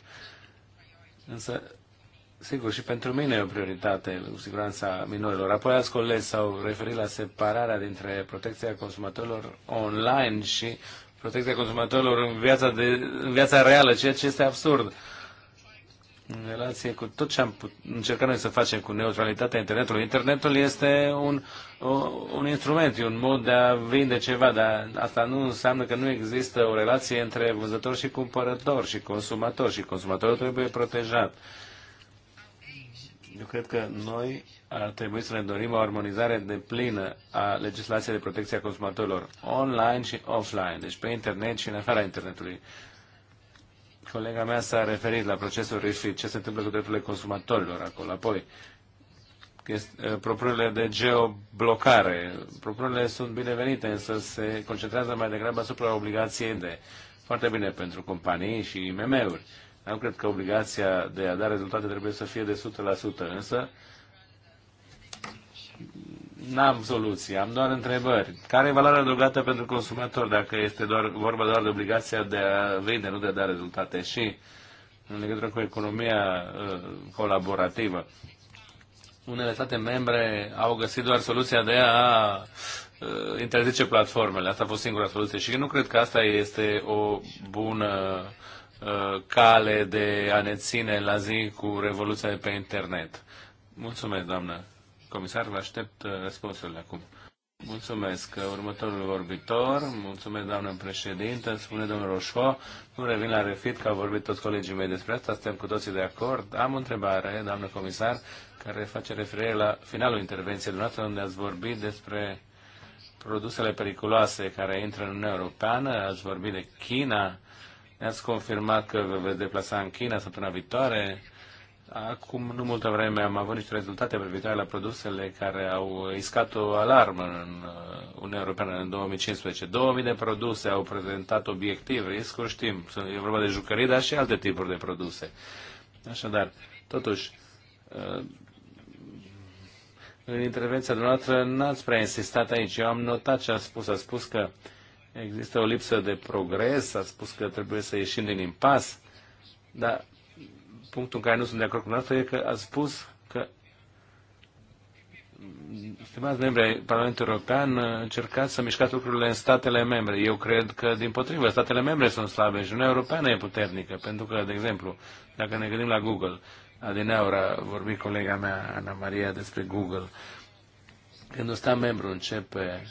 Însă sigur, și pentru mine e o prioritate siguranța minorilor. Apoi alți colegi s-au referit la separarea dintre protecția consumatorilor online și protecția consumatorilor în viața, de, în viața reală, ceea ce este absurd. În relație cu tot ce am încercat noi să facem cu neutralitatea internetului. Internetul este un, o, un instrument, un mod de a vinde ceva, dar asta nu înseamnă că nu există o relație între vânzător și cumpărător și consumator și consumatorul trebuie protejat. Eu cred că noi ar trebui să ne dorim o armonizare de plină a legislației de protecție a consumatorilor, online și offline, deci pe internet și în afara internetului. Colega mea s-a referit la procesul RIFID, ce se întâmplă cu drepturile consumatorilor acolo. Apoi, ă, propunerile de geoblocare. Propunerile sunt binevenite, însă se concentrează mai degrabă asupra obligației de foarte bine pentru companii și IMM-uri. Eu cred că obligația de a da rezultate trebuie să fie de 100%, însă n-am soluții, am doar întrebări. Care e valoarea adăugată pentru consumator dacă este doar, vorba doar de obligația de a vinde, nu de a da rezultate? Și în legătură cu economia uh, colaborativă, unele state membre au găsit doar soluția de a uh, interzice platformele. Asta a fost singura soluție și nu cred că asta este o bună Uh, cale de a ne ține la zi cu revoluția de pe internet. Mulțumesc, doamnă comisar, vă aștept uh, răspunsurile acum. Mulțumesc. Uh, următorul vorbitor, mulțumesc doamnă președintă, spune domnul Roșo, nu revin la refit că au vorbit toți colegii mei despre asta, suntem cu toții de acord. Am o întrebare, doamnă comisar, care face referire la finalul intervenției dumneavoastră, unde ați vorbit despre produsele periculoase care intră în Uniunea Europeană, ați vorbit de China, ne-ați confirmat că vă veți deplasa în China săptămâna viitoare. Acum nu multă vreme am avut niște rezultate privitoare la produsele care au iscat o alarmă în uh, Uniunea Europeană în 2015. 2000 de produse au prezentat obiectiv, riscuri știm, e vorba de jucării, dar și alte tipuri de produse. Așadar, totuși, uh, în intervenția dumneavoastră n-ați prea insistat aici. Eu am notat ce a spus. A spus că uh, Există o lipsă de progres, a spus că trebuie să ieșim din impas, dar punctul în care nu sunt de acord cu noastră e că a spus că stimați membri ai Parlamentului European, încercați să mișcați lucrurile în statele membre. Eu cred că, din potrivă, statele membre sunt slabe și Uniunea Europeană e puternică, pentru că, de exemplu, dacă ne gândim la Google, adineaura vorbit colega mea, Ana Maria, despre Google, când un stat membru începe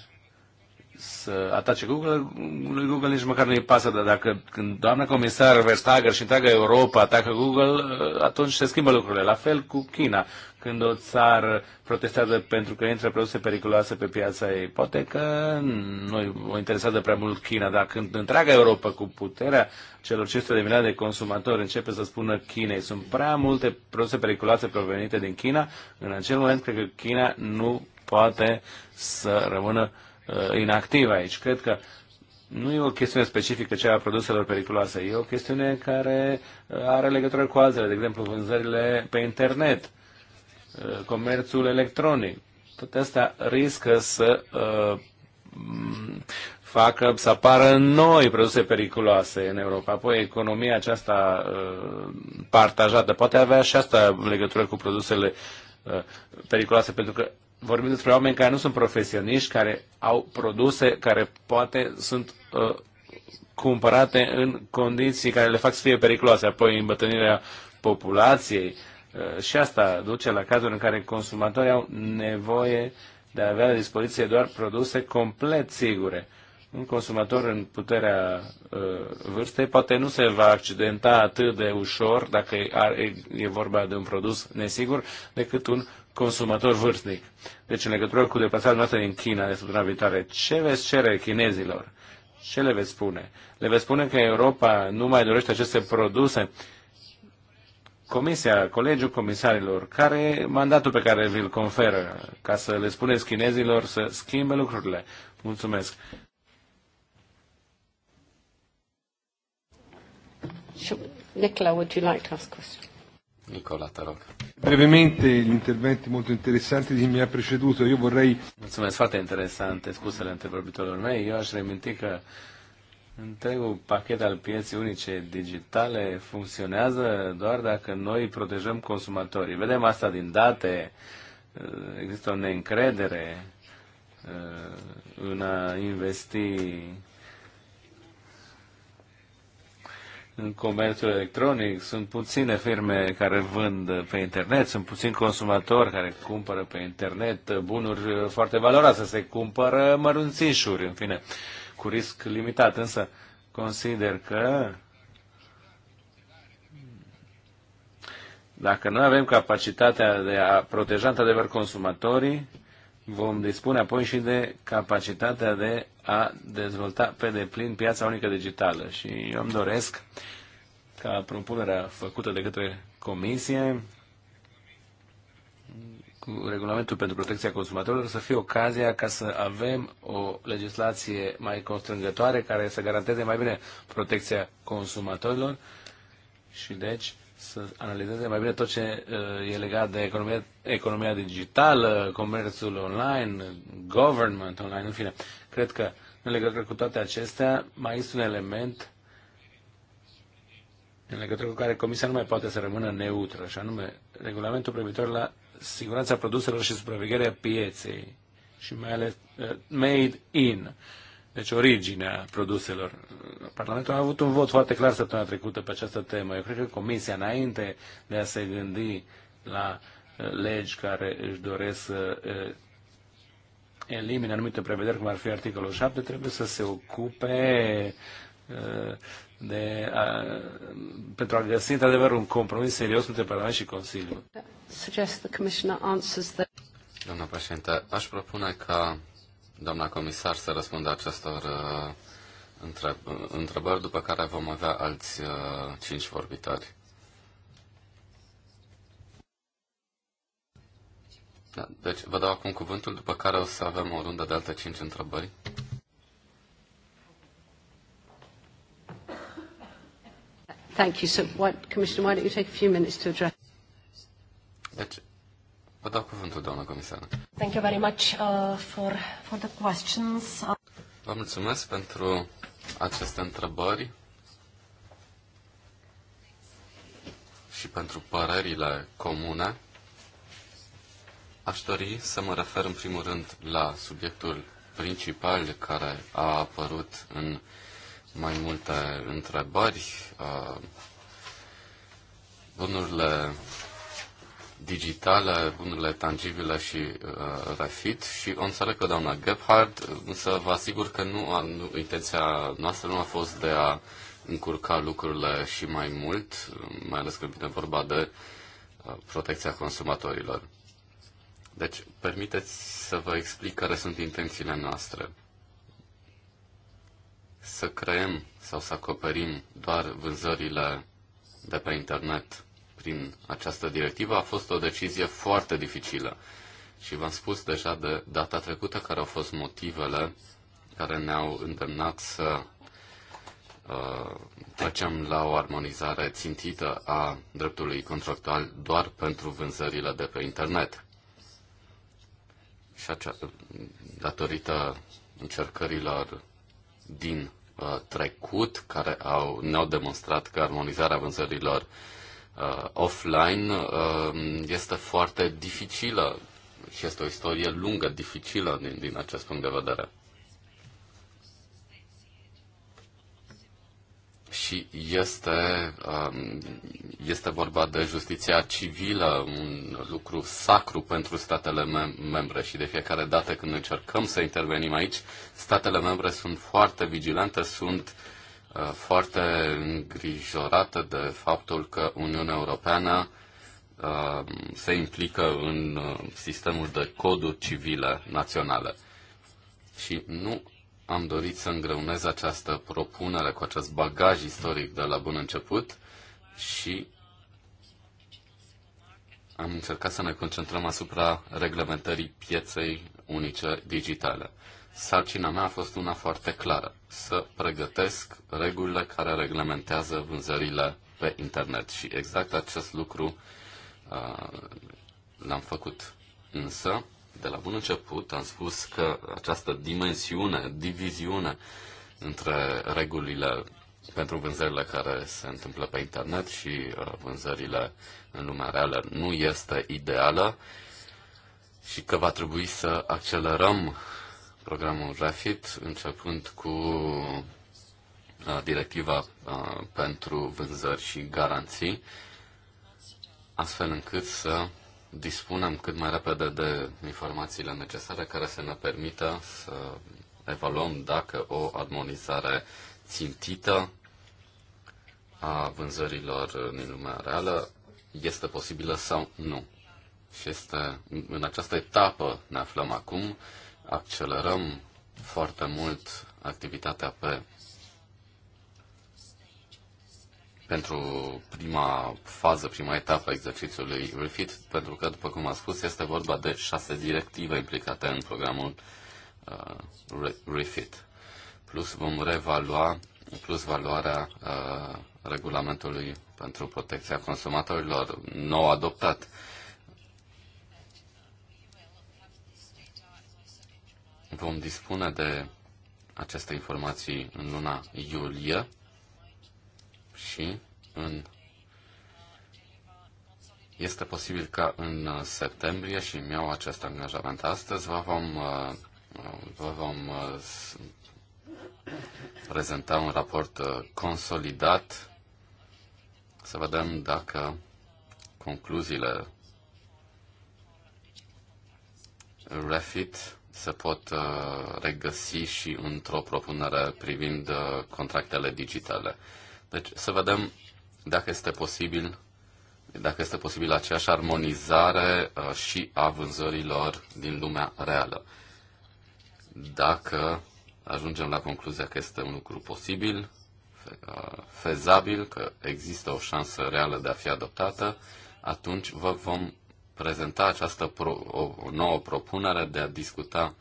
să atace Google, lui Google nici măcar nu-i pasă, dar dacă când doamna comisar Vestager și întreaga Europa atacă Google, ă, atunci se schimbă lucrurile. La fel cu China. Când o țară protestează pentru că intră produse periculoase pe piața ei, poate că nu o interesează prea mult China, dar când întreaga Europa cu puterea celor 500 de milioane de consumatori începe să spună Chinei, sunt prea multe produse periculoase provenite din China, în acel moment cred că China nu poate să rămână Uh, inactiv aici. Cred că nu e o chestiune specifică cea a produselor periculoase, e o chestiune care uh, are legătură cu altele, de exemplu vânzările pe internet, uh, comerțul electronic. Toate astea riscă să uh, facă să apară noi produse periculoase în Europa. Apoi economia aceasta uh, partajată poate avea și asta legătură cu produsele uh, periculoase, pentru că vorbim despre oameni care nu sunt profesioniști, care au produse care poate sunt uh, cumpărate în condiții care le fac să fie periculoase. Apoi îmbătrânirea populației uh, și asta duce la cazuri în care consumatorii au nevoie de a avea la dispoziție doar produse complet sigure. Un consumator în puterea uh, vârstei poate nu se va accidenta atât de ușor dacă are, e vorba de un produs nesigur decât un consumator vârstnic. Deci, în legătură cu deplasarea noastră în China de săptămâna viitoare, ce veți cere chinezilor? Ce le veți spune? Le veți spune că Europa nu mai dorește aceste produse? Comisia, Colegiul Comisarilor, care e mandatul pe care vi-l conferă ca să le spuneți chinezilor să schimbe lucrurile? Mulțumesc! Nicola, would you like to ask questions? Nicola, te rog. Brevemente, gli interventi molto interessanti di mi ha preceduto. io vorrei... Mulțumesc, foarte interesante spusele antevorbitorilor mei. Eu aș reminti că întregul pachet al pieții unice digitale funcționează doar dacă noi protejăm consumatorii. Vedem asta din date, există o neîncredere uh, în a investi în comerțul electronic, sunt puține firme care vând pe internet, sunt puțini consumatori care cumpără pe internet bunuri foarte valoroase, se cumpără mărunțișuri, în fine, cu risc limitat, însă consider că dacă noi avem capacitatea de a proteja într-adevăr consumatorii, vom dispune apoi și de capacitatea de a dezvolta pe deplin piața unică digitală. Și eu îmi doresc ca propunerea făcută de către Comisie cu regulamentul pentru protecția consumatorilor să fie ocazia ca să avem o legislație mai constrângătoare care să garanteze mai bine protecția consumatorilor și deci să analizeze mai bine tot ce uh, e legat de economia, economia digitală, comerțul online, government online, în fine. Cred că în legătură cu toate acestea mai este un element în legătură cu care Comisia nu mai poate să rămână neutră, și anume regulamentul privitor la siguranța produselor și supravegherea pieței și mai ales uh, made in. Uh, deci originea produselor. Parlamentul a avut un vot foarte clar săptămâna trecută pe această temă. Eu cred că Comisia, înainte de a se gândi la uh, legi care își doresc să uh, elimine anumite prevederi, cum ar fi articolul 7, trebuie să se ocupe uh, de a, pentru a găsi într-adevăr un compromis serios între Parlament și Consiliu. Doamna președinte, aș propune ca doamna comisar să răspundă acestor uh, uh, întrebări, după care vom avea alți uh, cinci vorbitori. Da, deci vă dau acum cuvântul, după care o să avem o rundă de alte cinci întrebări. Thank you. So, why, Commissioner, why don't you take a few minutes to address? Deci, Vă dau cuvântul, doamnă comisar. Thank you very much uh, for, for the questions. Vă mulțumesc pentru aceste întrebări și pentru părerile comune. Aș dori să mă refer în primul rând la subiectul principal care a apărut în mai multe întrebări. Uh, bunurile digitală, bunurile tangibile și uh, refit și o înțeleg că doamna Gebhardt, însă vă asigur că nu, a, nu, intenția noastră nu a fost de a încurca lucrurile și mai mult, mai ales când vine vorba de uh, protecția consumatorilor. Deci, permiteți să vă explic care sunt intențiile noastre. Să creăm sau să acoperim doar vânzările de pe internet prin această directivă a fost o decizie foarte dificilă. Și v-am spus deja de data trecută care au fost motivele care ne-au îndemnat să uh, la o armonizare țintită a dreptului contractual doar pentru vânzările de pe internet. Și acea, datorită încercărilor din uh, trecut, care au, ne-au demonstrat că armonizarea vânzărilor uh, offline uh, este foarte dificilă și este o istorie lungă, dificilă din, din acest punct de vedere. Și este, um, este vorba de justiția civilă, un lucru sacru pentru statele mem- membre și de fiecare dată când încercăm să intervenim aici, statele membre sunt foarte vigilante, sunt uh, Uh, foarte îngrijorată de faptul că Uniunea Europeană uh, se implică în uh, sistemul de coduri civile naționale. Și nu am dorit să îngreunez această propunere cu acest bagaj istoric de la bun început și am încercat să ne concentrăm asupra reglementării pieței unice digitale sarcina mea a fost una foarte clară, să pregătesc regulile care reglementează vânzările pe internet și exact acest lucru uh, l-am făcut. Însă, de la bun început, am spus că această dimensiune, diviziune între regulile pentru vânzările care se întâmplă pe internet și uh, vânzările în lumea reală nu este ideală și că va trebui să accelerăm programul REFIT, începând cu uh, directiva uh, pentru vânzări și garanții, astfel încât să dispunem cât mai repede de informațiile necesare care să ne permită să evaluăm dacă o armonizare țintită a vânzărilor din lumea reală este posibilă sau nu. Și este, în această etapă ne aflăm acum, accelerăm foarte mult activitatea pe pentru prima fază, prima etapă a exercițiului REFIT, pentru că, după cum am spus, este vorba de șase directive implicate în programul uh, REFIT. Plus vom revalua, plus valoarea uh, regulamentului pentru protecția consumatorilor nou adoptat. Uh, Vom dispune de aceste informații în luna iulie și în este posibil ca în septembrie și mi iau acest angajament astăzi, vă vom, uh, vă vom uh, prezenta un raport uh, consolidat să vedem dacă concluziile Refit se pot uh, regăsi și într-o propunere privind uh, contractele digitale. Deci să vedem dacă este posibil dacă este posibil aceeași armonizare uh, și a vânzărilor din lumea reală. Dacă ajungem la concluzia că este un lucru posibil, fezabil, că există o șansă reală de a fi adoptată, atunci vă vom prezenta această pro, o, o nouă propunere de a discuta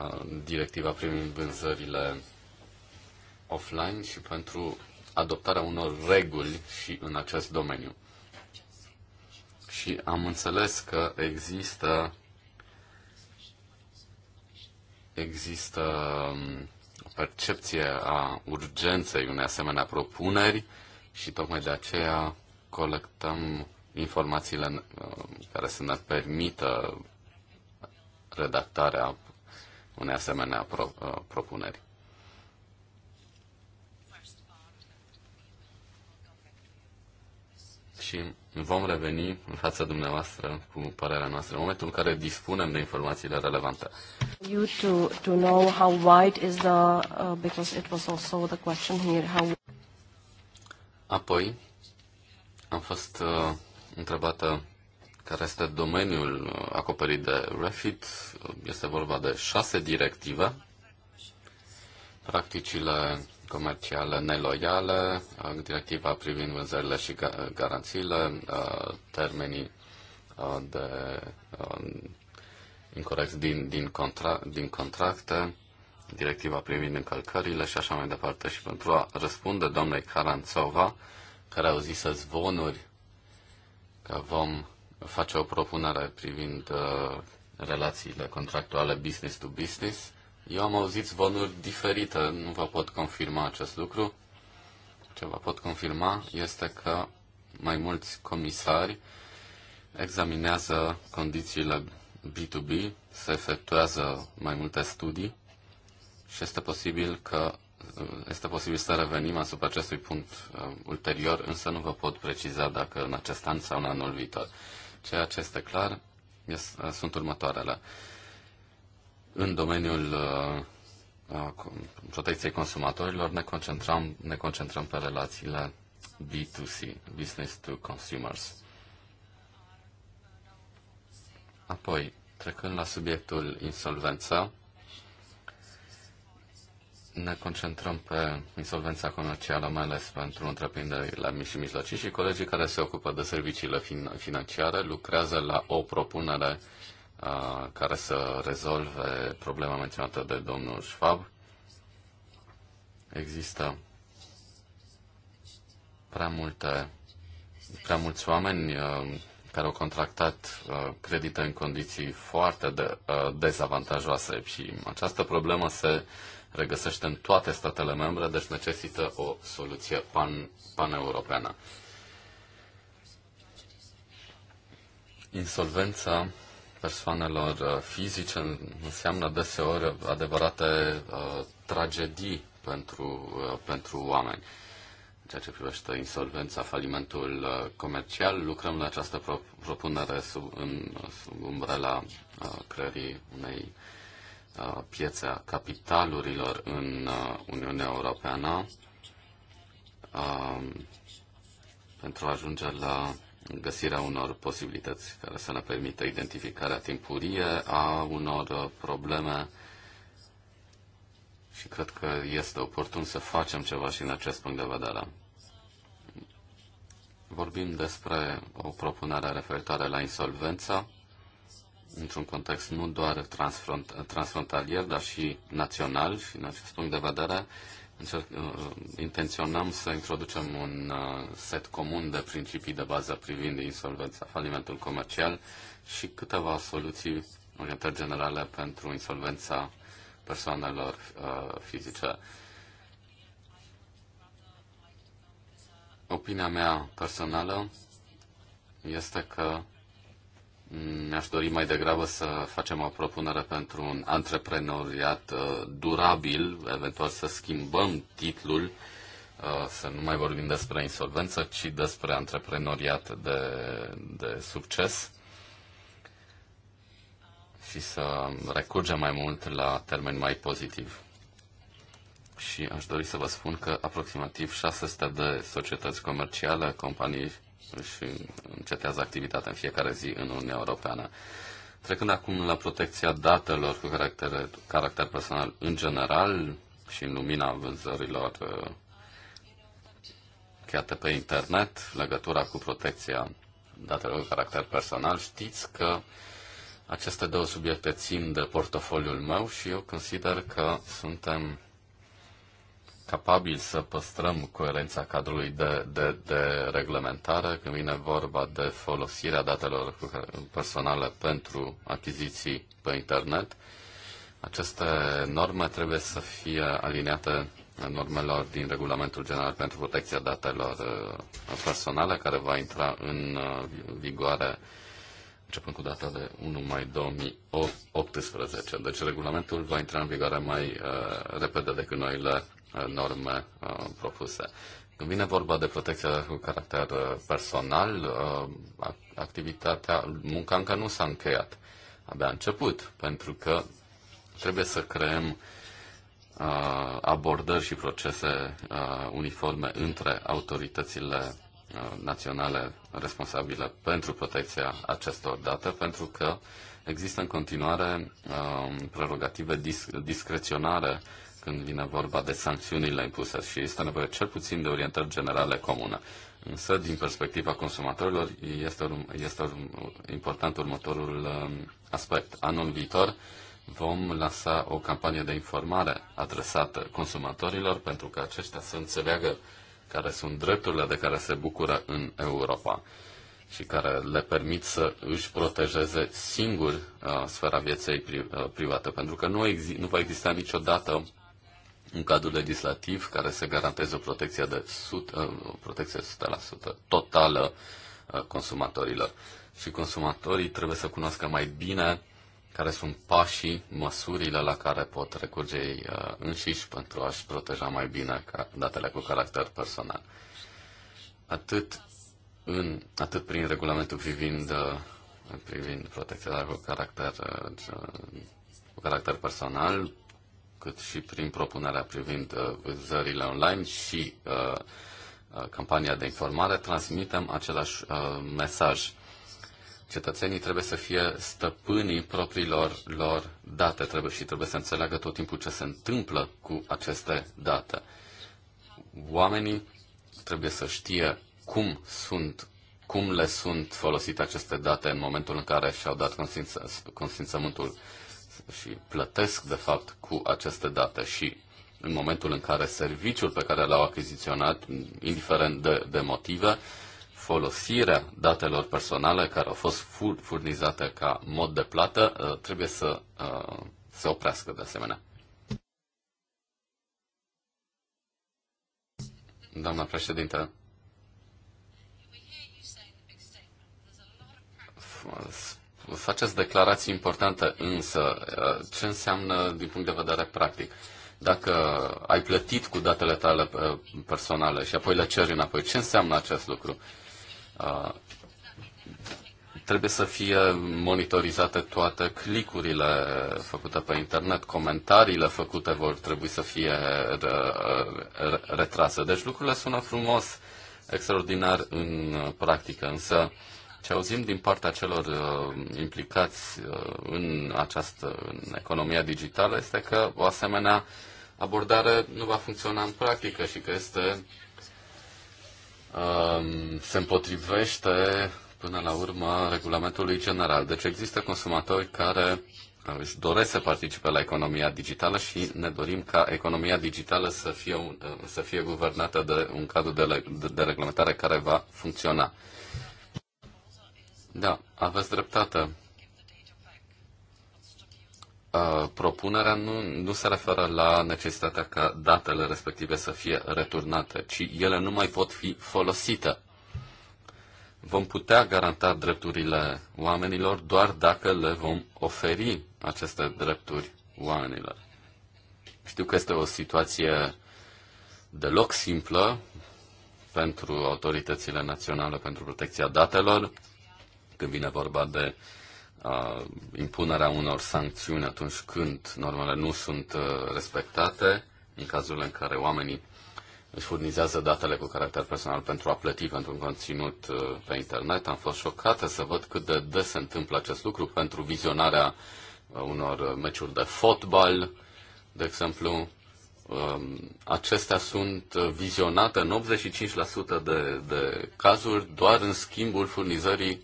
uh, directiva privind vânzările offline și pentru adoptarea unor reguli și în acest domeniu. Și am înțeles că există există um, o percepție a urgenței unei asemenea propuneri și tocmai de aceea colectăm informațiile uh, care să ne permită redactarea unei asemenea pro, uh, propuneri. Și vom reveni în fața dumneavoastră cu părerea noastră în momentul în care dispunem de informațiile relevante. You to, to know how wide is the, uh, because it was also the question here, how... Apoi, am fost uh, întrebată care este domeniul acoperit de Refit. Este vorba de șase directive, practicile comerciale neloiale, directiva privind vânzările și garanțiile, termenii de incorrect din, din, contra, din contracte, directiva privind încălcările și așa mai departe. Și pentru a răspunde doamnei Caranțova, care au zis zvonuri că vom face o propunere privind uh, relațiile contractuale business to business. Eu am auzit zvonuri diferite, nu vă pot confirma acest lucru. Ce vă pot confirma este că mai mulți comisari examinează condițiile B2B, se efectuează mai multe studii și este posibil că este posibil să revenim asupra acestui punct uh, ulterior, însă nu vă pot preciza dacă în acest an sau în anul viitor. Ceea ce este clar uh, sunt următoarele. În domeniul uh, protecției consumatorilor ne concentrăm, ne concentrăm pe relațiile B2C, Business to Consumers. Apoi, trecând la subiectul insolvență, ne concentrăm pe insolvența comercială, mai ales pentru întreprinderile mici și mijlocii și colegii care se ocupă de serviciile fin- financiare lucrează la o propunere a, care să rezolve problema menționată de domnul Schwab. Există prea multe, prea mulți oameni a, care au contractat uh, credite în condiții foarte de, uh, dezavantajoase și această problemă se regăsește în toate statele membre, deci necesită o soluție pan, paneuropeană. Insolvența persoanelor uh, fizice înseamnă deseori adevărate uh, tragedii pentru, uh, pentru oameni. În ceea ce privește insolvența, falimentul uh, comercial, lucrăm la această propunere sub, în, sub umbrela uh, creării unei Piața capitalurilor în uh, Uniunea Europeană um, pentru a ajunge la găsirea unor posibilități care să ne permită identificarea timpurie a unor uh, probleme și cred că este oportun să facem ceva și în acest punct de vedere. Vorbim despre o propunere referitoare la insolvență într-un context nu doar transfront, transfrontalier, dar și național și în acest punct de vedere încerc, uh, intenționăm să introducem un uh, set comun de principii de bază privind insolvența, falimentul comercial și câteva soluții, orientări generale pentru insolvența persoanelor uh, fizice. Opinia mea personală este că mi aș dori mai degrabă să facem o propunere pentru un antreprenoriat uh, durabil, eventual să schimbăm titlul, uh, să nu mai vorbim despre insolvență, ci despre antreprenoriat de, de succes și să recurgem mai mult la termeni mai pozitiv. Și aș dori să vă spun că aproximativ 600 de societăți comerciale, companii își încetează activitatea în fiecare zi în Uniunea Europeană. Trecând acum la protecția datelor cu caracter, caracter personal în general și în lumina vânzărilor uh, create pe internet, legătura cu protecția datelor cu caracter personal, știți că aceste două subiecte țin de portofoliul meu și eu consider că suntem capabili să păstrăm coerența cadrului de, de, de reglementare când vine vorba de folosirea datelor personale pentru achiziții pe internet. Aceste norme trebuie să fie aliniate normelor din Regulamentul General pentru Protecția Datelor uh, Personale, care va intra în uh, vigoare începând cu data de 1 mai 2018. Deci regulamentul va intra în vigoare mai uh, repede decât noile norme uh, propuse. Când vine vorba de protecția cu caracter uh, personal, uh, activitatea, munca încă nu s-a încheiat. Abia a început, pentru că trebuie să creăm abordări și procese uniforme între autoritățile naționale responsabile pentru protecția acestor date, pentru că există în continuare prerogative discreționare când vine vorba de sancțiunile impuse și este nevoie cel puțin de orientări generale comune. Însă, din perspectiva consumatorilor, este, urm- este urm- important următorul um, aspect. Anul viitor vom lansa o campanie de informare adresată consumatorilor pentru că aceștia să înțeleagă care sunt drepturile de care se bucură în Europa și care le permit să își protejeze singur uh, sfera vieții pri- uh, private, pentru că nu, exi- nu va exista niciodată un cadru legislativ care să garanteze o protecție de 100%, uh, protecție 100% totală uh, consumatorilor. Și consumatorii trebuie să cunoască mai bine care sunt pașii, măsurile la care pot recurge ei uh, înșiși pentru a-și proteja mai bine datele cu caracter personal. Atât, în, atât prin regulamentul privind, privind protecția cu caracter, cu caracter personal, cât și prin propunerea privind uh, vânzările online și uh, uh, campania de informare, transmitem același mesaj. Cetățenii trebuie să fie stăpânii propriilor lor date trebuie și trebuie să înțeleagă tot timpul ce se întâmplă cu aceste date. Oamenii trebuie să știe cum sunt cum le sunt folosite aceste date în momentul în care și-au dat consimț- consimțământul și plătesc, de fapt, cu aceste date și în momentul în care serviciul pe care l-au achiziționat, indiferent de, de motive, folosirea datelor personale care au fost furnizate ca mod de plată uh, trebuie să uh, se oprească de asemenea. Doamna președinte, faceți declarații importante, însă uh, ce înseamnă din punct de vedere practic? Dacă ai plătit cu datele tale uh, personale și apoi le ceri înapoi, ce înseamnă acest lucru? Uh, trebuie să fie monitorizate toate clicurile făcute pe internet, comentariile făcute vor trebui să fie retrase. Deci lucrurile sună frumos, extraordinar în practică, însă ce auzim din partea celor uh, implicați uh, în această în economia digitală este că o asemenea abordare nu va funcționa în practică și că este uh, se împotrivește până la urmă regulamentului general. Deci există consumatori care uh, își doresc să participe la economia digitală și ne dorim ca economia digitală să fie, uh, să fie guvernată de un cadru de, de reglementare care va funcționa. Da, aveți dreptate. Propunerea nu, nu se referă la necesitatea ca datele respective să fie returnate, ci ele nu mai pot fi folosite. Vom putea garanta drepturile oamenilor doar dacă le vom oferi aceste drepturi oamenilor. Știu că este o situație deloc simplă pentru autoritățile naționale pentru protecția datelor, când vine vorba de uh, impunerea unor sancțiuni atunci când normele nu sunt uh, respectate, în cazul în care oamenii își furnizează datele cu caracter personal pentru a plăti pentru un conținut uh, pe internet. Am fost șocată să văd cât de des se întâmplă acest lucru pentru vizionarea uh, unor meciuri de fotbal, de exemplu, um, acestea sunt uh, vizionate în 85% de, de cazuri doar în schimbul furnizării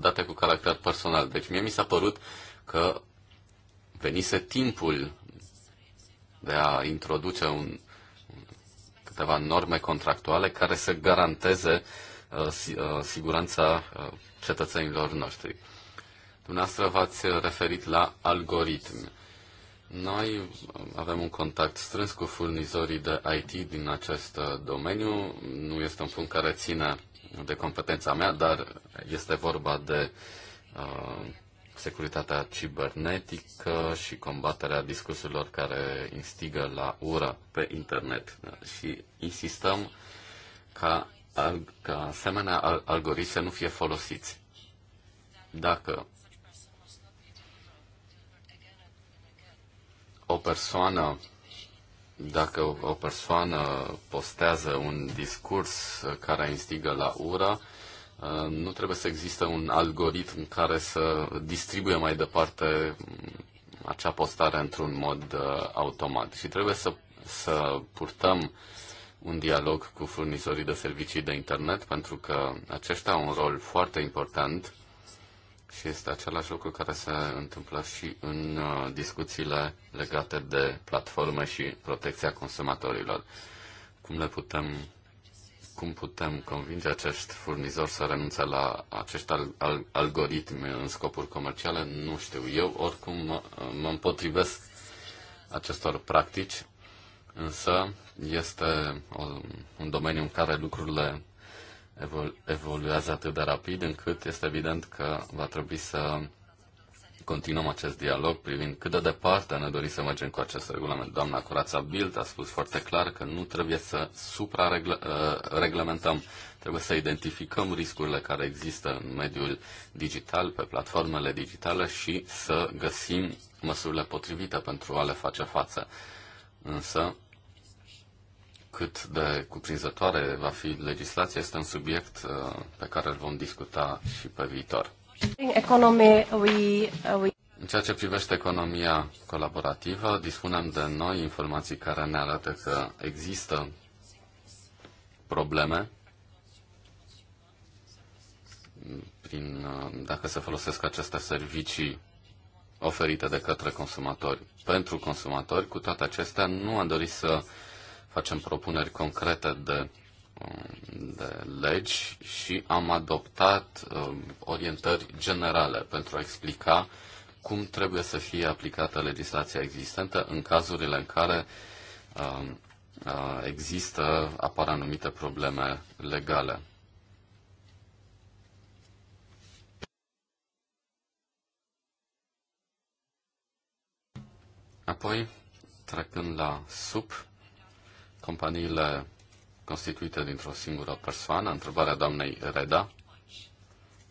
date cu caracter personal. Deci mie mi s-a părut că venise timpul de a introduce un, câteva norme contractuale care să garanteze uh, uh, siguranța uh, cetățenilor noștri. Dumneavoastră v-ați referit la algoritmi. Noi avem un contact strâns cu furnizorii de IT din acest domeniu. Nu este un punct care ține de competența mea, dar este vorba de uh, securitatea cibernetică și combaterea discursurilor care instigă la ură pe internet. Și insistăm ca, ca asemenea algoritmi să nu fie folosiți. Dacă o persoană dacă o persoană postează un discurs care instigă la ură, uh, nu trebuie să existe un algoritm care să distribuie mai departe mm, acea postare într-un mod uh, automat. Și trebuie să, să purtăm un dialog cu furnizorii de servicii de internet, pentru că aceștia au un rol foarte important și este același lucru care se întâmplă și în uh, discuțiile legate de platforme și protecția consumatorilor. Cum le putem cum putem convinge acești furnizori să renunțe la acești al- algoritmi în scopuri comerciale, nu știu. Eu oricum mă, mă împotrivesc acestor practici, însă este o, um, un domeniu în care lucrurile evoluează atât de rapid încât este evident că va trebui să continuăm acest dialog privind cât de departe ne dorim să mergem cu acest regulament. Doamna Curața Bild a spus foarte clar că nu trebuie să suprareglementăm, uh, trebuie să identificăm riscurile care există în mediul digital, pe platformele digitale și să găsim măsurile potrivite pentru a le face față. Însă, cât de cuprinzătoare va fi legislația este un subiect uh, pe care îl vom discuta și pe viitor. Uh, În ceea ce privește economia colaborativă, dispunem de noi informații care ne arată că există probleme prin, uh, dacă se folosesc aceste servicii oferite de către consumatori. Pentru consumatori, cu toate acestea, nu am dorit să uh, facem propuneri concrete de, de legi și am adoptat um, orientări generale pentru a explica cum trebuie să fie aplicată legislația existentă în cazurile în care um, uh, există, apar anumite probleme legale. Apoi, trecând la sub, companiile constituite dintr-o singură persoană, întrebarea doamnei Reda.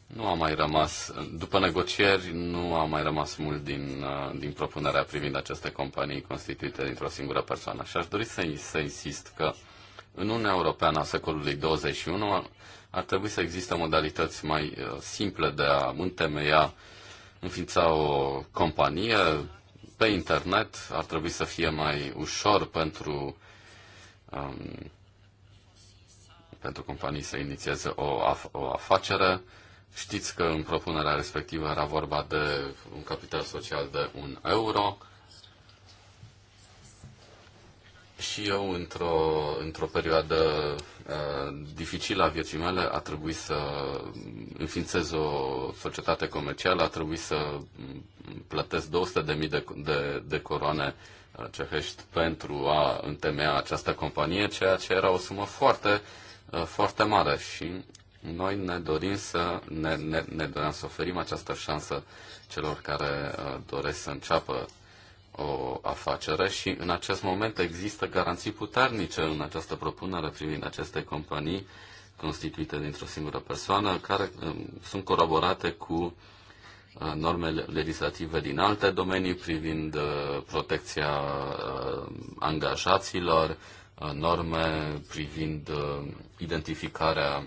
Nu a mai rămas, după negocieri, nu a mai rămas mult din, uh, din propunerea privind aceste companii constituite dintr-o singură persoană. Și aș dori să, să insist că în Uniunea Europeană a secolului 21 ar trebui să existe modalități mai uh, simple de a întemeia, înființa o companie pe internet, ar trebui să fie mai ușor pentru um, pentru companii să inițieze o, af- o afacere. Știți că în propunerea respectivă era vorba de un capital social de un euro. Și eu, într-o, într-o perioadă uh, dificilă a vieții mele, a trebuit să înființez o societate comercială, a trebuit să plătesc 200.000 de, de, de coroane uh, cehești pentru a întemeia această companie, ceea ce era o sumă foarte, uh, foarte mare și noi ne dorim să ne, ne, ne dorim să oferim această șansă celor care uh, doresc să înceapă o afacere și în acest moment există garanții puternice în această propunere privind aceste companii constituite dintr-o singură persoană care um, sunt coroborate cu norme legislative din alte domenii privind uh, protecția uh, angajaților, uh, norme privind identificarea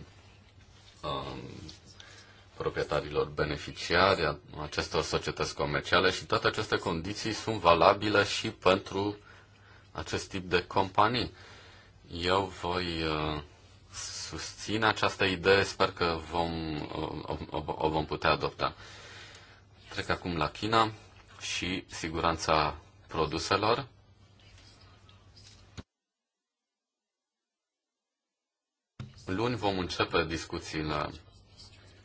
proprietarilor beneficiari acestor societăți comerciale și toate aceste condiții sunt valabile și pentru acest tip de companii. Eu voi susține această idee, sper că vom, o, o, o vom putea adopta. Trec acum la China și siguranța produselor. Luni vom începe discuțiile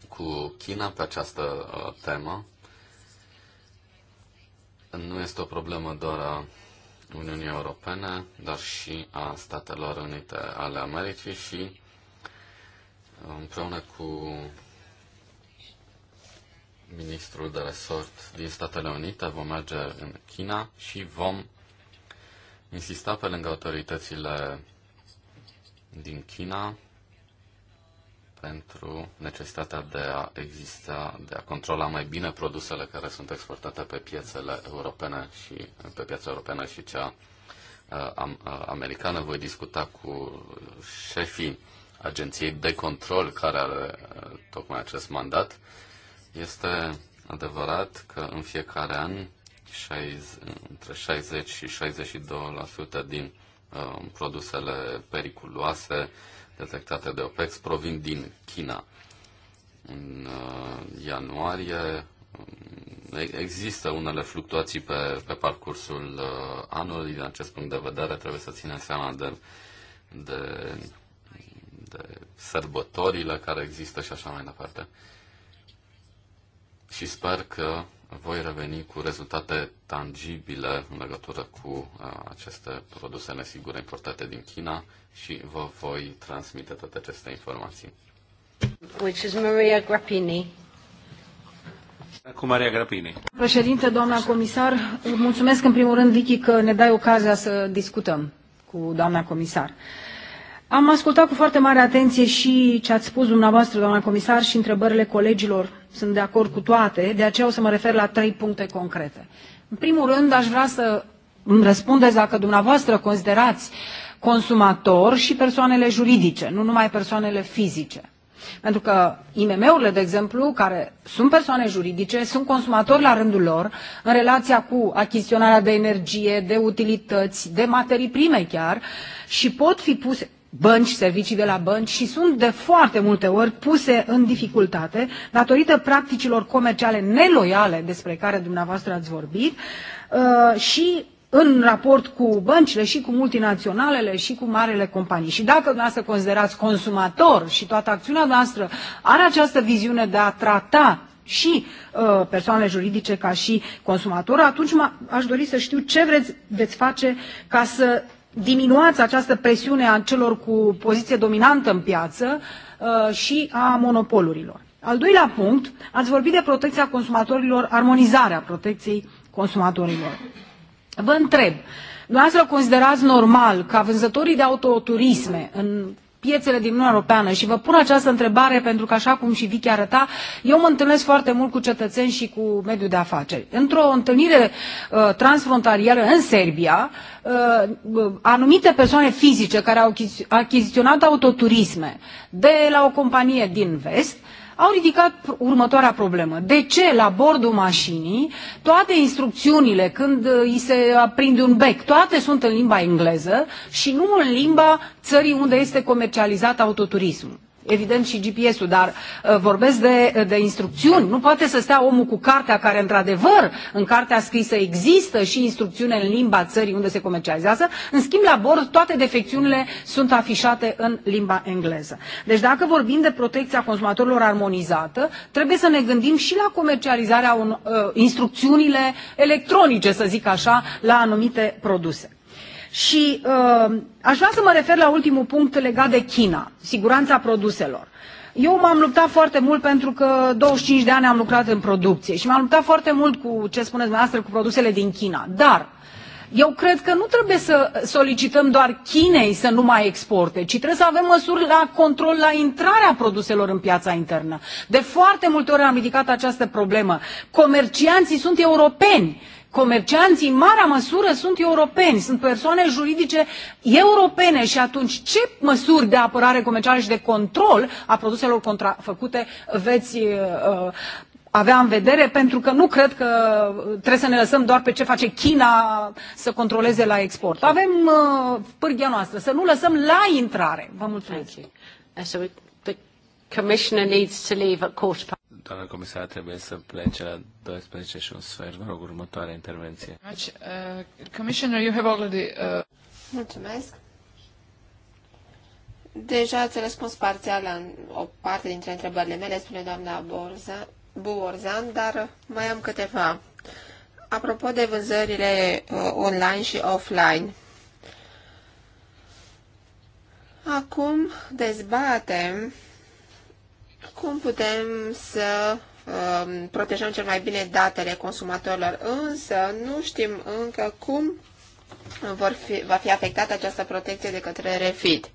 cu China pe această uh, temă. Nu este o problemă doar a Uniunii Europene, dar și a Statelor Unite ale Americii și împreună cu ministrul de resort din Statele Unite, vom merge în China și vom insista pe lângă autoritățile din China pentru necesitatea de a exista, de a controla mai bine produsele care sunt exportate pe piețele europene și pe piața europeană și cea uh, uh americană. Voi discuta cu șefii agenției de control care are uh, tocmai acest mandat este adevărat că în fiecare an 60, între 60 și 62% din uh, produsele periculoase detectate de OPEX provin din China. În uh, ianuarie um, există unele fluctuații pe, pe parcursul uh, anului. Din acest punct de vedere trebuie să ținem seama de, de, de sărbătorile care există și așa mai departe și sper că voi reveni cu rezultate tangibile în legătură cu uh, aceste produse nesigure importate din China și vă voi transmite toate aceste informații. Which is Maria Grappini. Cu Maria Grapini. Președinte, doamna comisar, mulțumesc în primul rând, Vicky, că ne dai ocazia să discutăm cu doamna comisar. Am ascultat cu foarte mare atenție și ce ați spus dumneavoastră, doamna comisar, și întrebările colegilor sunt de acord cu toate, de aceea o să mă refer la trei puncte concrete. În primul rând, aș vrea să îmi răspundeți dacă dumneavoastră considerați consumator și persoanele juridice, nu numai persoanele fizice. Pentru că IMM-urile, de exemplu, care sunt persoane juridice, sunt consumatori la rândul lor în relația cu achiziționarea de energie, de utilități, de materii prime chiar și pot fi puse bănci, servicii de la bănci și sunt de foarte multe ori puse în dificultate datorită practicilor comerciale neloiale despre care dumneavoastră ați vorbit uh, și în raport cu băncile și cu multinaționalele și cu marile companii. Și dacă dumneavoastră considerați consumator și toată acțiunea noastră are această viziune de a trata și uh, persoanele juridice ca și consumator, atunci aș dori să știu ce vreți, veți face ca să diminuați această presiune a celor cu poziție dominantă în piață uh, și a monopolurilor. Al doilea punct, ați vorbit de protecția consumatorilor, armonizarea protecției consumatorilor. Vă întreb, dumneavoastră considerați normal ca vânzătorii de autoturisme în piețele din Uniunea Europeană și vă pun această întrebare pentru că, așa cum și Vicky arăta, eu mă întâlnesc foarte mult cu cetățeni și cu mediul de afaceri. Într-o întâlnire uh, transfrontalieră în Serbia, uh, uh anumite persoane fizice care au achiziționat autoturisme de la o companie din vest, uh, au ridicat următoarea problemă. De ce la bordul mașinii toate instrucțiunile când uh, îi se aprinde un bec, toate sunt în limba engleză și nu în limba țării unde este comercializat autoturismul? evident și GPS-ul, dar uh, vorbesc de, de instrucțiuni. Nu poate să stea omul cu cartea care, într-adevăr, în cartea scrisă există și instrucțiune în limba țării unde se comercializează. În schimb, la bord, toate defecțiunile sunt afișate în limba engleză. Deci, dacă vorbim de protecția consumatorilor armonizată, trebuie să ne gândim și la comercializarea un, uh, instrucțiunile electronice, să zic așa, la anumite produse. Și uh, aș vrea să mă refer la ultimul punct legat de China, siguranța produselor. Eu m-am luptat foarte mult pentru că 25 de ani am lucrat în producție și m-am luptat foarte mult cu ce spuneți dumneavoastră cu produsele din China. Dar eu cred că nu trebuie să solicităm doar Chinei să nu mai exporte, ci trebuie să avem măsuri la control la intrarea produselor în piața internă. De foarte multe ori am ridicat această problemă. Comercianții sunt europeni comercianții în marea măsură sunt europeni, sunt persoane juridice europene și atunci ce măsuri de apărare comercială și de control a produselor contrafăcute veți uh, avea în vedere, pentru că nu cred că trebuie să ne lăsăm doar pe ce face China să controleze la export. Avem uh, pârghia noastră, să nu lăsăm la intrare. Vă mulțumesc. Uh, commissioner needs to leave at quarter past doamna comisar trebuie să plece la 12 și un sfert. Vă rog, următoarea intervenție. Uh, Commissioner, you have already... Uh, Mulțumesc. Deja ați răspuns parțial la o parte dintre întrebările mele, spune doamna Buorzan, dar mai am câteva. Apropo de vânzările uh, online și offline, acum dezbatem cum putem să um, protejăm cel mai bine datele consumatorilor, însă nu știm încă cum vor fi, va fi afectată această protecție de către refit.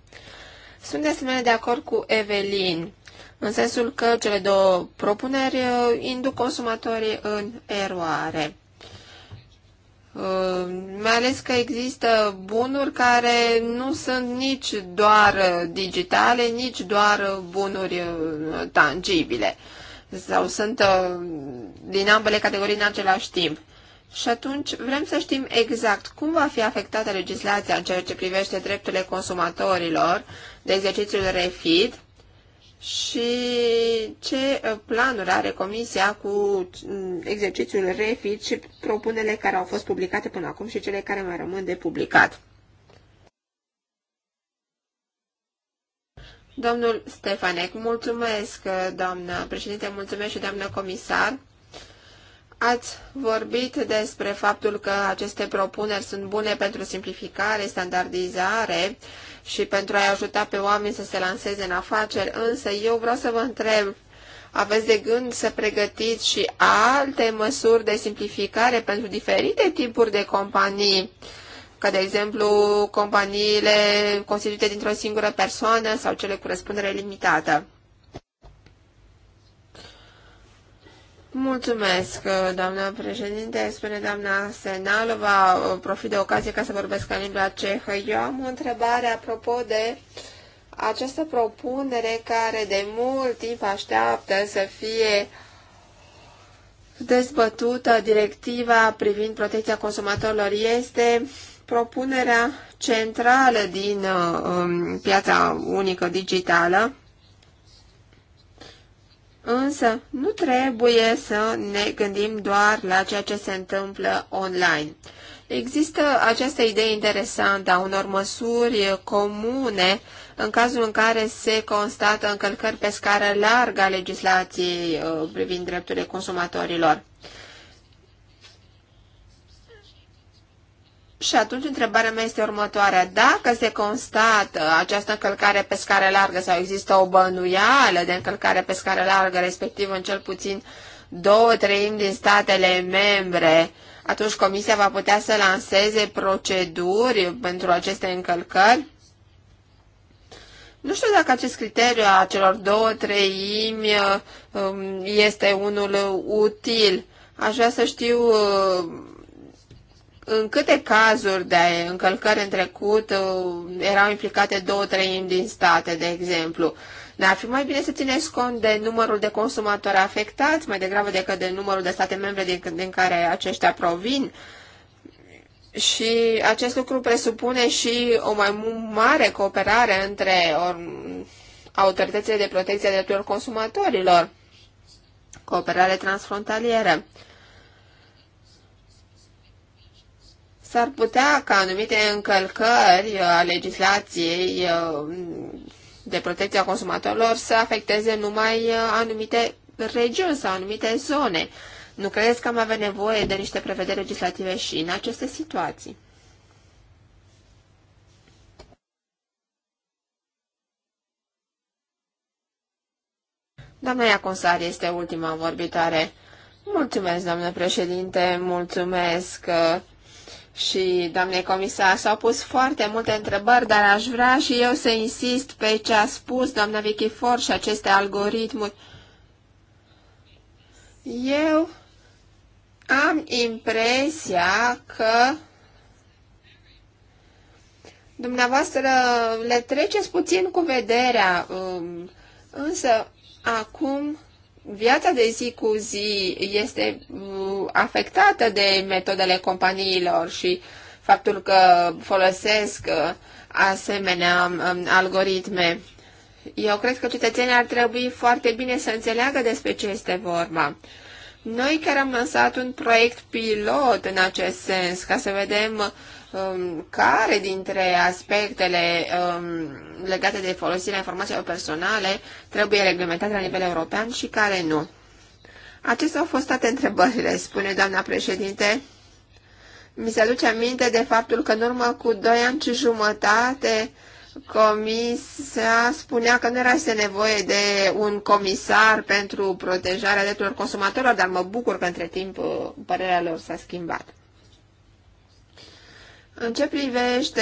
Sunt de asemenea de acord cu Evelin, în sensul că cele două propuneri uh, induc consumatorii în eroare. Uh, mai ales că există bunuri care nu sunt nici doar digitale, nici doar bunuri uh, tangibile sau sunt uh, din ambele categorii în același timp. Și atunci vrem să știm exact cum va fi afectată legislația în ceea ce privește drepturile consumatorilor de exercițiul refit și ce uh, planuri are Comisia cu mm, exercițiul REFIT și propunele care au fost publicate până acum și cele care mai rămân de publicat. Domnul Stefanec, mulțumesc, uh, doamnă președinte, mulțumesc și doamnă comisar. Ați vorbit despre faptul că aceste propuneri sunt bune pentru simplificare, standardizare și pentru a-i ajuta pe oameni să se lanseze în afaceri, însă eu vreau să vă întreb, aveți de gând să pregătiți și alte măsuri de simplificare pentru diferite tipuri de companii, ca de exemplu companiile constituite dintr-o singură persoană sau cele cu răspundere limitată? Mulțumesc, uh, doamna președinte. Spune doamna Senalova, uh, profit de ocazie ca să vorbesc în limba cehă. Eu am o întrebare apropo de această propunere care de mult timp așteaptă să fie dezbătută directiva privind protecția consumatorilor. Este propunerea centrală din uh, um, piața unică digitală Însă, nu trebuie să ne gândim doar la ceea ce se întâmplă online. Există această idee interesantă a unor măsuri comune în cazul în care se constată încălcări pe scară largă a legislației uh, privind drepturile consumatorilor. Și atunci întrebarea mea este următoarea. Dacă se constată această încălcare pe scară largă sau există o bănuială de încălcare pe scară largă, respectiv în cel puțin două treimi din statele membre, atunci Comisia va putea să lanseze proceduri pentru aceste încălcări? Nu știu dacă acest criteriu a celor două treimi um, este unul util. Aș vrea să știu uh, în câte cazuri de încălcări în trecut uh, erau implicate două treimi din state, de exemplu. Dar ar fi mai bine să țineți cont de numărul de consumatori afectați, mai degrabă decât de numărul de state membre din, din care aceștia provin. Și acest lucru presupune și o mai mare cooperare între or, autoritățile de protecție a drepturilor consumatorilor, cooperare transfrontalieră. S-ar putea ca anumite încălcări uh, a legislației uh, de protecție a consumatorilor să afecteze numai uh, anumite regiuni sau anumite zone. Nu credeți că am avea nevoie de niște prevederi legislative și în aceste situații? Doamna Iaconsar este ultima vorbitoare. Mulțumesc, doamnă președinte, mulțumesc și doamnei comisar. S-au pus foarte multe întrebări, dar aș vrea și eu să insist pe ce a spus doamna Vichifor și aceste algoritmuri. Eu am impresia că dumneavoastră le treceți puțin cu vederea, um, însă acum viața de zi cu zi este mm, afectată de metodele companiilor și faptul că folosesc uh, asemenea um, um, algoritme. Eu cred că cetățenii ar trebui foarte bine să înțeleagă despre ce este vorba. Noi chiar am lansat un proiect pilot în acest sens, ca să vedem Um, care dintre aspectele um, legate de folosirea informațiilor personale trebuie reglementate la nivel european și care nu. Acestea au fost toate întrebările, spune doamna președinte. Mi se aduce aminte de faptul că în urmă cu doi ani și jumătate Comisia spunea că nu era să nevoie de un comisar pentru protejarea drepturilor consumatorilor, dar mă bucur că între timp uh, părerea lor s-a schimbat. În ce privește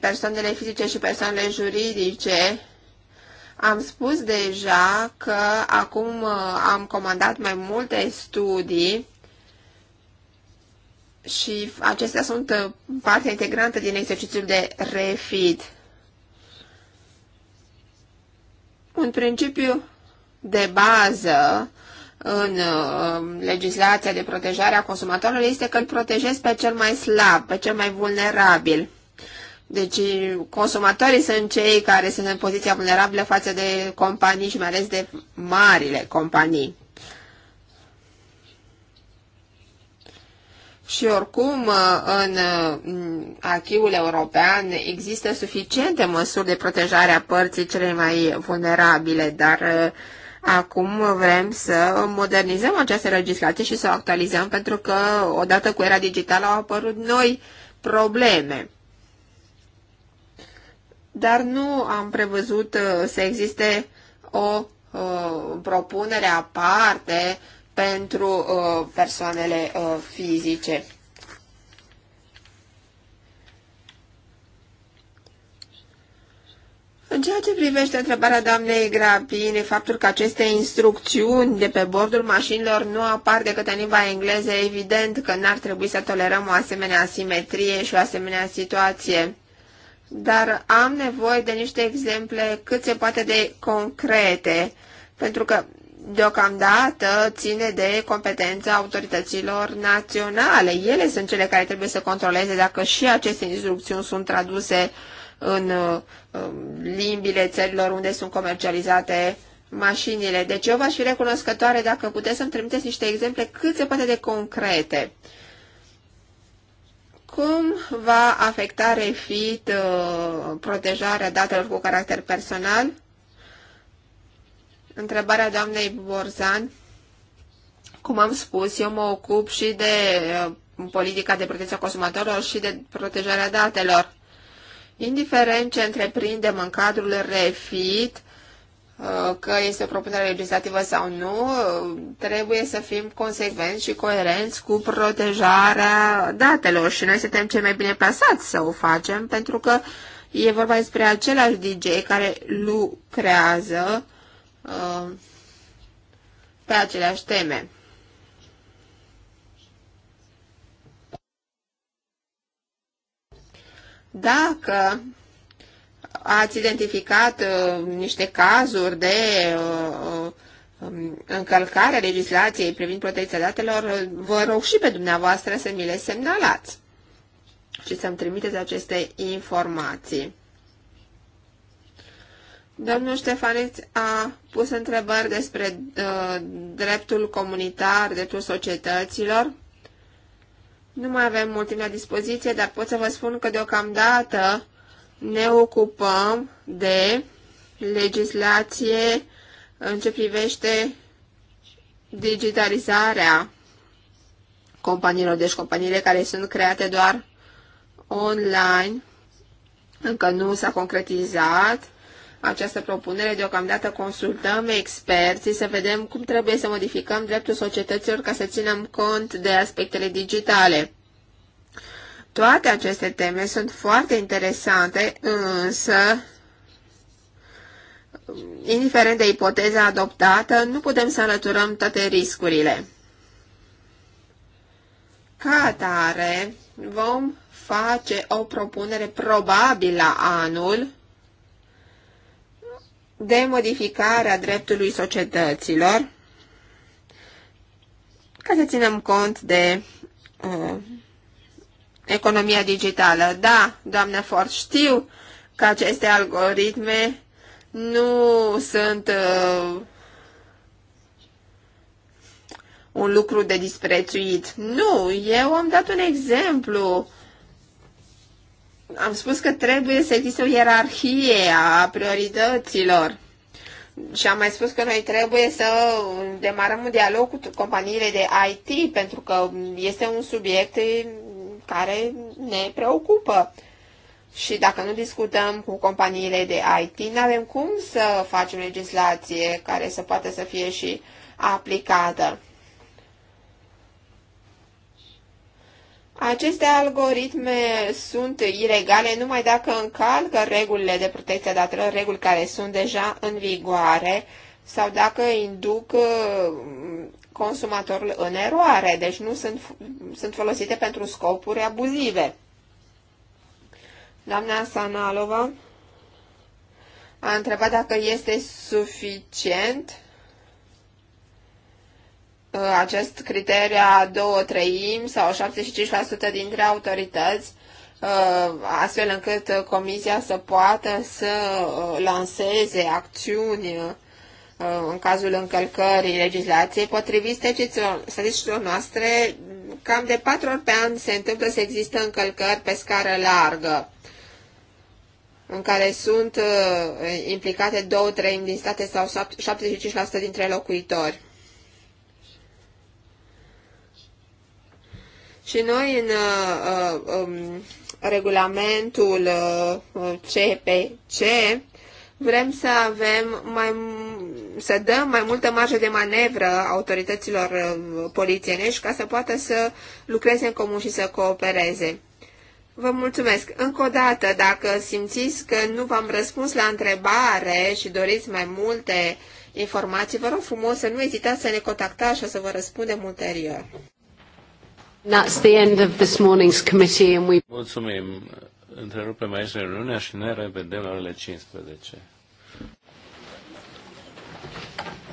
persoanele fizice și persoanele juridice, am spus deja că acum uh, am comandat mai multe studii și acestea sunt uh, parte integrantă din exercițiul de refit. Un principiu de bază în uh, legislația de protejare a consumatorilor este că îl protejezi pe cel mai slab, pe cel mai vulnerabil. Deci consumatorii sunt cei care sunt în poziția vulnerabilă față de companii și mai ales de marile companii. Și oricum, uh, în uh, archivul european există suficiente măsuri de protejare a părții cele mai vulnerabile, dar uh, Acum vrem să modernizăm această legislație și să o actualizăm pentru că odată cu era digitală au apărut noi probleme. Dar nu am prevăzut uh, să existe o uh, propunere aparte pentru uh, persoanele uh, fizice. În ceea ce privește întrebarea doamnei Grapini, faptul că aceste instrucțiuni de pe bordul mașinilor nu apar decât în limba engleză, evident că n-ar trebui să tolerăm o asemenea asimetrie și o asemenea situație. Dar am nevoie de niște exemple cât se poate de concrete, pentru că deocamdată ține de competența autorităților naționale. Ele sunt cele care trebuie să controleze dacă și aceste instrucțiuni sunt traduse în uh, limbile țărilor unde sunt comercializate mașinile. Deci eu v-aș fi recunoscătoare dacă puteți să-mi trimiteți niște exemple cât se poate de concrete. Cum va afecta refit uh, protejarea datelor cu caracter personal? Întrebarea doamnei Borzan. Cum am spus, eu mă ocup și de uh, politica de protecție a consumatorilor și de protejarea datelor indiferent ce întreprindem în cadrul refit, uh, că este o propunere legislativă sau nu, uh, trebuie să fim consecvenți și coerenți cu protejarea datelor și noi suntem cei mai bine plasați să o facem pentru că e vorba despre același DJ care lucrează uh, pe aceleași teme. Dacă ați identificat uh, niște cazuri de uh, um, încălcare a legislației privind protecția datelor, vă rog și pe dumneavoastră să mi le semnalați și să-mi trimiteți aceste informații. Domnul Ștefaneț a pus întrebări despre uh, dreptul comunitar, dreptul societăților. Nu mai avem mult timp la dispoziție, dar pot să vă spun că deocamdată ne ocupăm de legislație în ce privește digitalizarea companiilor, deci companiile care sunt create doar online, încă nu s-a concretizat această propunere. Deocamdată consultăm experții să vedem cum trebuie să modificăm dreptul societăților ca să ținem cont de aspectele digitale. Toate aceste teme sunt foarte interesante, însă, indiferent de ipoteza adoptată, nu putem să înlăturăm toate riscurile. Ca atare, vom face o propunere probabilă anul de modificare a dreptului societăților ca să ținem cont de uh, economia digitală. Da, doamnă Ford, știu că aceste algoritme nu sunt uh, un lucru de disprețuit. Nu, eu am dat un exemplu am spus că trebuie să existe o ierarhie a priorităților. Și am mai spus că noi trebuie să demarăm un dialog cu companiile de IT, pentru că este un subiect care ne preocupă. Și dacă nu discutăm cu companiile de IT, nu avem cum să facem legislație care să poată să fie și aplicată. Aceste algoritme sunt ilegale numai dacă încalcă regulile de protecție a datelor, reguli care sunt deja în vigoare sau dacă induc uh, consumatorul în eroare, deci nu sunt, sunt folosite pentru scopuri abuzive. Doamna Sanalova a întrebat dacă este suficient acest criteriu a două treimi sau 75% dintre autorități, uh, astfel încât comisia să poată să uh, lanseze acțiuni uh, în cazul încălcării legislației. Potrivit statisticilor noastre, cam de patru ori pe an se întâmplă să există încălcări pe scară largă în care sunt implicate două treimi din state sau 75% dintre locuitori. Și noi în uh, um, regulamentul uh, CPC vrem să avem mai să dăm mai multă marjă de manevră autorităților uh, polițienești ca să poată să lucreze în comun și să coopereze. Vă mulțumesc. Încă o dată, dacă simțiți că nu v-am răspuns la întrebare și doriți mai multe informații, vă rog frumos să nu ezitați să ne contactați și o să vă răspundem ulterior. That's the end of this morning's committee and we... Mulțumim. Întrerupem aici reuniunea și ne revedem la orele 15.